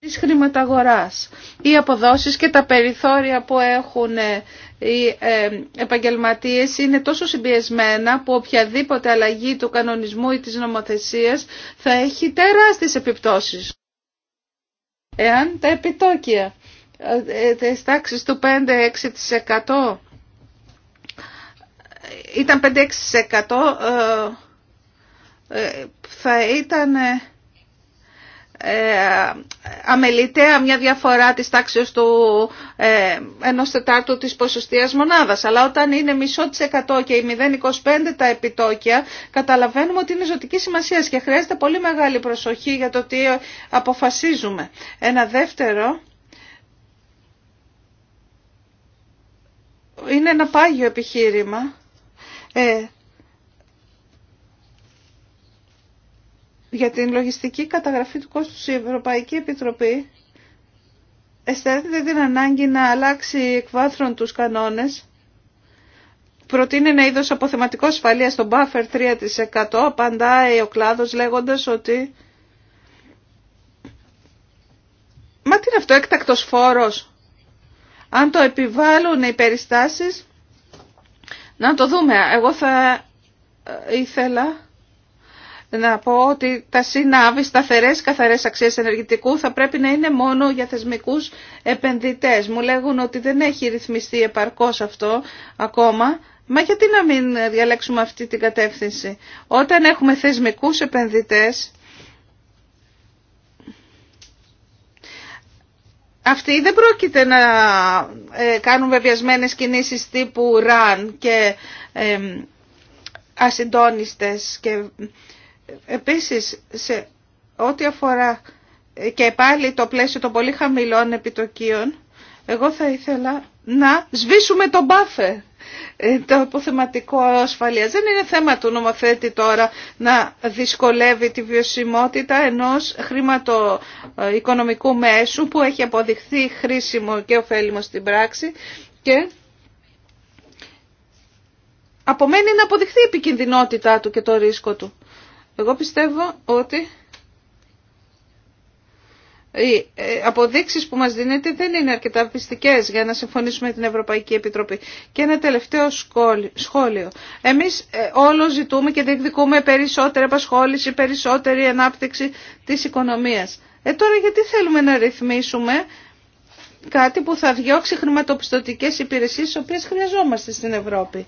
τις χρηματαγοράς, οι αποδόσεις και τα περιθώρια που έχουν ε, οι ε, επαγγελματίες είναι τόσο συμπιεσμένα που οποιαδήποτε αλλαγή του κανονισμού ή της νομοθεσίας θα έχει τεράστιες επιπτώσεις. Εάν τα επιτόκια ε, της τάξης του 5-6% ήταν 5-6% θα ήταν ε, αμεληταία μια διαφορά της τάξης του ε, ενός τετάρτου της ποσοστίας μονάδας. Αλλά όταν είναι μισό της και η 0,25 τα επιτόκια καταλαβαίνουμε ότι είναι ζωτική σημασία και χρειάζεται πολύ μεγάλη προσοχή για το τι αποφασίζουμε. Ένα δεύτερο είναι ένα πάγιο επιχείρημα. Ε, για την λογιστική καταγραφή του κόστους η Ευρωπαϊκή Επιτροπή αισθάνεται την ανάγκη να αλλάξει βάθρων τους κανόνες. Προτείνει ένα είδος αποθεματικό ασφαλείας στο buffer 3% απαντάει ο κλάδος λέγοντας ότι Μα τι είναι αυτό, έκτακτος φόρος. Αν το επιβάλλουν οι περιστάσεις, να το δούμε. Εγώ θα ε, ήθελα να πω ότι τα συνάβη σταθερές καθαρές αξίες ενεργητικού θα πρέπει να είναι μόνο για θεσμικούς επενδυτές. Μου λέγουν ότι δεν έχει ρυθμιστεί επαρκώς αυτό ακόμα. Μα γιατί να μην διαλέξουμε αυτή την κατεύθυνση. Όταν έχουμε θεσμικούς επενδυτές, αυτοί δεν πρόκειται να ε, κάνουν βεβαιασμένες κινήσεις τύπου RUN και ε, ασυντόνιστες και Επίσης, σε ό,τι αφορά και πάλι το πλαίσιο των πολύ χαμηλών επιτοκίων, εγώ θα ήθελα να σβήσουμε το Μπάφερ ε, το αποθεματικό ασφαλεία Δεν είναι θέμα του νομοθέτη τώρα να δυσκολεύει τη βιωσιμότητα ενός χρηματοοικονομικού μέσου που έχει αποδειχθεί χρήσιμο και ωφέλιμο στην πράξη και απομένει να αποδειχθεί η επικινδυνότητά του και το ρίσκο του. Εγώ πιστεύω ότι οι ε, αποδείξεις που μας δίνεται δεν είναι αρκετά πιστικές για να συμφωνήσουμε με την Ευρωπαϊκή Επιτροπή. Και ένα τελευταίο σχόλιο. Εμείς ε, όλο ζητούμε και διεκδικούμε περισσότερη απασχόληση, περισσότερη ανάπτυξη της οικονομίας. Ε, τώρα γιατί θέλουμε να ρυθμίσουμε κάτι που θα διώξει χρηματοπιστωτικές υπηρεσίες, τις οποίες χρειαζόμαστε στην Ευρώπη.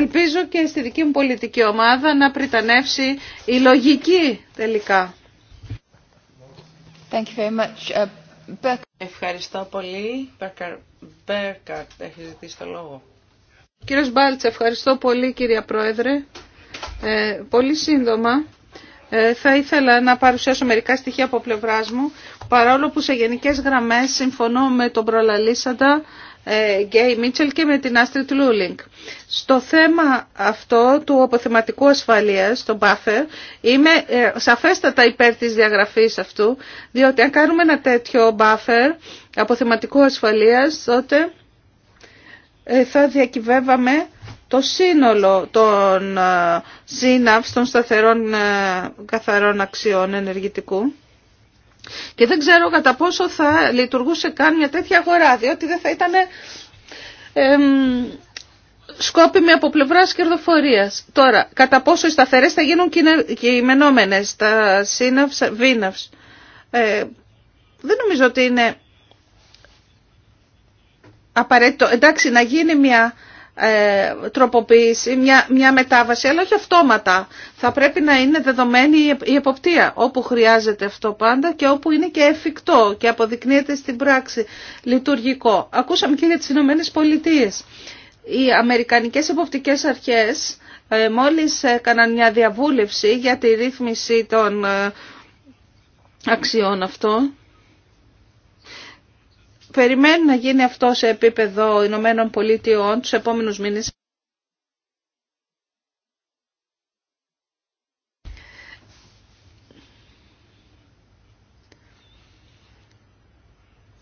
Ελπίζω και στη δική μου πολιτική ομάδα να πριτανεύσει η λογική τελικά. Thank you uh, Ευχαριστώ πολύ. Μπέρκαρτ έχει ζητήσει το λόγο. Κύριος Μπάλτς, ευχαριστώ πολύ κυρία Πρόεδρε. Ε, πολύ σύντομα ε, θα ήθελα να παρουσιάσω μερικά στοιχεία από πλευράς μου. Παρόλο που σε γενικές γραμμές συμφωνώ με τον προλαλήσαντα, ε, Γκέι Μίτσελ και με την Άστριτ Λούλινγκ. Στο θέμα αυτό του αποθεματικού ασφαλείας, το buffer, είμαι ε, σαφέστατα υπέρ της διαγραφής αυτού, διότι αν κάνουμε ένα τέτοιο buffer αποθεματικού ασφαλείας, τότε ε, θα διακυβεύαμε το σύνολο των σύναυς των σταθερών καθαρών αξιών ενεργητικού. Και δεν ξέρω κατά πόσο θα λειτουργούσε καν μια τέτοια αγορά, διότι δεν θα ήταν σκόπιμη από πλευρά κερδοφορία. Τώρα, κατά πόσο οι σταθερέ θα γίνουν κειμενόμενε, τα σύναυσα, βίναυς. Ε, δεν νομίζω ότι είναι απαραίτητο. Εντάξει, να γίνει μια ε, τροποποίηση, μια, μια μετάβαση, αλλά όχι αυτόματα. Θα πρέπει να είναι δεδομένη η εποπτεία, όπου χρειάζεται αυτό πάντα και όπου είναι και εφικτό και αποδεικνύεται στην πράξη λειτουργικό. Ακούσαμε και για τις Ηνωμένε Πολιτείε. Οι Αμερικανικές Εποπτικές Αρχές ε, μόλις έκαναν μια διαβούλευση για τη ρύθμιση των ε, αξιών αυτών περιμένουν να γίνει αυτό σε επίπεδο Ηνωμένων Πολιτειών τους επόμενους μήνες.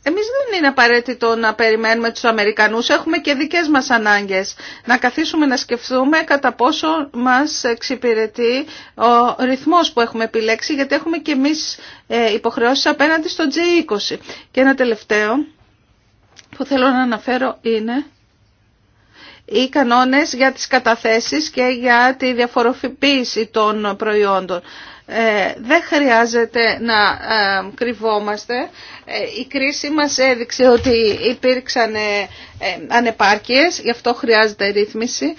Εμείς δεν είναι απαραίτητο να περιμένουμε τους Αμερικανούς, έχουμε και δικές μας ανάγκες. Να καθίσουμε να σκεφτούμε κατά πόσο μας εξυπηρετεί ο ρυθμός που έχουμε επιλέξει, γιατί έχουμε και εμείς ε, υποχρεώσεις απέναντι στο G20. Και ένα τελευταίο που θέλω να αναφέρω είναι οι κανόνες για τις καταθέσεις και για τη διαφοροποίηση των προϊόντων. Ε, δεν χρειάζεται να ε, κρυβόμαστε. Ε, η κρίση μας έδειξε ότι υπήρξαν ε, ανεπάρκειες, γι' αυτό χρειάζεται ρύθμιση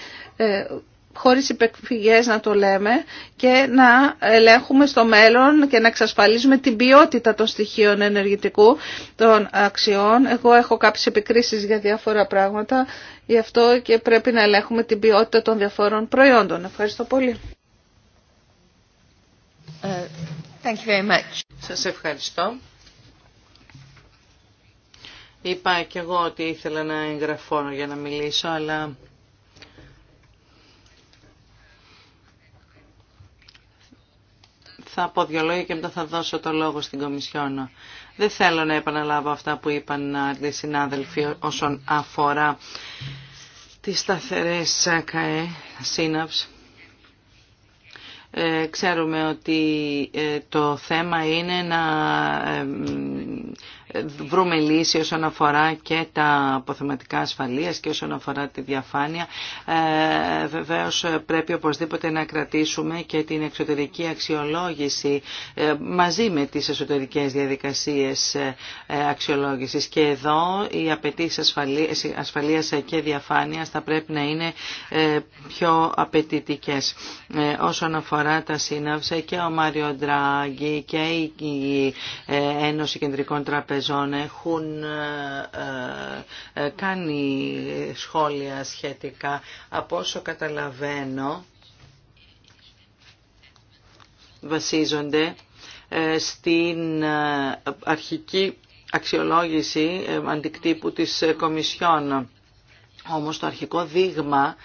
χωρίς υπεκφυγές να το λέμε και να ελέγχουμε στο μέλλον και να εξασφαλίζουμε την ποιότητα των στοιχείων ενεργητικού των αξιών. Εγώ έχω κάποιες επικρίσεις για διάφορα πράγματα, γι' αυτό και πρέπει να ελέγχουμε την ποιότητα των διαφόρων προϊόντων. Ευχαριστώ πολύ. Ε, thank you very much. Σας ευχαριστώ. Είπα και εγώ ότι ήθελα να εγγραφώ για να μιλήσω, αλλά θα πω δυο λόγια και μετά θα δώσω το λόγο στην Κομισιόνα. Δεν θέλω να επαναλάβω αυτά που είπαν οι συνάδελφοι όσον αφορά τις σταθερές ΚΑΕ, σύναψη. Ε, ξέρουμε ότι ε, το θέμα είναι να ε, βρούμε λύση όσον αφορά και τα αποθεματικά ασφαλείας και όσον αφορά τη διαφάνεια. Ε, βεβαίως πρέπει οπωσδήποτε να κρατήσουμε και την εξωτερική αξιολόγηση ε, μαζί με τις εσωτερικές διαδικασίες ε, αξιολόγησης. Και εδώ οι απαιτήσει ασφαλεία και διαφάνειας θα πρέπει να είναι ε, πιο απαιτητικές. Όσον αφορά τα σύναυσα και ο Μάριο Ντράγκη και η Ένωση Κεντρικών Τραπεζών έχουν ε, ε, κάνει σχόλια σχετικά. Από όσο καταλαβαίνω βασίζονται ε, στην αρχική αξιολόγηση αντικτύπου της Κομισιόν. Όμως το αρχικό δείγμα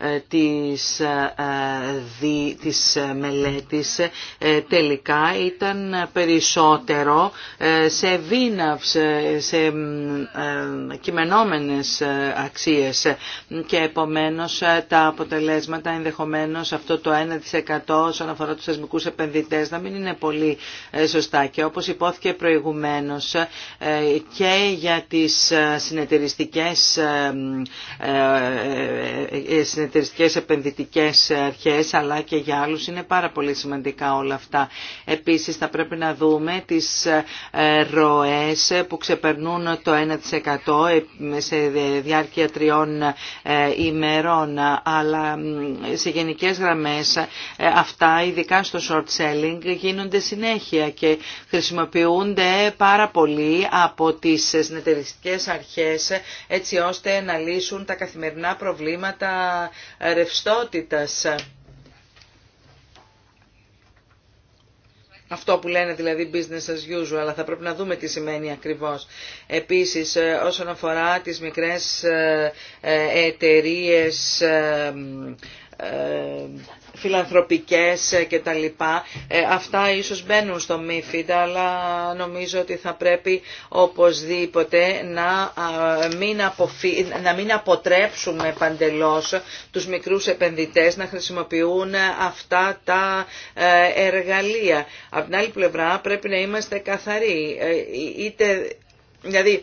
ε, της, ε, δι, της μελέτης ε, τελικά ήταν περισσότερο σε βίναυς, σε κειμενόμενες αξίες και επομένως τα αποτελέσματα ενδεχομένως αυτό το 1% όσον αφορά τους θεσμικούς επενδυτές να μην είναι πολύ σωστά και όπως υπόθηκε προηγουμένως και για τις συνεταιριστικές διατηρητικές επενδυτικές αρχές αλλά και για άλλους είναι πάρα πολύ σημαντικά όλα αυτά. Επίσης θα πρέπει να δούμε τις ε, ροές που ξεπερνούν το 1% ε, σε διάρκεια τριών ε, ημερών αλλά σε γενικές γραμμές αυτά ειδικά στο short selling γίνονται συνέχεια και χρησιμοποιούνται πάρα πολύ από τις συνεταιριστικές αρχές έτσι ώστε να λύσουν τα καθημερινά προβλήματα ρευστότητας. Αυτό που λένε δηλαδή business as usual, αλλά θα πρέπει να δούμε τι σημαίνει ακριβώς. Επίσης, ε, όσον αφορά τις μικρές ε, ε, εταιρείες ε, φιλανθρωπικές και τα λοιπά. Ε, αυτά ίσως μπαίνουν στο μύφιντα αλλά νομίζω ότι θα πρέπει οπωσδήποτε να, μην, να μην αποτρέψουμε παντελώς τους μικρούς επενδυτές να χρησιμοποιούν αυτά τα ε, εργαλεία. Από την άλλη πλευρά πρέπει να είμαστε καθαροί. είτε, δηλαδή,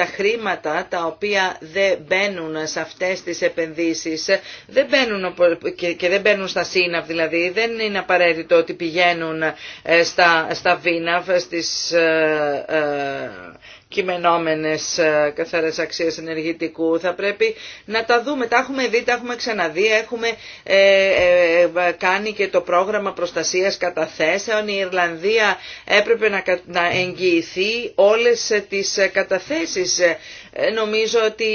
τα χρήματα τα οποία δεν μπαίνουν σε αυτές τις επενδύσεις δεν μπαίνουν, και δεν μπαίνουν στα ΣΥΝΑΒ δηλαδή, δεν είναι απαραίτητο ότι πηγαίνουν ε, στα, στα ΒΙΝΑΒ, στις ε, ε, κειμενόμενες ε, καθαρές αξίες ενεργητικού. Θα πρέπει να τα δούμε. Τα έχουμε δει, τα έχουμε ξαναδεί. Έχουμε ε, ε, κάνει και το πρόγραμμα προστασίας καταθέσεων. Η Ιρλανδία έπρεπε να, να εγγυηθεί όλες τις καταθέσεις ε, νομίζω ότι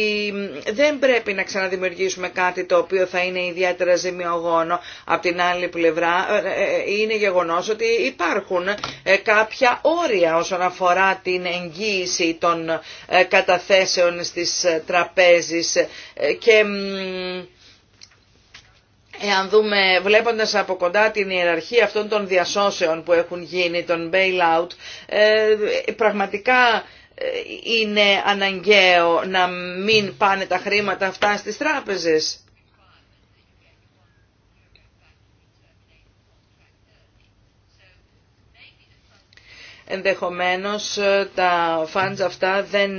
δεν πρέπει να ξαναδημιουργήσουμε κάτι το οποίο θα είναι ιδιαίτερα ζημιογόνο. Απ' την άλλη πλευρά ε, ε, είναι γεγονός ότι υπάρχουν κάποια όρια όσον αφορά την εγγύηση των καταθέσεων στις τραπέζεις και εάν δούμε, βλέποντας από κοντά την ιεραρχία αυτών των διασώσεων που έχουν γίνει, των bailout, πραγματικά ε, είναι αναγκαίο να μην πάνε τα χρήματα αυτά στις τράπεζες. ενδεχομένως ε, τα funds αυτά δεν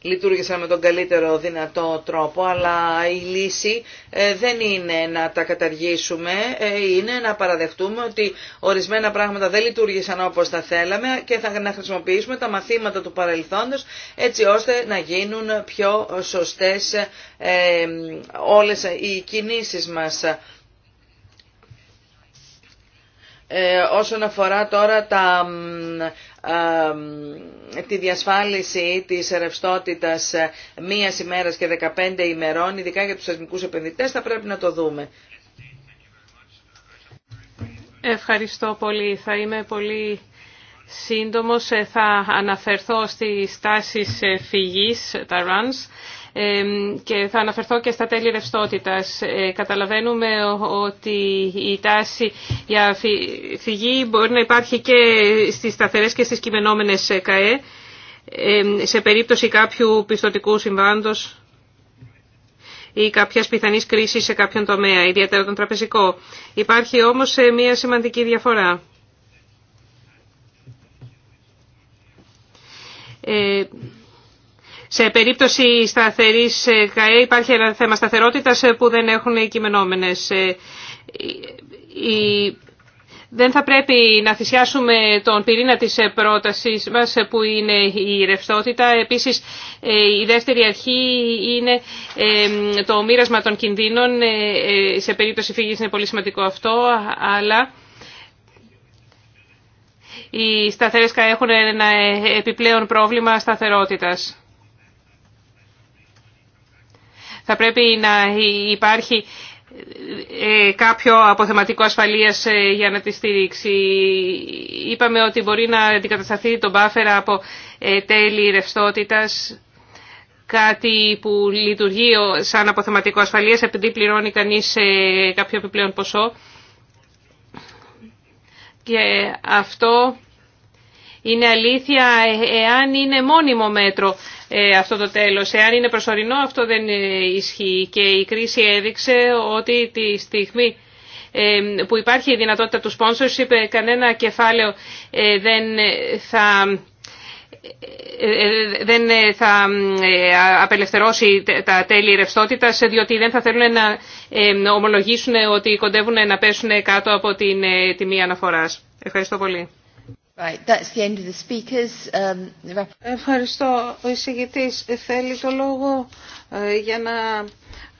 λειτουργήσαν με τον καλύτερο δυνατό τρόπο, αλλά η λύση ε, δεν είναι να τα καταργήσουμε, ε, είναι να παραδεχτούμε ότι ορισμένα πράγματα δεν λειτουργήσαν όπως τα θέλαμε και θα χρησιμοποιήσουμε τα μαθήματα του παρελθόντος έτσι ώστε να γίνουν πιο σωστές όλες οι κινήσεις μας. Ε, όσον αφορά τώρα τα, τη διασφάλιση της ρευστότητα μίας ημέρας και 15 ημερών, ειδικά για τους εθνικούς επενδυτές, θα πρέπει να το δούμε. Ευχαριστώ πολύ. Θα είμαι πολύ σύντομος. Ε, θα αναφερθώ στις τάσεις ε, φυγής, τα runs και θα αναφερθώ και στα τέλη ρευστότητα. Ε, καταλαβαίνουμε ότι η τάση για φυγή μπορεί να υπάρχει και στις σταθερές και στις κειμενόμενες ε, ΚΑΕ σε περίπτωση κάποιου πιστοτικού συμβάντος ή κάποια πιθανή κρίση σε κάποιον τομέα, ιδιαίτερα τον τραπεζικό. Υπάρχει όμως ε, μια σημαντική διαφορά. Σε περίπτωση σταθερής ε, ΚΑΕ υπάρχει ένα θέμα σταθερότητας ε, που δεν έχουν κειμενόμενες. Ε, δεν θα πρέπει να θυσιάσουμε τον πυρήνα της πρότασης μας που είναι η ρευστότητα. Επίσης η δεύτερη αρχή είναι το μοίρασμα των κινδύνων. Σε περίπτωση φυγή είναι πολύ σημαντικό αυτό, αλλά... Οι σταθερές έχουν ένα επιπλέον πρόβλημα σταθερότητας. Θα πρέπει να υπάρχει ε, κάποιο αποθεματικό ασφαλείας ε, για να τη στήριξει. Είπαμε ότι μπορεί να αντικατασταθεί το μπάφερα από ε, τέλη ρευστότητας, κάτι που λειτουργεί σαν αποθεματικό ασφαλείας επειδή πληρώνει κανείς κάποιο επιπλέον ποσό. Και αυτό είναι αλήθεια εάν είναι μόνιμο μέτρο. Ε, αυτό το τέλος. Εάν είναι προσωρινό αυτό δεν ε, ισχύει και η κρίση έδειξε ότι τη στιγμή ε, που υπάρχει η δυνατότητα του sponsorship κανένα κεφάλαιο δεν θα δεν θα απελευθερώσει τα τέλη ρευστότητα, διότι δεν θα θέλουν να ομολογήσουν ότι κοντεύουν να πέσουν κάτω από την τιμή αναφοράς. Ευχαριστώ πολύ. Right, that's the end of the speakers. Um, Ευχαριστώ. Ο εισηγητής θέλει το λόγο ε, για να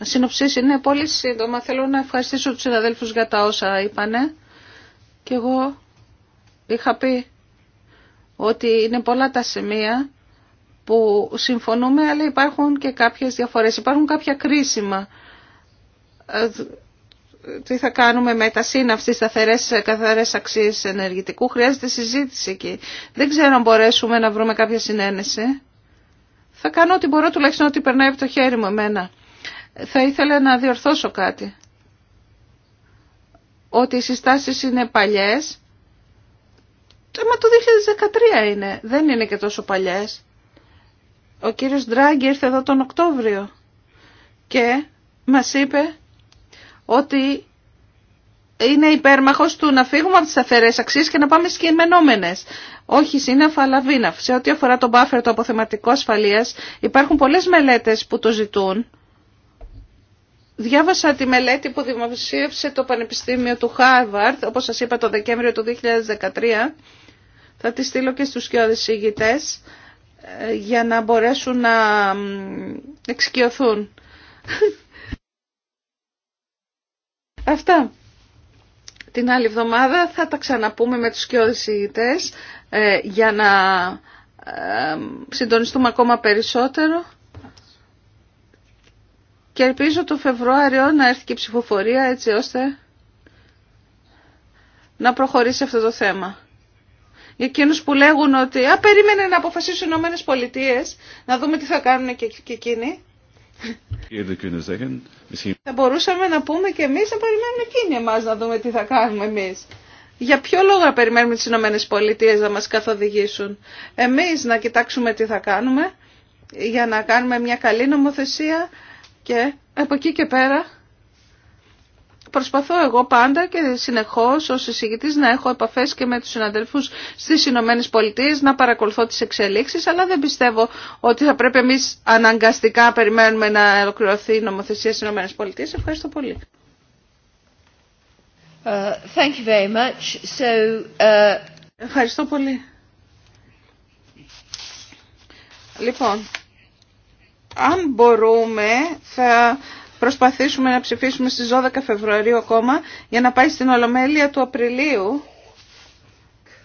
συνοψίσει. Ναι, πολύ σύντομα. Θέλω να ευχαριστήσω τους συναδέλφους για τα όσα είπανε. Και εγώ είχα πει ότι είναι πολλά τα σημεία που συμφωνούμε, αλλά υπάρχουν και κάποιες διαφορές. Υπάρχουν κάποια κρίσιμα ε, τι θα κάνουμε με τα σύναυση σταθερές καθαρές αξίες ενεργητικού. Χρειάζεται συζήτηση εκεί. Δεν ξέρω αν μπορέσουμε να βρούμε κάποια συνένεση. Θα κάνω ό,τι μπορώ τουλάχιστον ό,τι περνάει από το χέρι μου εμένα. Θα ήθελα να διορθώσω κάτι. Ότι οι συστάσεις είναι παλιές. Ε, μα το 2013 είναι. Δεν είναι και τόσο παλιές. Ο κύριος Ντράγκη ήρθε εδώ τον Οκτώβριο και μας είπε ότι είναι υπέρμαχος του να φύγουμε από τις αφαιρές αξίες και να πάμε στι Όχι σύννεφα αλλά βίναφ. Σε ό,τι αφορά τον buffer, το αποθεματικό ασφαλείας, υπάρχουν πολλές μελέτες που το ζητούν. Διάβασα τη μελέτη που δημοσίευσε το Πανεπιστήμιο του Χάρβαρτ, όπως σας είπα το Δεκέμβριο του 2013. Θα τη στείλω και στους κοιόδες ε, για να μπορέσουν να εξοικειωθούν. Αυτά. Την άλλη εβδομάδα θα τα ξαναπούμε με τους κοιόδησιητές ε, για να ε, συντονιστούμε ακόμα περισσότερο και ελπίζω το Φεβρουάριο να έρθει και η ψηφοφορία έτσι ώστε να προχωρήσει αυτό το θέμα. Για εκείνους που λέγουν ότι α, περίμενε να αποφασίσουν οι Ηνωμένες Πολιτείες, να δούμε τι θα κάνουν και, και εκείνοι. Θα μπορούσαμε να πούμε και εμείς να περιμένουμε εκείνοι εμάς να δούμε τι θα κάνουμε εμείς. Για ποιο λόγο να περιμένουμε τις Ηνωμένες Πολιτείες να μας καθοδηγήσουν. Εμείς να κοιτάξουμε τι θα κάνουμε για να κάνουμε μια καλή νομοθεσία και από εκεί και πέρα προσπαθώ εγώ πάντα και συνεχώς ως εισηγητής να έχω επαφές και με τους συναδελφούς στις Ηνωμένες Πολιτείες, να παρακολουθώ τις εξελίξεις, αλλά δεν πιστεύω ότι θα πρέπει εμείς αναγκαστικά να περιμένουμε να ολοκληρωθεί η νομοθεσία στις Ηνωμένες Πολιτείες. Ευχαριστώ πολύ. Uh, thank you very much. So, uh... Ευχαριστώ πολύ. Λοιπόν, αν μπορούμε θα προσπαθήσουμε να ψηφίσουμε στις 12 Φεβρουαρίου ακόμα για να πάει στην Ολομέλεια του Απριλίου.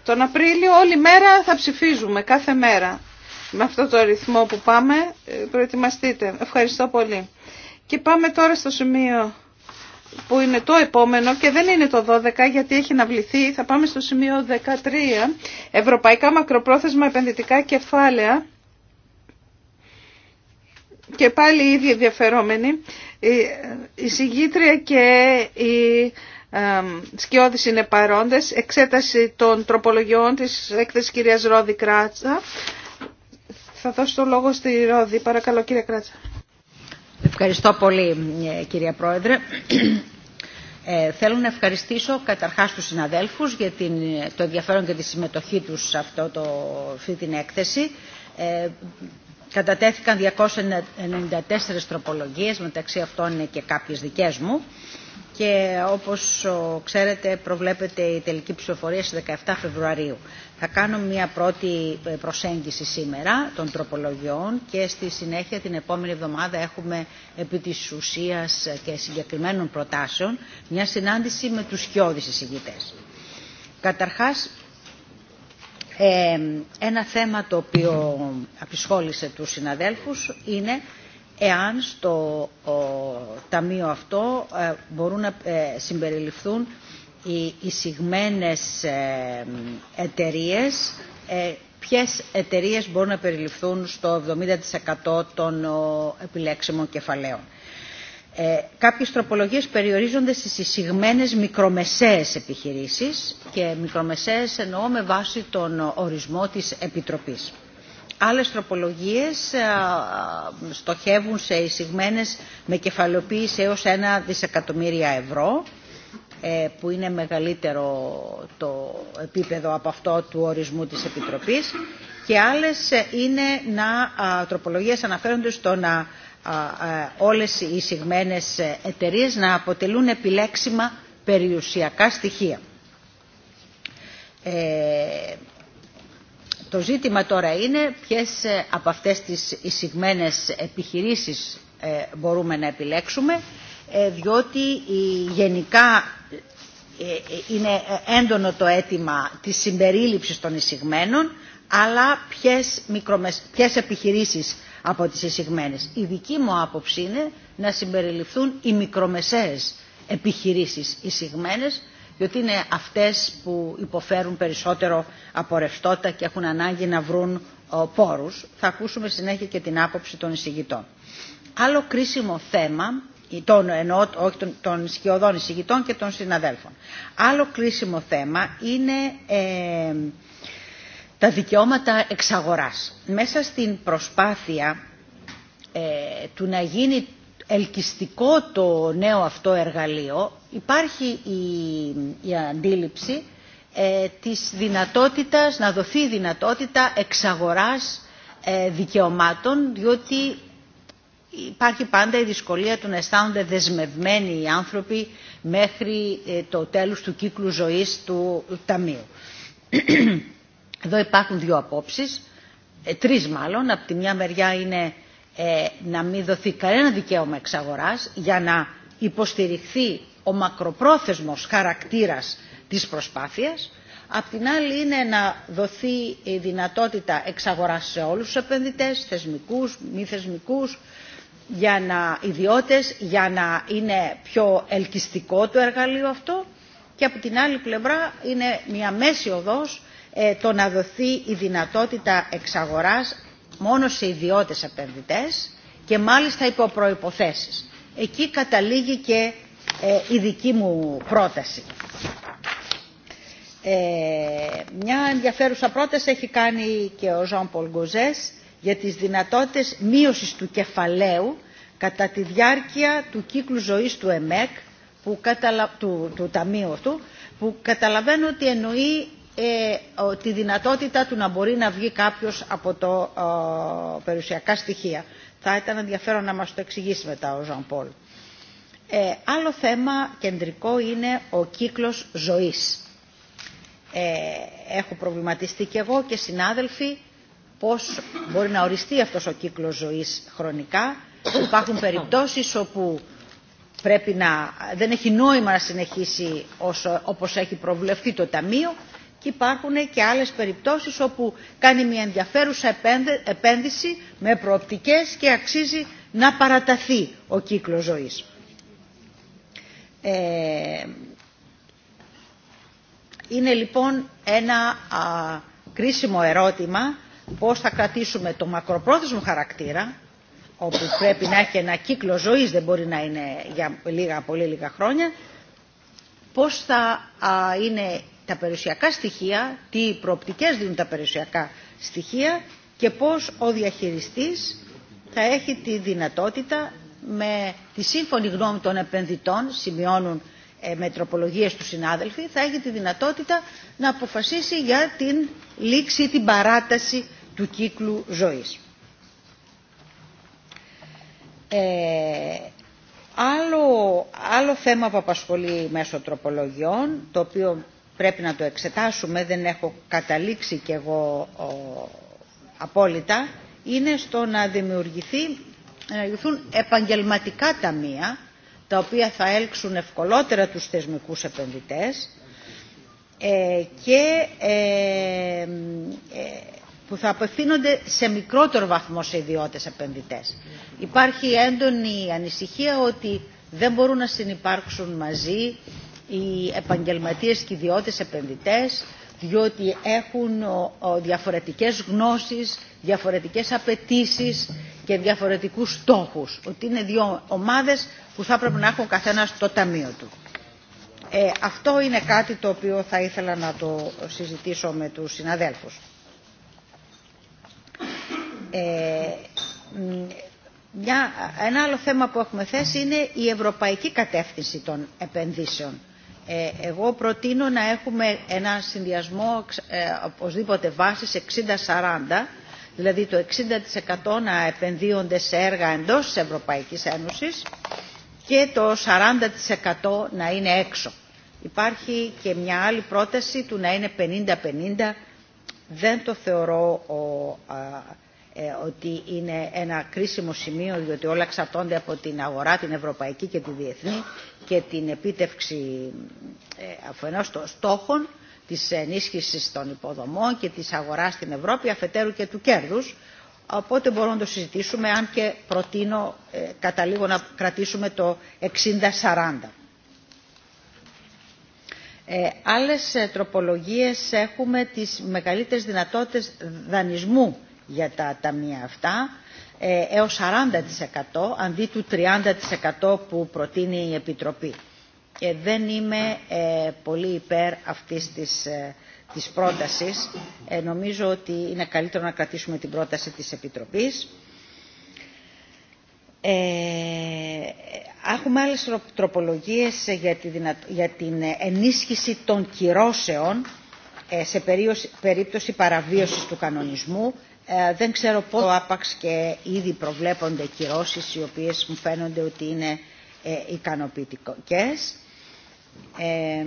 Τον Απρίλιο όλη μέρα θα ψηφίζουμε, κάθε μέρα. Με αυτό το ρυθμό που πάμε, ε, προετοιμαστείτε. Ευχαριστώ πολύ. Και πάμε τώρα στο σημείο που είναι το επόμενο και δεν είναι το 12 γιατί έχει να βληθεί. Θα πάμε στο σημείο 13, Ευρωπαϊκά Μακροπρόθεσμα Επενδυτικά Κεφάλαια και πάλι οι ίδιοι ενδιαφερόμενοι, η συγγήτρια και η σκιώδης είναι παρόντες, εξέταση των τροπολογιών της έκθεσης κυρίας Ρόδη Κράτσα. Θα δώσω το λόγο στη Ρόδη. Παρακαλώ κύριε Κράτσα. Ευχαριστώ πολύ ε, κυρία Πρόεδρε. Ε, θέλω να ευχαριστήσω καταρχάς τους συναδέλφους για την, το ενδιαφέρον και τη συμμετοχή τους σε αυτό το, αυτή την έκθεση. Ε, κατατέθηκαν 294 τροπολογίες, μεταξύ αυτών είναι και κάποιες δικές μου. Και όπως ξέρετε προβλέπεται η τελική ψηφοφορία στις 17 Φεβρουαρίου. Θα κάνω μια πρώτη ε, προσέγγιση σήμερα των τροπολογιών και στη συνέχεια την επόμενη εβδομάδα έχουμε επί της ουσίας ε, και συγκεκριμένων προτάσεων μια συνάντηση με τους σκιώδεις εισηγητές. Καταρχάς ένα θέμα το οποίο απασχόλησε τους συναδέλφους είναι εάν στο ταμείο αυτό ε, μπορούν να ε, συμπεριληφθούν οι εισηγμένες εταιρείες ε, ποιες εταιρείες μπορούν να περιληφθούν στο 70% των επιλέξιμων κεφαλαίων. Ε, κάποιες τροπολογίες περιορίζονται στις εισηγμένες μικρομεσαίες επιχειρήσεις και μικρομεσαίες εννοώ με βάση τον ορισμό της Επιτροπής. Άλλες τροπολογίες ε, στοχεύουν σε εισηγμένες με κεφαλοποίηση έως ένα δισεκατομμύρια ευρώ ε, που είναι μεγαλύτερο το επίπεδο από αυτό του ορισμού της Επιτροπής και άλλες είναι να, τροπολογίες αναφέρονται στο να όλες οι εισηγμένες εταιρείε να αποτελούν επιλέξιμα περιουσιακά στοιχεία. Ε, το ζήτημα τώρα είναι ποιες ε, από αυτές τις εισηγμένες επιχειρήσεις ε, μπορούμε να επιλέξουμε, διότι γενικά είναι έντονο το αίτημα της συμπερίληψης των εισηγμένων, αλλά ποιες, ποιες επιχειρήσεις από τις εισηγμένες. Η δική μου άποψη είναι να συμπεριληφθούν οι μικρομεσαίες επιχειρήσεις εισηγμένες, διότι είναι αυτές που υποφέρουν περισσότερο από ρευστότητα και έχουν ανάγκη να βρουν ε, πόρους. Θα ακούσουμε συνέχεια και την άποψη των εισηγητών. Άλλο κρίσιμο θέμα ε, των, εννοώ, όχι των, των σκιωδών εισηγητών και των συναδέλφων. Άλλο κρίσιμο θέμα είναι ε, τα δικαιώματα εξαγοράς. Μέσα στην προσπάθεια ε, του να γίνει ελκυστικό το νέο αυτό εργαλείο υπάρχει η, αντίληψη ε, της δυνατότητας, να δοθεί δυνατότητα εξαγοράς ε, δικαιωμάτων διότι υπάρχει πάντα η δυσκολία του να αισθάνονται δεσμευμένοι οι άνθρωποι μέχρι το τέλος του κύκλου ζωής του Ταμείου. Εδώ υπάρχουν δύο απόψεις, ε, τρεις μάλλον. Από τη μια μεριά είναι ε, να μην δοθεί κανένα δικαίωμα εξαγοράς για να υποστηριχθεί ο μακροπρόθεσμος χαρακτήρας της προσπάθειας. Απ' την άλλη είναι να δοθεί η δυνατότητα εξαγοράς σε όλους τους επενδυτές, θεσμικούς, μη θεσμικούς, για να, ιδιώτες, για να είναι πιο ελκυστικό το εργαλείο αυτό. Και από την άλλη πλευρά είναι μια μέση οδός ε, το να δοθεί η δυνατότητα εξαγοράς μόνο σε ιδιώτες επενδυτές και μάλιστα υπό προϋποθέσεις. Εκεί καταλήγει και ε, η δική μου πρόταση. Ε, μια ενδιαφέρουσα πρόταση έχει κάνει και ο Ζαν Πολ για τις δυνατότητες μείωσης του κεφαλαίου κατά τη διάρκεια του κύκλου ζωής του ΕΜΕΚ, που καταλα... του, του ταμείου αυτού, που καταλαβαίνω ότι εννοεί ε, τη δυνατότητα του να μπορεί να βγει κάποιος από το περιουσιακά στοιχεία. Θα ήταν ενδιαφέρον να μας το εξηγήσει μετά ο Ζαν Πολ. Ε, άλλο θέμα κεντρικό είναι ο κύκλος ζωής. Ε, έχω προβληματιστεί και εγώ και συνάδελφοι πώς μπορεί να οριστεί αυτός ο κύκλος ζωής χρονικά. Υπάρχουν περιπτώσεις όπου πρέπει να, δεν έχει νόημα να συνεχίσει όσο, όπως έχει προβλεφθεί το Ταμείο και υπάρχουν και άλλες περιπτώσεις όπου κάνει μια ενδιαφέρουσα επένδυση με προοπτικές και αξίζει να παραταθεί ο κύκλος ζωής. Ε, είναι λοιπόν ένα κρίσιμο ερώτημα πώς θα κρατήσουμε το μακροπρόθεσμο χαρακτήρα όπου πρέπει να έχει ένα κύκλο ζωής, δεν μπορεί να είναι για λίγα, πολύ λίγα χρόνια, πώς θα είναι τα περιουσιακά στοιχεία, τι προοπτικές δίνουν τα περιουσιακά στοιχεία και πώς ο διαχειριστής θα έχει τη δυνατότητα με τη σύμφωνη γνώμη των επενδυτών, σημειώνουν ε, με του συνάδελφοι, θα έχει τη δυνατότητα να αποφασίσει για την λήξη ή την παράταση του κύκλου ζωής. Ε, άλλο, άλλο θέμα που απασχολεί μέσω τροπολογιών, το οποίο πρέπει να το εξετάσουμε, δεν έχω καταλήξει κι εγώ απόλυτα, είναι στο να δημιουργηθεί, να δημιουργηθούν επαγγελματικά ταμεία, τα οποία θα έλξουν ευκολότερα τους θεσμικούς επενδυτές ε, και ε, ε, που θα απευθύνονται σε μικρότερο βαθμό σε ιδιώτες επενδυτές. Υπάρχει έντονη ανησυχία ότι δεν μπορούν να συνεπάρξουν μαζί οι επαγγελματίες και ιδιώτες επενδυτές διότι έχουν διαφορετικές γνώσεις, διαφορετικές απαιτήσεις και διαφορετικούς στόχους. Ότι είναι δύο ομάδες που θα πρέπει να έχουν καθένα το ταμείο του. Ε, αυτό είναι κάτι το οποίο θα ήθελα να το συζητήσω με τους συναδέλφους. Ε, μια, ένα άλλο θέμα που έχουμε θέσει είναι η ευρωπαϊκή κατεύθυνση των επενδύσεων ε, εγώ προτείνω να έχουμε ένα συνδυασμό ε, οπωσδήποτε βάσης 60-40, δηλαδή το 60% να επενδύονται σε έργα εντός της Ευρωπαϊκής Ένωσης και το 40% να είναι έξω. Υπάρχει και μια άλλη πρόταση του να είναι 50-50. Δεν το θεωρώ ο, ε, ότι είναι ένα κρίσιμο σημείο διότι όλα εξαρτώνται από την αγορά, την ευρωπαϊκή και τη διεθνή και την επίτευξη ε, αφενός των στόχων της ενίσχυσης των υποδομών και της αγοράς στην Ευρώπη αφετέρου και του κέρδους. Οπότε μπορούμε να το συζητήσουμε αν και προτείνω ε, κατά λίγο να κρατήσουμε το 60-40. Ε, άλλες τροπολογίες έχουμε τις μεγαλύτερες δυνατότητες δανεισμού για τα ταμεία αυτά ε, έως 40% αντί του 30% που προτείνει η Επιτροπή. Και δεν είμαι ε, πολύ υπέρ αυτής της, ε, της πρότασης. Νομίζω ότι είναι καλύτερο να κρατήσουμε την πρόταση της Επιτροπής. Ε, έχουμε άλλες τροπολογίες για, την ενίσχυση των κυρώσεων σε περίπτωση παραβίωσης του κανονισμού ε, δεν ξέρω το άπαξ και ήδη προβλέπονται κυρώσεις οι οποίες μου φαίνονται ότι είναι ε, ικανοποιητικές. Ε,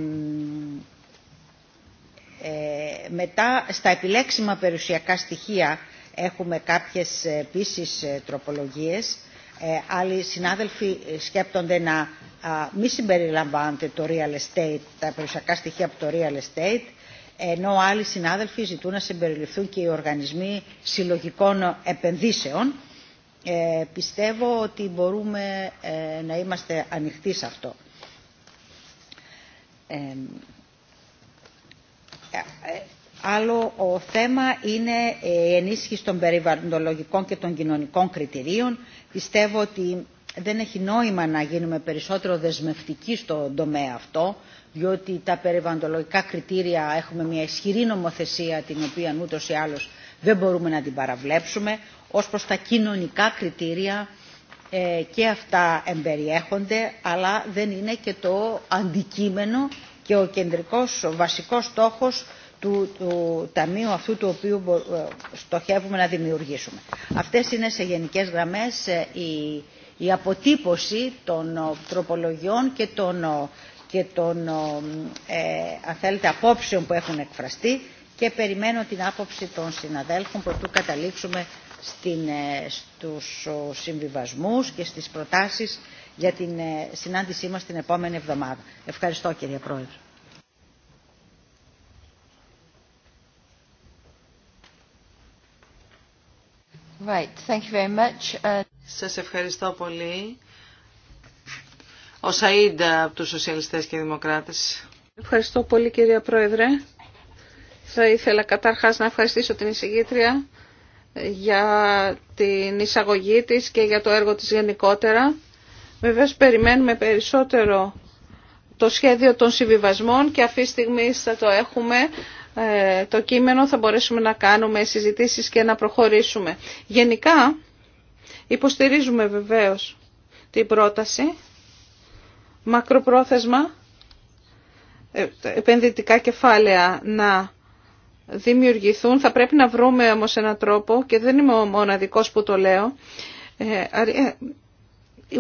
μετά στα επιλέξιμα περιουσιακά στοιχεία έχουμε κάποιες ε, επίσης τροπολογίες. Ε, άλλοι συνάδελφοι σκέπτονται να α, μη συμπεριλαμβάνεται το real estate, τα περιουσιακά στοιχεία από το real estate ενώ άλλοι συνάδελφοι ζητούν να συμπεριληφθούν και οι οργανισμοί συλλογικών επενδύσεων. Ε, πιστεύω ότι μπορούμε ε, να είμαστε ανοιχτοί σε αυτό. Ε, άλλο ο θέμα είναι η ενίσχυση των περιβαλλοντολογικών και των κοινωνικών κριτηρίων. Πιστεύω ότι δεν έχει νόημα να γίνουμε περισσότερο δεσμευτικοί στον τομέα αυτό διότι τα περιβαλλοντολογικά κριτήρια έχουμε μια ισχυρή νομοθεσία την οποία ούτως ή άλλως δεν μπορούμε να την παραβλέψουμε. Ως προς τα κοινωνικά κριτήρια ε, και αυτά εμπεριέχονται αλλά δεν είναι και το αντικείμενο και ο κεντρικός, βασικός στόχος του, του ταμείου αυτού του οποίου ε, στοχεύουμε να δημιουργήσουμε. Αυτές είναι σε γενικές γραμμές ε, η, η αποτύπωση των τροπολογιών και των και των ε, αν θέλετε, απόψεων που έχουν εκφραστεί και περιμένω την άποψη των συναδέλφων προτού καταλήξουμε στην, ε, στους συμβιβασμούς και στις προτάσεις για την ε, συνάντησή μας την επόμενη εβδομάδα. Ευχαριστώ κύριε Πρόεδρε. Right. Thank you very much. Σας ευχαριστώ πολύ ο Σαΐντα από τους Σοσιαλιστές και Δημοκράτες. Ευχαριστώ πολύ κυρία Πρόεδρε. Θα ήθελα καταρχάς να ευχαριστήσω την εισηγήτρια για την εισαγωγή της και για το έργο της γενικότερα. Βεβαίως περιμένουμε περισσότερο το σχέδιο των συμβιβασμών και αυτή τη στιγμή θα το έχουμε ε, το κείμενο, θα μπορέσουμε να κάνουμε συζητήσεις και να προχωρήσουμε. Γενικά υποστηρίζουμε βεβαίως την πρόταση μακροπρόθεσμα ε, επενδυτικά κεφάλαια να δημιουργηθούν. Θα πρέπει να βρούμε όμως έναν τρόπο και δεν είμαι ο μοναδικός που το λέω. Ε, ε,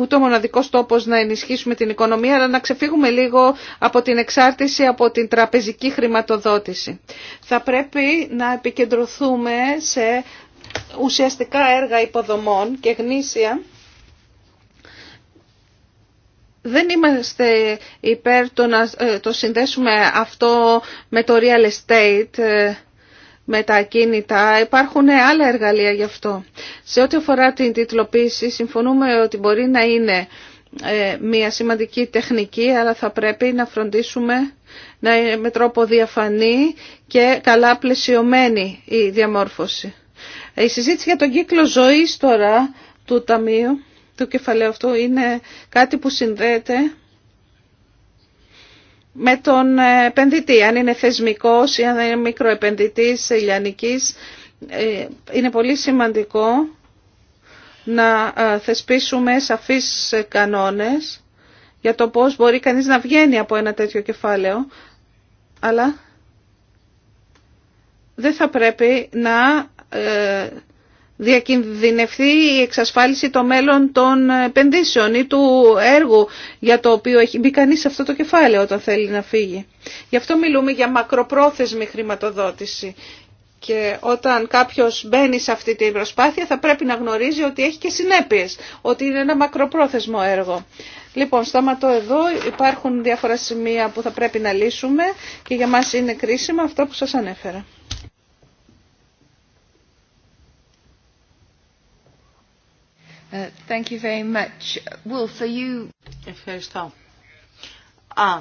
ούτε ο μοναδικός τόπος να ενισχύσουμε την οικονομία αλλά να ξεφύγουμε λίγο από την εξάρτηση από την τραπεζική χρηματοδότηση. Θα πρέπει να επικεντρωθούμε σε ουσιαστικά έργα υποδομών και γνήσια δεν είμαστε υπέρ το να ε, το συνδέσουμε αυτό με το real estate, ε, με τα ακίνητα. Υπάρχουν άλλα εργαλεία γι' αυτό. Σε ό,τι αφορά την τιτλοποίηση, συμφωνούμε ότι μπορεί να είναι ε, μια σημαντική τεχνική, αλλά θα πρέπει να φροντίσουμε να είναι με τρόπο διαφανή και καλά πλαισιωμένη η διαμόρφωση. Η συζήτηση για τον κύκλο ζωής τώρα του Ταμείου το κεφαλαίο αυτό είναι κάτι που συνδέεται με τον επενδυτή. Αν είναι θεσμικός ή αν είναι μικροεπενδυτής ηλιανικής, ε, είναι πολύ σημαντικό να ε, θεσπίσουμε σαφείς κανόνες για το πώς μπορεί κανείς να βγαίνει από ένα τέτοιο κεφάλαιο, αλλά δεν θα πρέπει να ε, διακινδυνευθεί η εξασφάλιση των μέλλον των επενδύσεων ή του έργου για το οποίο έχει μπει κανεί σε αυτό το κεφάλαιο όταν θέλει να φύγει. Γι' αυτό μιλούμε για μακροπρόθεσμη χρηματοδότηση. Και όταν κάποιος μπαίνει σε αυτή την προσπάθεια θα πρέπει να γνωρίζει ότι έχει και συνέπειες, ότι είναι ένα μακροπρόθεσμο έργο. Λοιπόν, σταματώ εδώ. Υπάρχουν διάφορα σημεία που θα πρέπει να λύσουμε και για μας είναι κρίσιμα αυτό που σας ανέφερα. Ε, Ευχαριστώ. Α,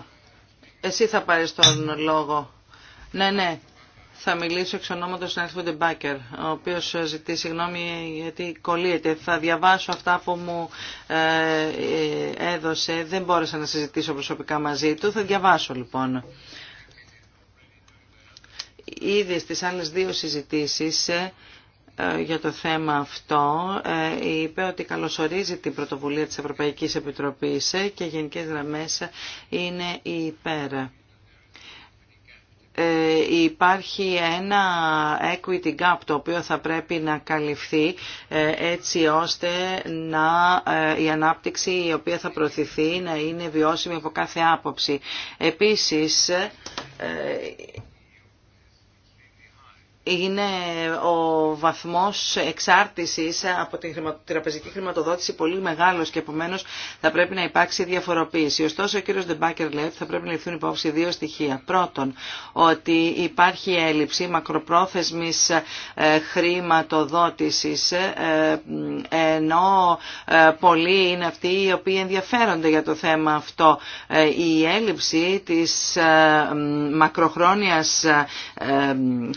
εσύ θα πάρει τον λόγο. Ναι, ναι. Θα μιλήσω εξ ονόματος του Ντεμπάκερ, ο οποίος ζητεί συγγνώμη γιατί κολλείεται. Θα διαβάσω αυτά που μου ε, ε, έδωσε. Δεν μπόρεσα να συζητήσω προσωπικά μαζί του. Θα διαβάσω λοιπόν. Ήδη στι άλλες δύο συζητήσεις ε, για το θέμα αυτό ε, είπε ότι καλωσορίζει την πρωτοβουλία της Ευρωπαϊκής Επιτροπής ε, και γενικές γραμμές είναι υπέρ. Ε, υπάρχει ένα equity gap το οποίο θα πρέπει να καλυφθεί έτσι ώστε να, η ανάπτυξη η οποία θα προωθηθεί να είναι βιώσιμη από κάθε άποψη. Επίσης είναι ο βαθμός εξάρτησης από την τραπεζική χρηματοδότηση πολύ μεγάλος και επομένως θα πρέπει να υπάρξει διαφοροποίηση. Ωστόσο, ο κύριος Ντεμπάκερ λέει ότι θα πρέπει να ληφθούν υπόψη δύο στοιχεία. Πρώτον, ότι υπάρχει έλλειψη μακροπρόθεσμης ε, χρηματοδότησης, ε, ενώ ε, πολλοί είναι αυτοί οι οποίοι ενδιαφέρονται για το θέμα αυτό. Η έλλειψη της μακροχρόνιας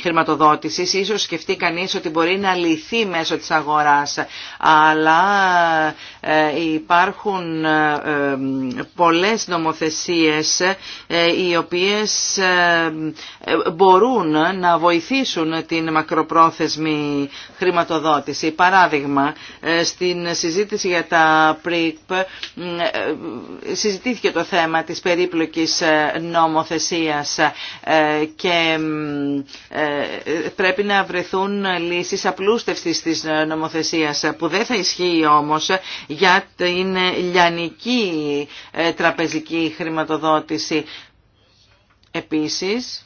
χρηματοδότησης ερώτησης. Ίσως σκεφτεί κανείς ότι μπορεί να λυθεί μέσω της αγοράς, αλλά ε, υπάρχουν ε, ε, πολλές νομοθεσίες οι οποίες μπορούν να βοηθήσουν την μακροπρόθεσμη χρηματοδότηση. Παράδειγμα, στην συζήτηση για τα ΠΡΙΚΠ συζητήθηκε το θέμα της περίπλοκης νομοθεσίας και πρέπει να βρεθούν λύσεις απλούστευσης της νομοθεσίας που δεν θα ισχύει όμως για την λιανική ε, τραπεζική χρηματοδότηση. Επίσης,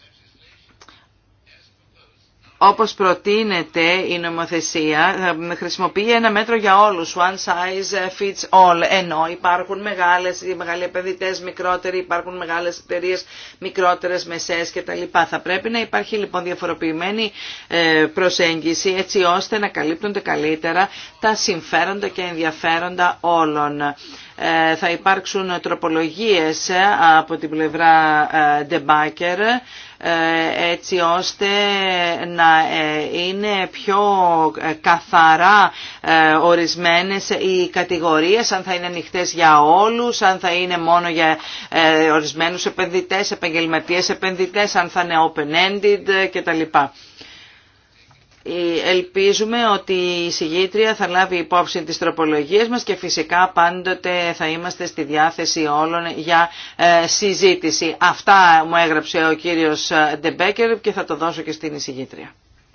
όπως προτείνεται η νομοθεσία, χρησιμοποιεί ένα μέτρο για όλους, one size fits all, ενώ υπάρχουν μεγάλες, μεγάλοι επενδυτές μικρότεροι, υπάρχουν μεγάλες εταιρείε, μικρότερες, μεσές κτλ. Θα πρέπει να υπάρχει λοιπόν διαφοροποιημένη ε, προσέγγιση έτσι ώστε να καλύπτονται καλύτερα τα συμφέροντα και ενδιαφέροντα όλων. Ε, θα υπάρξουν τροπολογίες από την πλευρά ε, Debaker. Ε, έτσι ώστε να ε, είναι πιο ε, καθαρά ορισμένες οι κατηγορίες, αν θα είναι ανοιχτέ για όλους, αν θα είναι μόνο για ορισμένους επενδυτές, επαγγελματίες επενδυτές, αν θα είναι open-ended κτλ. Ελπίζουμε ότι η συγγήτρια θα λάβει υπόψη τις τροπολογίες μας και φυσικά πάντοτε θα είμαστε στη διάθεση όλων για ε, συζήτηση. Αυτά μου έγραψε ο κύριος ε, Ντεμπέκερ και θα το δώσω και στην συγγήτρια.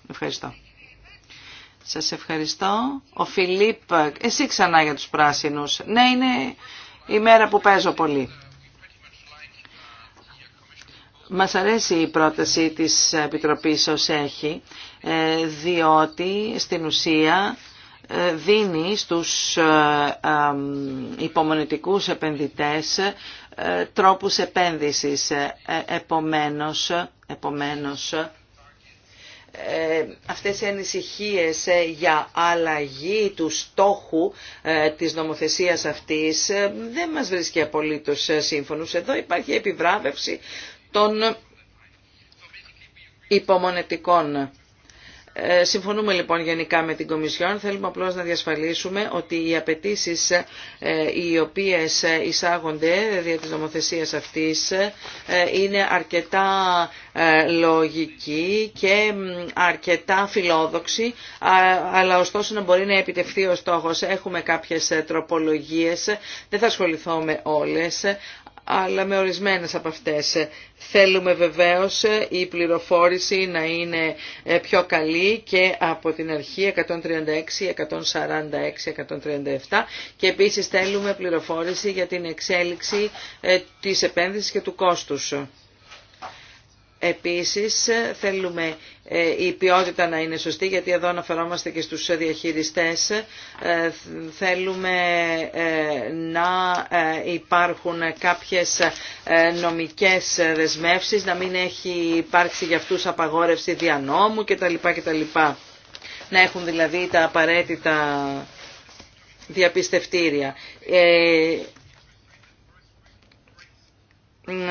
Ευχαριστώ. Σας ευχαριστώ. Ο Φιλίπ, ε, εσύ ξανά για τους πράσινους. Ναι, είναι η μέρα που παίζω πολύ. Μας αρέσει η πρόταση της Επιτροπής ως έχει, ε, διότι στην ουσία ε, δίνει στους ε, υπομονητικούς επενδυτές τρόπους επένδυσης. Επομένως, επομένως αυτές οι ανησυχίες για αλλαγή του στόχου της νομοθεσίας αυτής δεν μας βρίσκει απολύτως σύμφωνο. Εδώ υπάρχει επιβράβευση των υπομονετικών. Ε, συμφωνούμε λοιπόν γενικά με την Κομισιόν. Θέλουμε απλώς να διασφαλίσουμε ότι οι απαιτήσει ε, οι οποίες εισάγονται δια της νομοθεσίας αυτής ε, είναι αρκετά λογική και αρκετά φιλόδοξη, αλλά ωστόσο να μπορεί να επιτευχθεί ο στόχος. Έχουμε κάποιες τροπολογίες, δεν θα ασχοληθώ με όλες, αλλά με ορισμένες από αυτές. Θέλουμε βεβαίως η πληροφόρηση να είναι ε, πιο καλή και από την αρχή 136, 146, 137 και επίσης θέλουμε πληροφόρηση για την εξέλιξη ε, της επένδυσης και του κόστους. Επίσης θέλουμε ε, η ποιότητα να είναι σωστή, γιατί εδώ αναφερόμαστε και στους διαχειριστές. Ε, θέλουμε ε, να υπάρχουν κάποιες νομικές δεσμεύσεις, να μην έχει υπάρξει για αυτούς απαγόρευση διανόμου κτλ. κτλ. Να έχουν δηλαδή τα απαραίτητα διαπιστευτήρια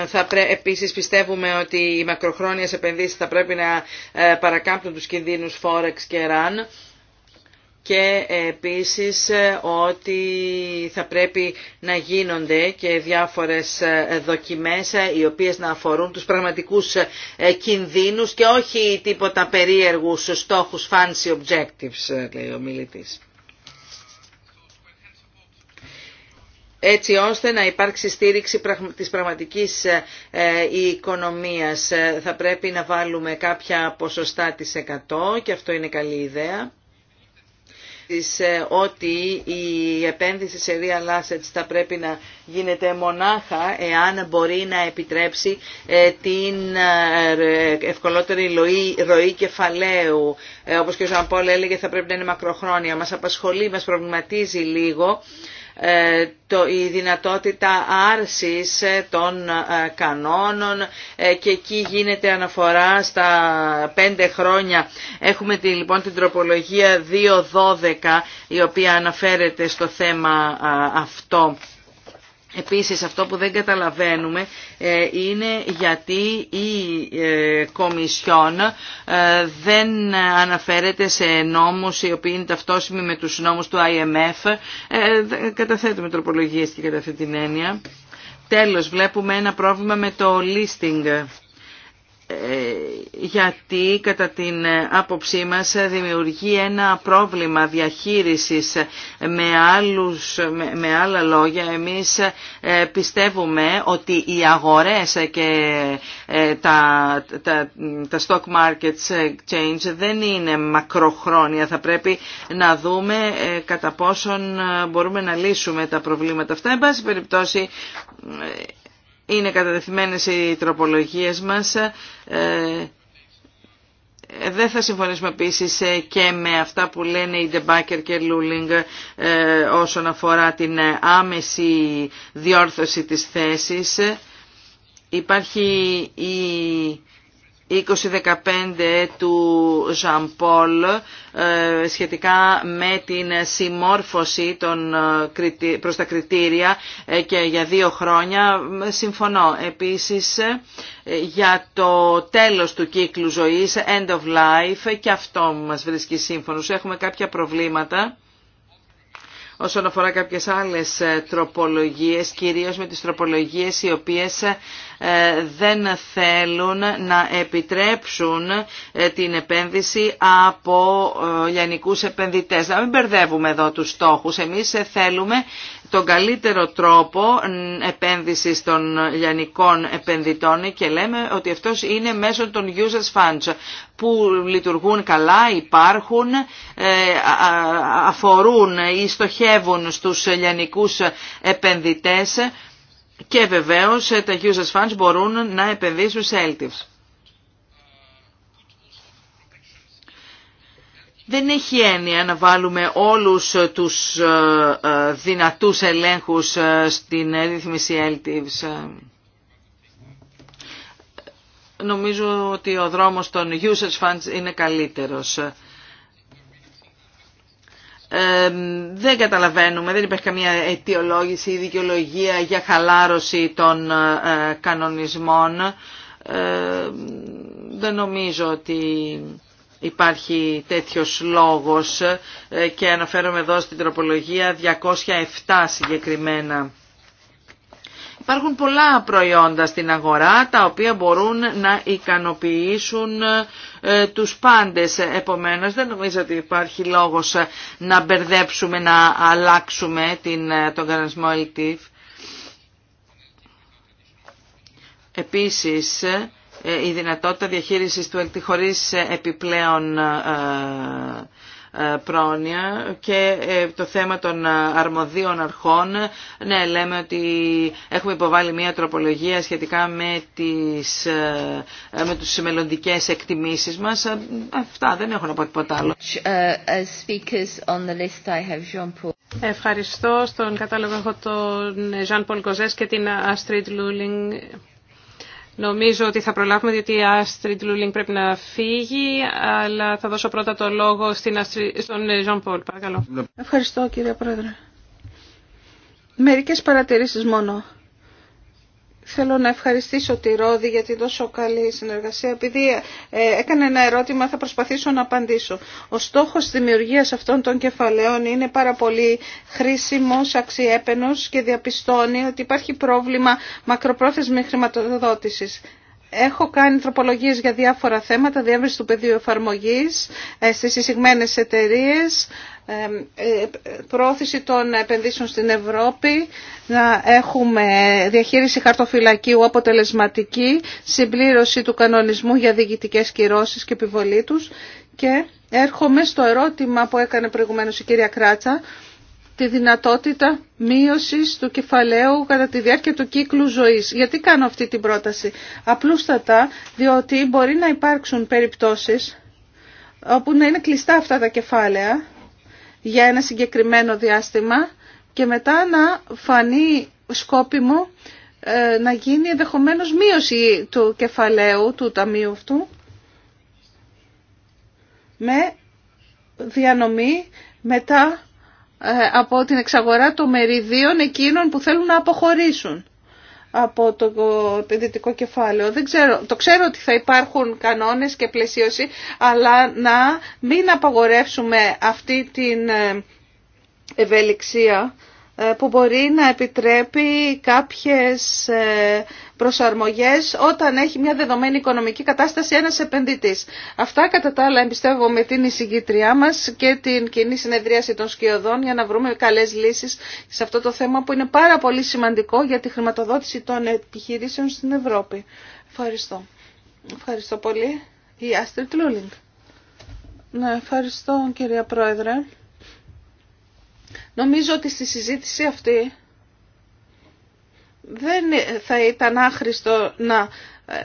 θα πρέ... Επίσης πιστεύουμε ότι οι μακροχρόνιες επενδύσεις θα πρέπει να ε, παρακάμπτουν τους κινδύνους Forex και RAN και επίσης ε, ότι θα πρέπει να γίνονται και διάφορες ε, δοκιμές οι οποίες να αφορούν τους πραγματικούς κινδύνους και όχι τίποτα περίεργους στόχους fancy objectives λέει ο μιλητής. έτσι ώστε να υπάρξει στήριξη της πραγματικής ε, ε, οικονομίας. Ε, θα πρέπει να βάλουμε κάποια ποσοστά της 100 και αυτό είναι καλή ιδέα ότι η επένδυση σε real assets θα πρέπει να γίνεται μονάχα εάν μπορεί να επιτρέψει την ευκολότερη ροή κεφαλαίου. Όπως και ο Ζαμπόλ έλεγε θα πρέπει να είναι μακροχρόνια. Μας απασχολεί, μας προβληματίζει λίγο ε, το, η δυνατότητα άρσης ε, των ε, κανόνων και εκεί γίνεται αναφορά στα πέντε χρόνια. Έχουμε τη, λοιπόν την τροπολογία 2.12 η οποία αναφέρεται στο θέμα αυτό. Επίσης αυτό που δεν καταλαβαίνουμε ε, είναι γιατί η ε, Κομισιόν ε, δεν αναφέρεται σε νόμους οι οποίοι είναι ταυτόσιμοι με τους νόμους του IMF. Καταθέτουμε τροπολογίες και κατά αυτή την έννοια. Τέλος, βλέπουμε ένα πρόβλημα με το listing γιατί κατά την άποψή μας δημιουργεί ένα πρόβλημα διαχείρισης με, άλλους, με, άλλα λόγια εμείς ε, πιστεύουμε ότι οι αγορές και ε, τα, τα, stock markets change δεν είναι μακροχρόνια θα πρέπει να δούμε ε, κατά πόσον μπορούμε να λύσουμε τα προβλήματα αυτά εν πάση περιπτώσει είναι κατατεθειμένες οι τροπολογίες μας. Ε, ε, δεν θα συμφωνήσουμε επίση ε, και με αυτά που λένε οι Ντεμπάκερ και Λούλινγκ όσον αφορά την άμεση διόρθωση της θέσης. Υπάρχει η 2015 του Ζαν Πολ ε, σχετικά με την συμμόρφωση των, ε, προς τα κριτήρια ε, και για δύο χρόνια συμφωνώ. Επίσης για το τέλος του κύκλου ζωής, end of life και αυτό μας βρίσκει σύμφωνος. Έχουμε κάποια προβλήματα όσον αφορά κάποιες άλλες τροπολογίες, κυρίως με τις τροπολογίες οι οποίες ε, δεν θέλουν να επιτρέψουν ε, την επένδυση από λιανικούς ε, επενδυτές. Να μην μπερδεύουμε εδώ τους στόχους. Εμείς θέλουμε τον καλύτερο τρόπο επένδυσης των λιανικών επενδυτών και λέμε ότι αυτός είναι μέσω των users funds που λειτουργούν καλά, υπάρχουν, αφορούν ή στοχεύουν στους λιανικούς επενδυτές και βεβαίως ε, τα users funds μπορούν να επενδύσουν σε LTIFs. Δεν έχει έννοια να βάλουμε όλους ε, τους ε, δυνατούς ελέγχους στην ρύθμιση LTIFs. Νομίζω ότι ο δρόμος των users funds είναι καλύτερος δεν καταλαβαίνουμε, δεν υπάρχει καμία αιτιολόγηση ή δικαιολογία για χαλάρωση των ε, κανονισμών. Δεν νομίζω ότι υπάρχει τέτοιος λόγος ε, και αναφέρομαι εδώ στην τροπολογία 207 συγκεκριμένα. Υπάρχουν πολλά προϊόντα στην αγορά τα οποία μπορούν να ικανοποιήσουν ε, τους πάντες. Επομένως δεν νομίζω ότι υπάρχει λόγος ε, να μπερδέψουμε, να αλλάξουμε την, ε, τον κανονισμό ΕΛΤΙΦ. E Επίσης, η δυνατότητα διαχείρισης του ΕΛΤΙΦ χωρίς επιπλέον ε, πρόνοια και ε, το θέμα των ε, αρμοδίων αρχών. Ναι, λέμε ότι έχουμε υποβάλει μια τροπολογία σχετικά με τις με τους μελλοντικές εκτιμήσεις μας. Αυτά δεν έχω να πω τίποτα άλλο. Uh, Ευχαριστώ. Στον κατάλογο έχω τον Ζαν Πολ και την Αστρίτ Λούλινγκ. Νομίζω ότι θα προλάβουμε διότι η Astrid Λούλινγκ πρέπει να φύγει, αλλά θα δώσω πρώτα το λόγο στην Άστρι... στον Ζων Πολ. Παρακαλώ. Ευχαριστώ κύριε Πρόεδρε. Μερικές παρατηρήσεις μόνο. Θέλω να ευχαριστήσω τη Ρόδη για την τόσο καλή συνεργασία. Επειδή ε, έκανε ένα ερώτημα θα προσπαθήσω να απαντήσω. Ο στόχος δημιουργίας αυτών των κεφαλαίων είναι πάρα πολύ χρήσιμος, αξιέπαινος και διαπιστώνει ότι υπάρχει πρόβλημα μακροπρόθεσμη χρηματοδότησης. Έχω κάνει τροπολογίες για διάφορα θέματα, διεύρυνση του πεδίου εφαρμογής ε, στις εισηγμένες εταιρείε, ε, ε, πρόθεση των επενδύσεων στην Ευρώπη, να έχουμε διαχείριση χαρτοφυλακίου αποτελεσματική, συμπλήρωση του κανονισμού για διοικητικές κυρώσεις και επιβολή τους και έρχομαι στο ερώτημα που έκανε προηγουμένως η κυρία Κράτσα, τη δυνατότητα μείωσης του κεφαλαίου κατά τη διάρκεια του κύκλου ζωής. Γιατί κάνω αυτή την πρόταση. Απλούστατα, διότι μπορεί να υπάρξουν περιπτώσεις όπου να είναι κλειστά αυτά τα κεφάλαια για ένα συγκεκριμένο διάστημα και μετά να φανεί σκόπιμο ε, να γίνει ενδεχομένως μείωση του κεφαλαίου του ταμείου αυτού με διανομή μετά ε, από την εξαγορά των μεριδίων εκείνων που θέλουν να αποχωρήσουν από το δυτικό κεφάλαιο. Δεν ξέρω, το ξέρω ότι θα υπάρχουν κανόνες και πλαισίωση, αλλά να μην απαγορεύσουμε αυτή την ε, ευελιξία ε, που μπορεί να επιτρέπει κάποιες ε, προσαρμογές όταν έχει μια δεδομένη οικονομική κατάσταση ένας επενδυτής. Αυτά κατά τα άλλα εμπιστεύω με την εισηγήτριά μας και την κοινή συνεδρίαση των σκιωδών για να βρούμε καλές λύσεις σε αυτό το θέμα που είναι πάρα πολύ σημαντικό για τη χρηματοδότηση των επιχειρήσεων στην Ευρώπη. Ευχαριστώ. Ευχαριστώ πολύ. Η Άστριτ Τλούλινγκ. Ναι, ευχαριστώ κυρία Πρόεδρε. Νομίζω ότι στη συζήτηση αυτή δεν θα ήταν άχρηστο να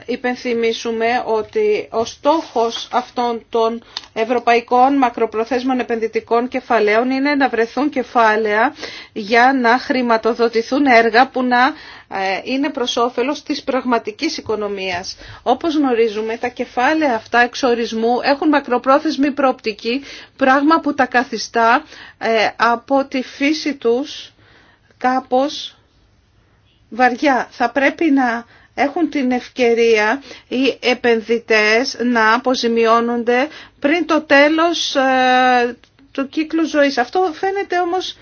υπενθυμίσουμε ότι ο στόχος αυτών των ευρωπαϊκών μακροπροθέσμων επενδυτικών κεφαλαίων είναι να βρεθούν κεφάλαια για να χρηματοδοτηθούν έργα που να ε, είναι προς όφελος της πραγματικής οικονομίας. Όπως γνωρίζουμε, τα κεφάλαια αυτά εξορισμού έχουν μακροπρόθεσμη πρόπτικη πράγμα που τα καθιστά ε, από τη φύση τους κάπως βαριά. Θα πρέπει να έχουν την ευκαιρία οι επενδυτές να αποζημιώνονται πριν το τέλος ε, του κύκλου ζωής. Αυτό φαίνεται όμως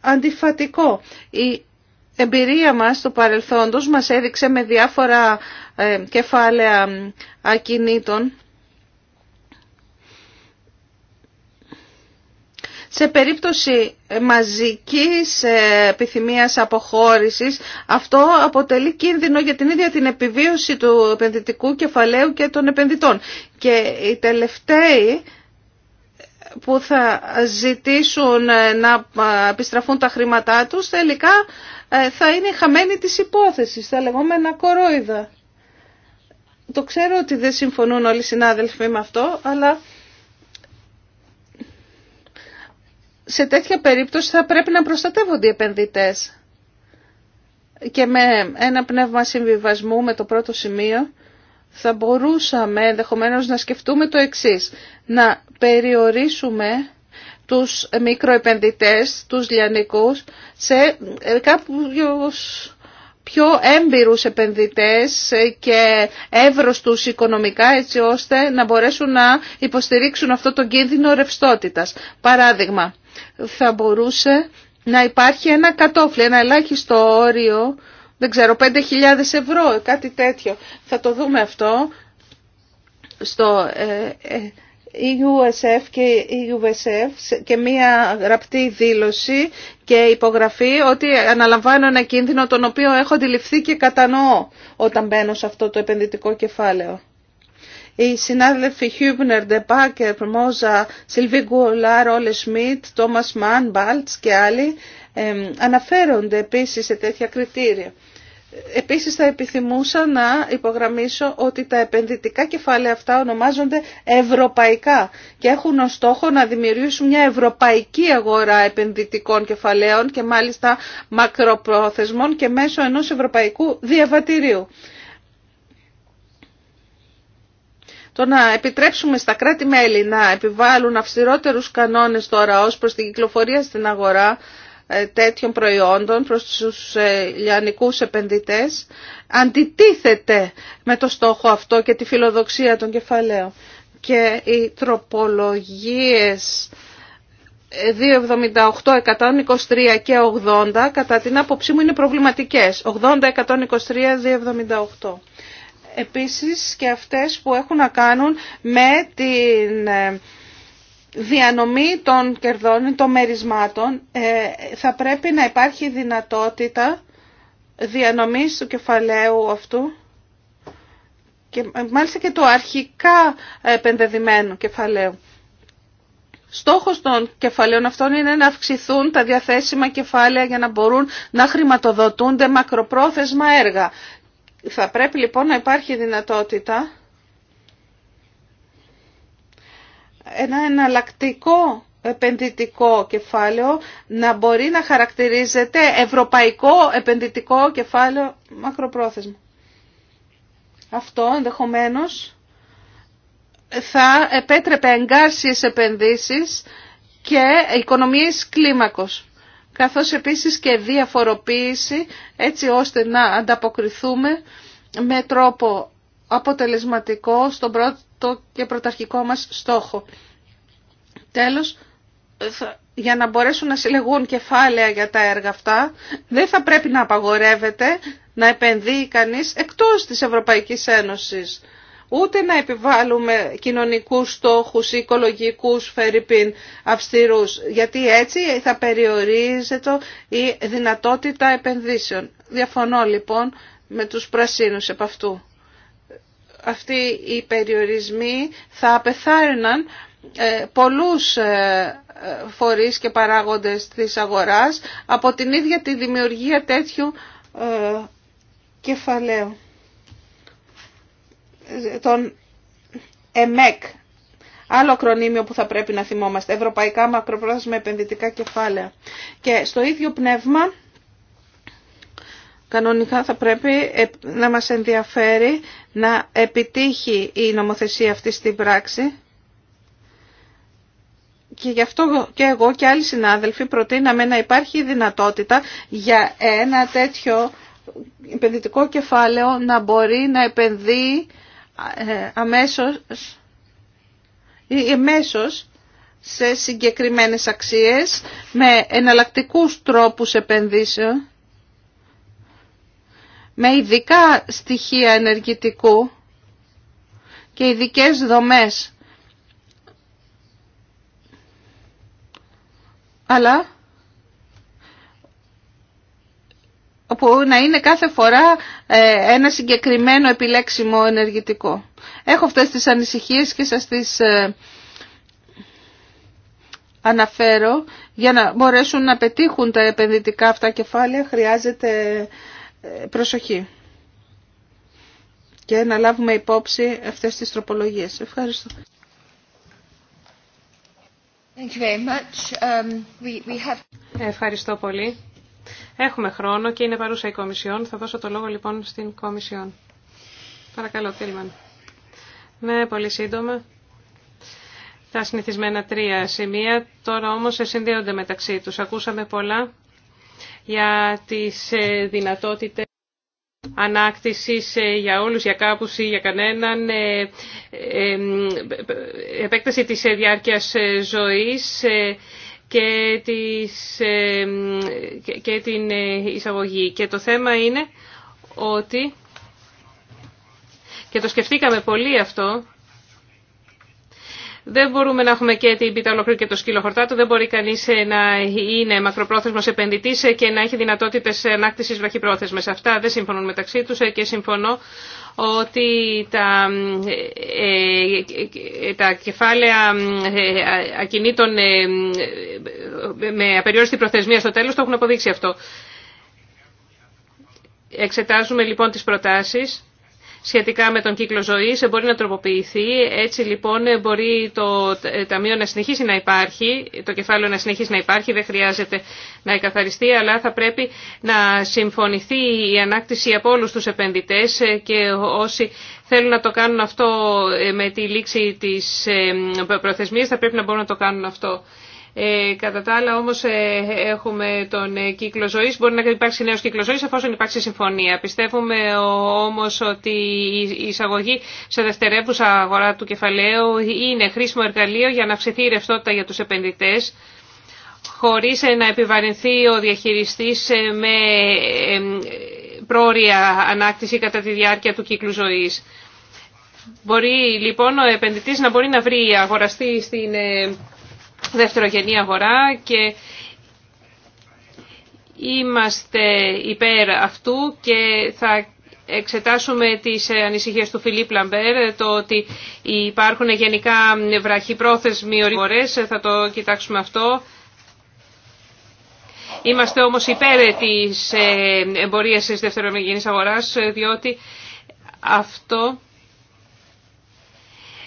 αντιφατικό. Η εμπειρία μας στο παρελθόντος μας έδειξε με διάφορα ε, κεφάλαια ε, ακινήτων Σε περίπτωση μαζικής επιθυμίας αποχώρησης, αυτό αποτελεί κίνδυνο για την ίδια την επιβίωση του επενδυτικού κεφαλαίου και των επενδυτών. Και οι τελευταίοι που θα ζητήσουν να επιστραφούν τα χρήματά τους, τελικά ε, θα είναι χαμένοι της υπόθεσης, τα λεγόμενα κορόιδα. Το ξέρω ότι δεν συμφωνούν όλοι οι συνάδελφοι με αυτό, αλλά σε τέτοια περίπτωση θα πρέπει να προστατεύονται οι επενδυτές. Και με ένα πνεύμα συμβιβασμού με το πρώτο σημείο θα μπορούσαμε ενδεχομένω να σκεφτούμε το εξής. Να περιορίσουμε τους μικροεπενδυτές, τους λιανικούς, σε κάποιους πιο έμπειρους επενδυτές και εύρωστους οικονομικά έτσι ώστε να μπορέσουν να υποστηρίξουν αυτό το κίνδυνο ρευστότητας. Παράδειγμα, θα μπορούσε να υπάρχει ένα κατόφλι, ένα ελάχιστο όριο, δεν ξέρω, 5.000 ευρώ, κάτι τέτοιο. Θα το δούμε αυτό στο ε, ε, EUSF και EUSF και μία γραπτή δήλωση και υπογραφή ότι αναλαμβάνω ένα κίνδυνο τον οποίο έχω αντιληφθεί και κατανοώ όταν μπαίνω σε αυτό το επενδυτικό κεφάλαιο οι συνάδελφοι Χιούμπνερ, Ντεπάκερ, Μόζα, Σιλβί Γκουλάρ, Όλε Σμιτ, Τόμα Μαν, Μπάλτ και άλλοι αναφέρονται επίση σε τέτοια κριτήρια. Επίσης θα επιθυμούσα να υπογραμμίσω ότι τα επενδυτικά κεφάλαια αυτά ονομάζονται ευρωπαϊκά και έχουν ως στόχο να δημιουργήσουν μια ευρωπαϊκή αγορά επενδυτικών κεφαλαίων και μάλιστα μακροπρόθεσμων και μέσω ενός ευρωπαϊκού διαβατηρίου. Το να επιτρέψουμε στα κράτη-μέλη να επιβάλλουν αυστηρότερους κανόνες τώρα ως προς την κυκλοφορία στην αγορά ε, τέτοιων προϊόντων προς τους ε, λιανικούς επενδυτές αντιτίθεται με το στόχο αυτό και τη φιλοδοξία των κεφαλαίων. Και οι τροπολογίες 278, ε, 123 και 80 κατά την άποψή μου είναι προβληματικές. 80, 123, 278 επίσης και αυτές που έχουν να κάνουν με τη ε, διανομή των κερδών, των μερισμάτων, ε, θα πρέπει να υπάρχει δυνατότητα διανομής του κεφαλαίου αυτού και ε, μάλιστα και του αρχικά επενδεδημένου κεφαλαίου. Στόχος των κεφαλαίων αυτών είναι να αυξηθούν τα διαθέσιμα κεφάλαια για να μπορούν να χρηματοδοτούνται μακροπρόθεσμα έργα θα πρέπει λοιπόν να υπάρχει δυνατότητα ένα εναλλακτικό επενδυτικό κεφάλαιο να μπορεί να χαρακτηρίζεται ευρωπαϊκό επενδυτικό κεφάλαιο Μακροπρόθεσμο. Αυτό ενδεχομένως θα επέτρεπε εγκάρσιες επενδύσεις και οικονομίες κλίμακος καθώς επίσης και διαφοροποίηση έτσι ώστε να ανταποκριθούμε με τρόπο αποτελεσματικό στον πρώτο και πρωταρχικό μας στόχο. Τέλος, για να μπορέσουν να συλλεγούν κεφάλαια για τα έργα αυτά, δεν θα πρέπει να απαγορεύεται να επενδύει κανείς εκτός της Ευρωπαϊκής Ένωσης ούτε να επιβάλλουμε κοινωνικούς στόχους ή οικολογικούς φερρυπίν αυστηρούς, γιατί έτσι θα περιορίζεται η δυνατότητα επενδύσεων. Διαφωνώ λοιπόν με τους πρασίνους επ' αυτού. Αυτοί οι περιορισμοί θα απεθάρρυναν ε, πολλούς ε, φορείς και παράγοντες της αγοράς από την ίδια τη δημιουργία τέτοιου ε, κεφαλαίου τον ΕΜΕΚ, άλλο ακρονίμιο που θα πρέπει να θυμόμαστε, Ευρωπαϊκά Μακροπρόθεσμα Επενδυτικά Κεφάλαια. Και στο ίδιο πνεύμα, κανονικά θα πρέπει ε, να μας ενδιαφέρει να επιτύχει η νομοθεσία αυτή στην πράξη. Και γι' αυτό και εγώ και άλλοι συνάδελφοι προτείναμε να υπάρχει η δυνατότητα για ένα τέτοιο επενδυτικό κεφάλαιο να μπορεί να επενδύει ε, αμέσως ή σε συγκεκριμένες αξίες με εναλλακτικούς τρόπους επενδύσεων με ειδικά στοιχεία ενεργητικού και ειδικέ δομές αλλά όπου να είναι κάθε φορά ε, ένα συγκεκριμένο επιλέξιμο ενεργητικό. Έχω αυτές τις ανησυχίες και σας τις ε, αναφέρω. Για να μπορέσουν να πετύχουν τα επενδυτικά αυτά κεφάλαια χρειάζεται ε, προσοχή. Και να λάβουμε υπόψη αυτές τις τροπολογίες. Ευχαριστώ. Um, Ευχαριστώ πολύ. Έχουμε χρόνο και είναι παρούσα η Κομισιόν. Θα δώσω το λόγο λοιπόν στην Κομισιόν. Παρακαλώ, Τίλμαν. Ναι, πολύ σύντομα. Τα συνηθισμένα τρία σημεία τώρα όμως συνδέονται μεταξύ τους. Ακούσαμε πολλά για τις ε, δυνατότητες ανάκτησης ε, για όλους, για κάπου ή για κανένα. ή για κανέναν, ε, επέκταση της διάρκειας ζωής, και, τις, και την ε, εισαγωγή. Και το θέμα είναι ότι, και το σκεφτήκαμε πολύ αυτό, δεν μπορούμε να έχουμε και την πίτα ολοκλήρου και το σκύλο χορτάτο. Δεν μπορεί κανεί ε, να είναι μακροπρόθεσμο επενδυτή ε, και να έχει δυνατότητε ανάκτηση βραχυπρόθεσμε. Αυτά δεν συμφωνούν μεταξύ του και συμφωνώ ότι τα, ε, ε, τα κεφάλαια ε, ακινήτων με απεριόριστη προθεσμία στο τέλος το έχουν αποδείξει αυτό. Εξετάζουμε λοιπόν τις προτάσεις σχετικά με τον κύκλο ζωής μπορεί να τροποποιηθεί. Έτσι λοιπόν μπορεί το ε, ταμείο να συνεχίσει να υπάρχει, το κεφάλαιο να συνεχίσει να υπάρχει, δεν χρειάζεται να εκαθαριστεί, αλλά θα πρέπει να συμφωνηθεί η ανάκτηση από όλου του επενδυτέ. Ε, και όσοι θέλουν να το κάνουν αυτό ε, με τη λήξη της προθεσμίας θα πρέπει να μπορούν να το κάνουν αυτό. Ε, κατά τα άλλα όμως ε, έχουμε τον ε, κύκλο ζωής. Μπορεί να υπάρξει νέος κύκλο ζωής εφόσον υπάρξει συμφωνία. Πιστεύουμε όμως ότι η εισαγωγή σε δευτερεύουσα αγορά του κεφαλαίου είναι χρήσιμο εργαλείο για να αυξηθεί η ρευστότητα για τους επενδυτές χωρίς να επιβαρυνθεί ο διαχειριστής με πρόορια ανάκτηση κατά τη διάρκεια του κύκλου ζωής. Μπορεί λοιπόν ο επενδυτής να μπορεί να βρει αγοραστή στην δευτερογενή αγορά και είμαστε υπέρ αυτού και θα εξετάσουμε τις ανησυχίες του Φιλίπ Λαμπέρ, το ότι υπάρχουν γενικά βραχυπρόθεσμοι οριγορές, θα το κοιτάξουμε αυτό. Είμαστε όμως υπέρ της ε, εμπορίας της δευτερογενής αγοράς, διότι αυτό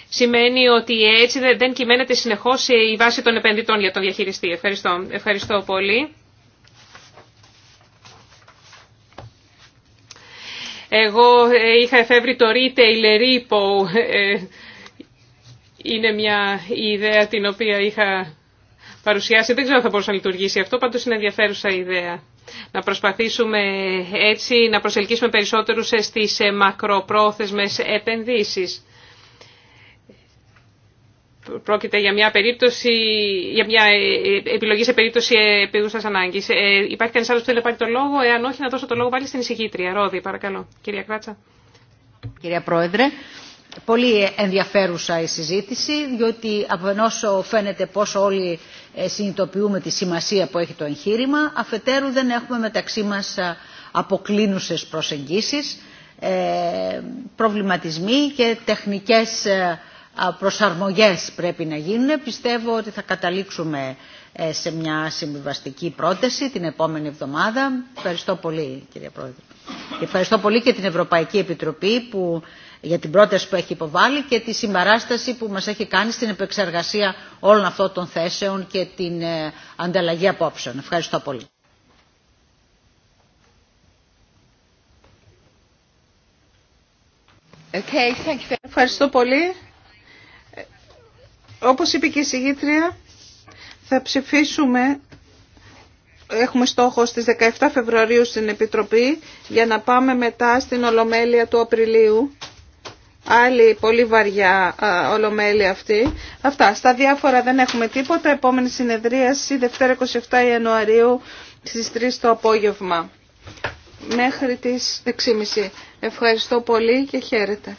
σημαίνει ότι έτσι δεν κυμαίνεται συνεχώς η βάση των επενδυτών για τον διαχειριστή. Ευχαριστώ, Ευχαριστώ πολύ. Εγώ ε, είχα εφεύρει το retail repo. Ε, είναι μια ιδέα την οποία είχα παρουσιάσει. Δεν ξέρω αν θα μπορούσε να λειτουργήσει αυτό, πάντως είναι ενδιαφέρουσα ιδέα. Να προσπαθήσουμε έτσι να προσελκύσουμε περισσότερους στις ε, μακροπρόθεσμες επενδύσεις πρόκειται για μια, περίπτωση, για μια ε, ε, επιλογή σε περίπτωση επιδούσα ανάγκη. Ε, υπάρχει κανεί άλλο που θέλει να πάρει το λόγο. Εάν όχι, να δώσω το λόγο πάλι στην εισηγήτρια. Ρόδη, παρακαλώ. Κυρία Κράτσα. Κυρία Πρόεδρε, πολύ ενδιαφέρουσα η συζήτηση, διότι αφενό φαίνεται πώ όλοι ε, συνειδητοποιούμε τη σημασία που έχει το εγχείρημα, αφετέρου δεν έχουμε μεταξύ μας αποκλίνουσες προσεγγίσεις, προβληματισμοί και τεχνικές προσαρμογές πρέπει να γίνουν. Πιστεύω ότι θα καταλήξουμε ε, σε μια συμβιβαστική πρόταση την επόμενη εβδομάδα. Ευχαριστώ πολύ κύριε Πρόεδρε. ευχαριστώ πολύ και την Ευρωπαϊκή Επιτροπή που, για την πρόταση που έχει υποβάλει και τη συμπαράσταση που μας έχει κάνει στην επεξεργασία όλων αυτών των θέσεων και την ε, ανταλλαγή απόψεων. Ευχαριστώ πολύ. Ευχαριστώ πολύ. Όπως είπε και η συγγήτρια, θα ψηφίσουμε, έχουμε στόχο στις 17 Φεβρουαρίου στην Επιτροπή, για να πάμε μετά στην Ολομέλεια του Απριλίου. Άλλη πολύ βαριά ολομέλεια αυτή. Αυτά. Στα διάφορα δεν έχουμε τίποτα. Επόμενη συνεδρίαση Δευτέρα 27 Ιανουαρίου στις 3 το απόγευμα. Μέχρι τις 6.30. Ευχαριστώ πολύ και χαίρετε.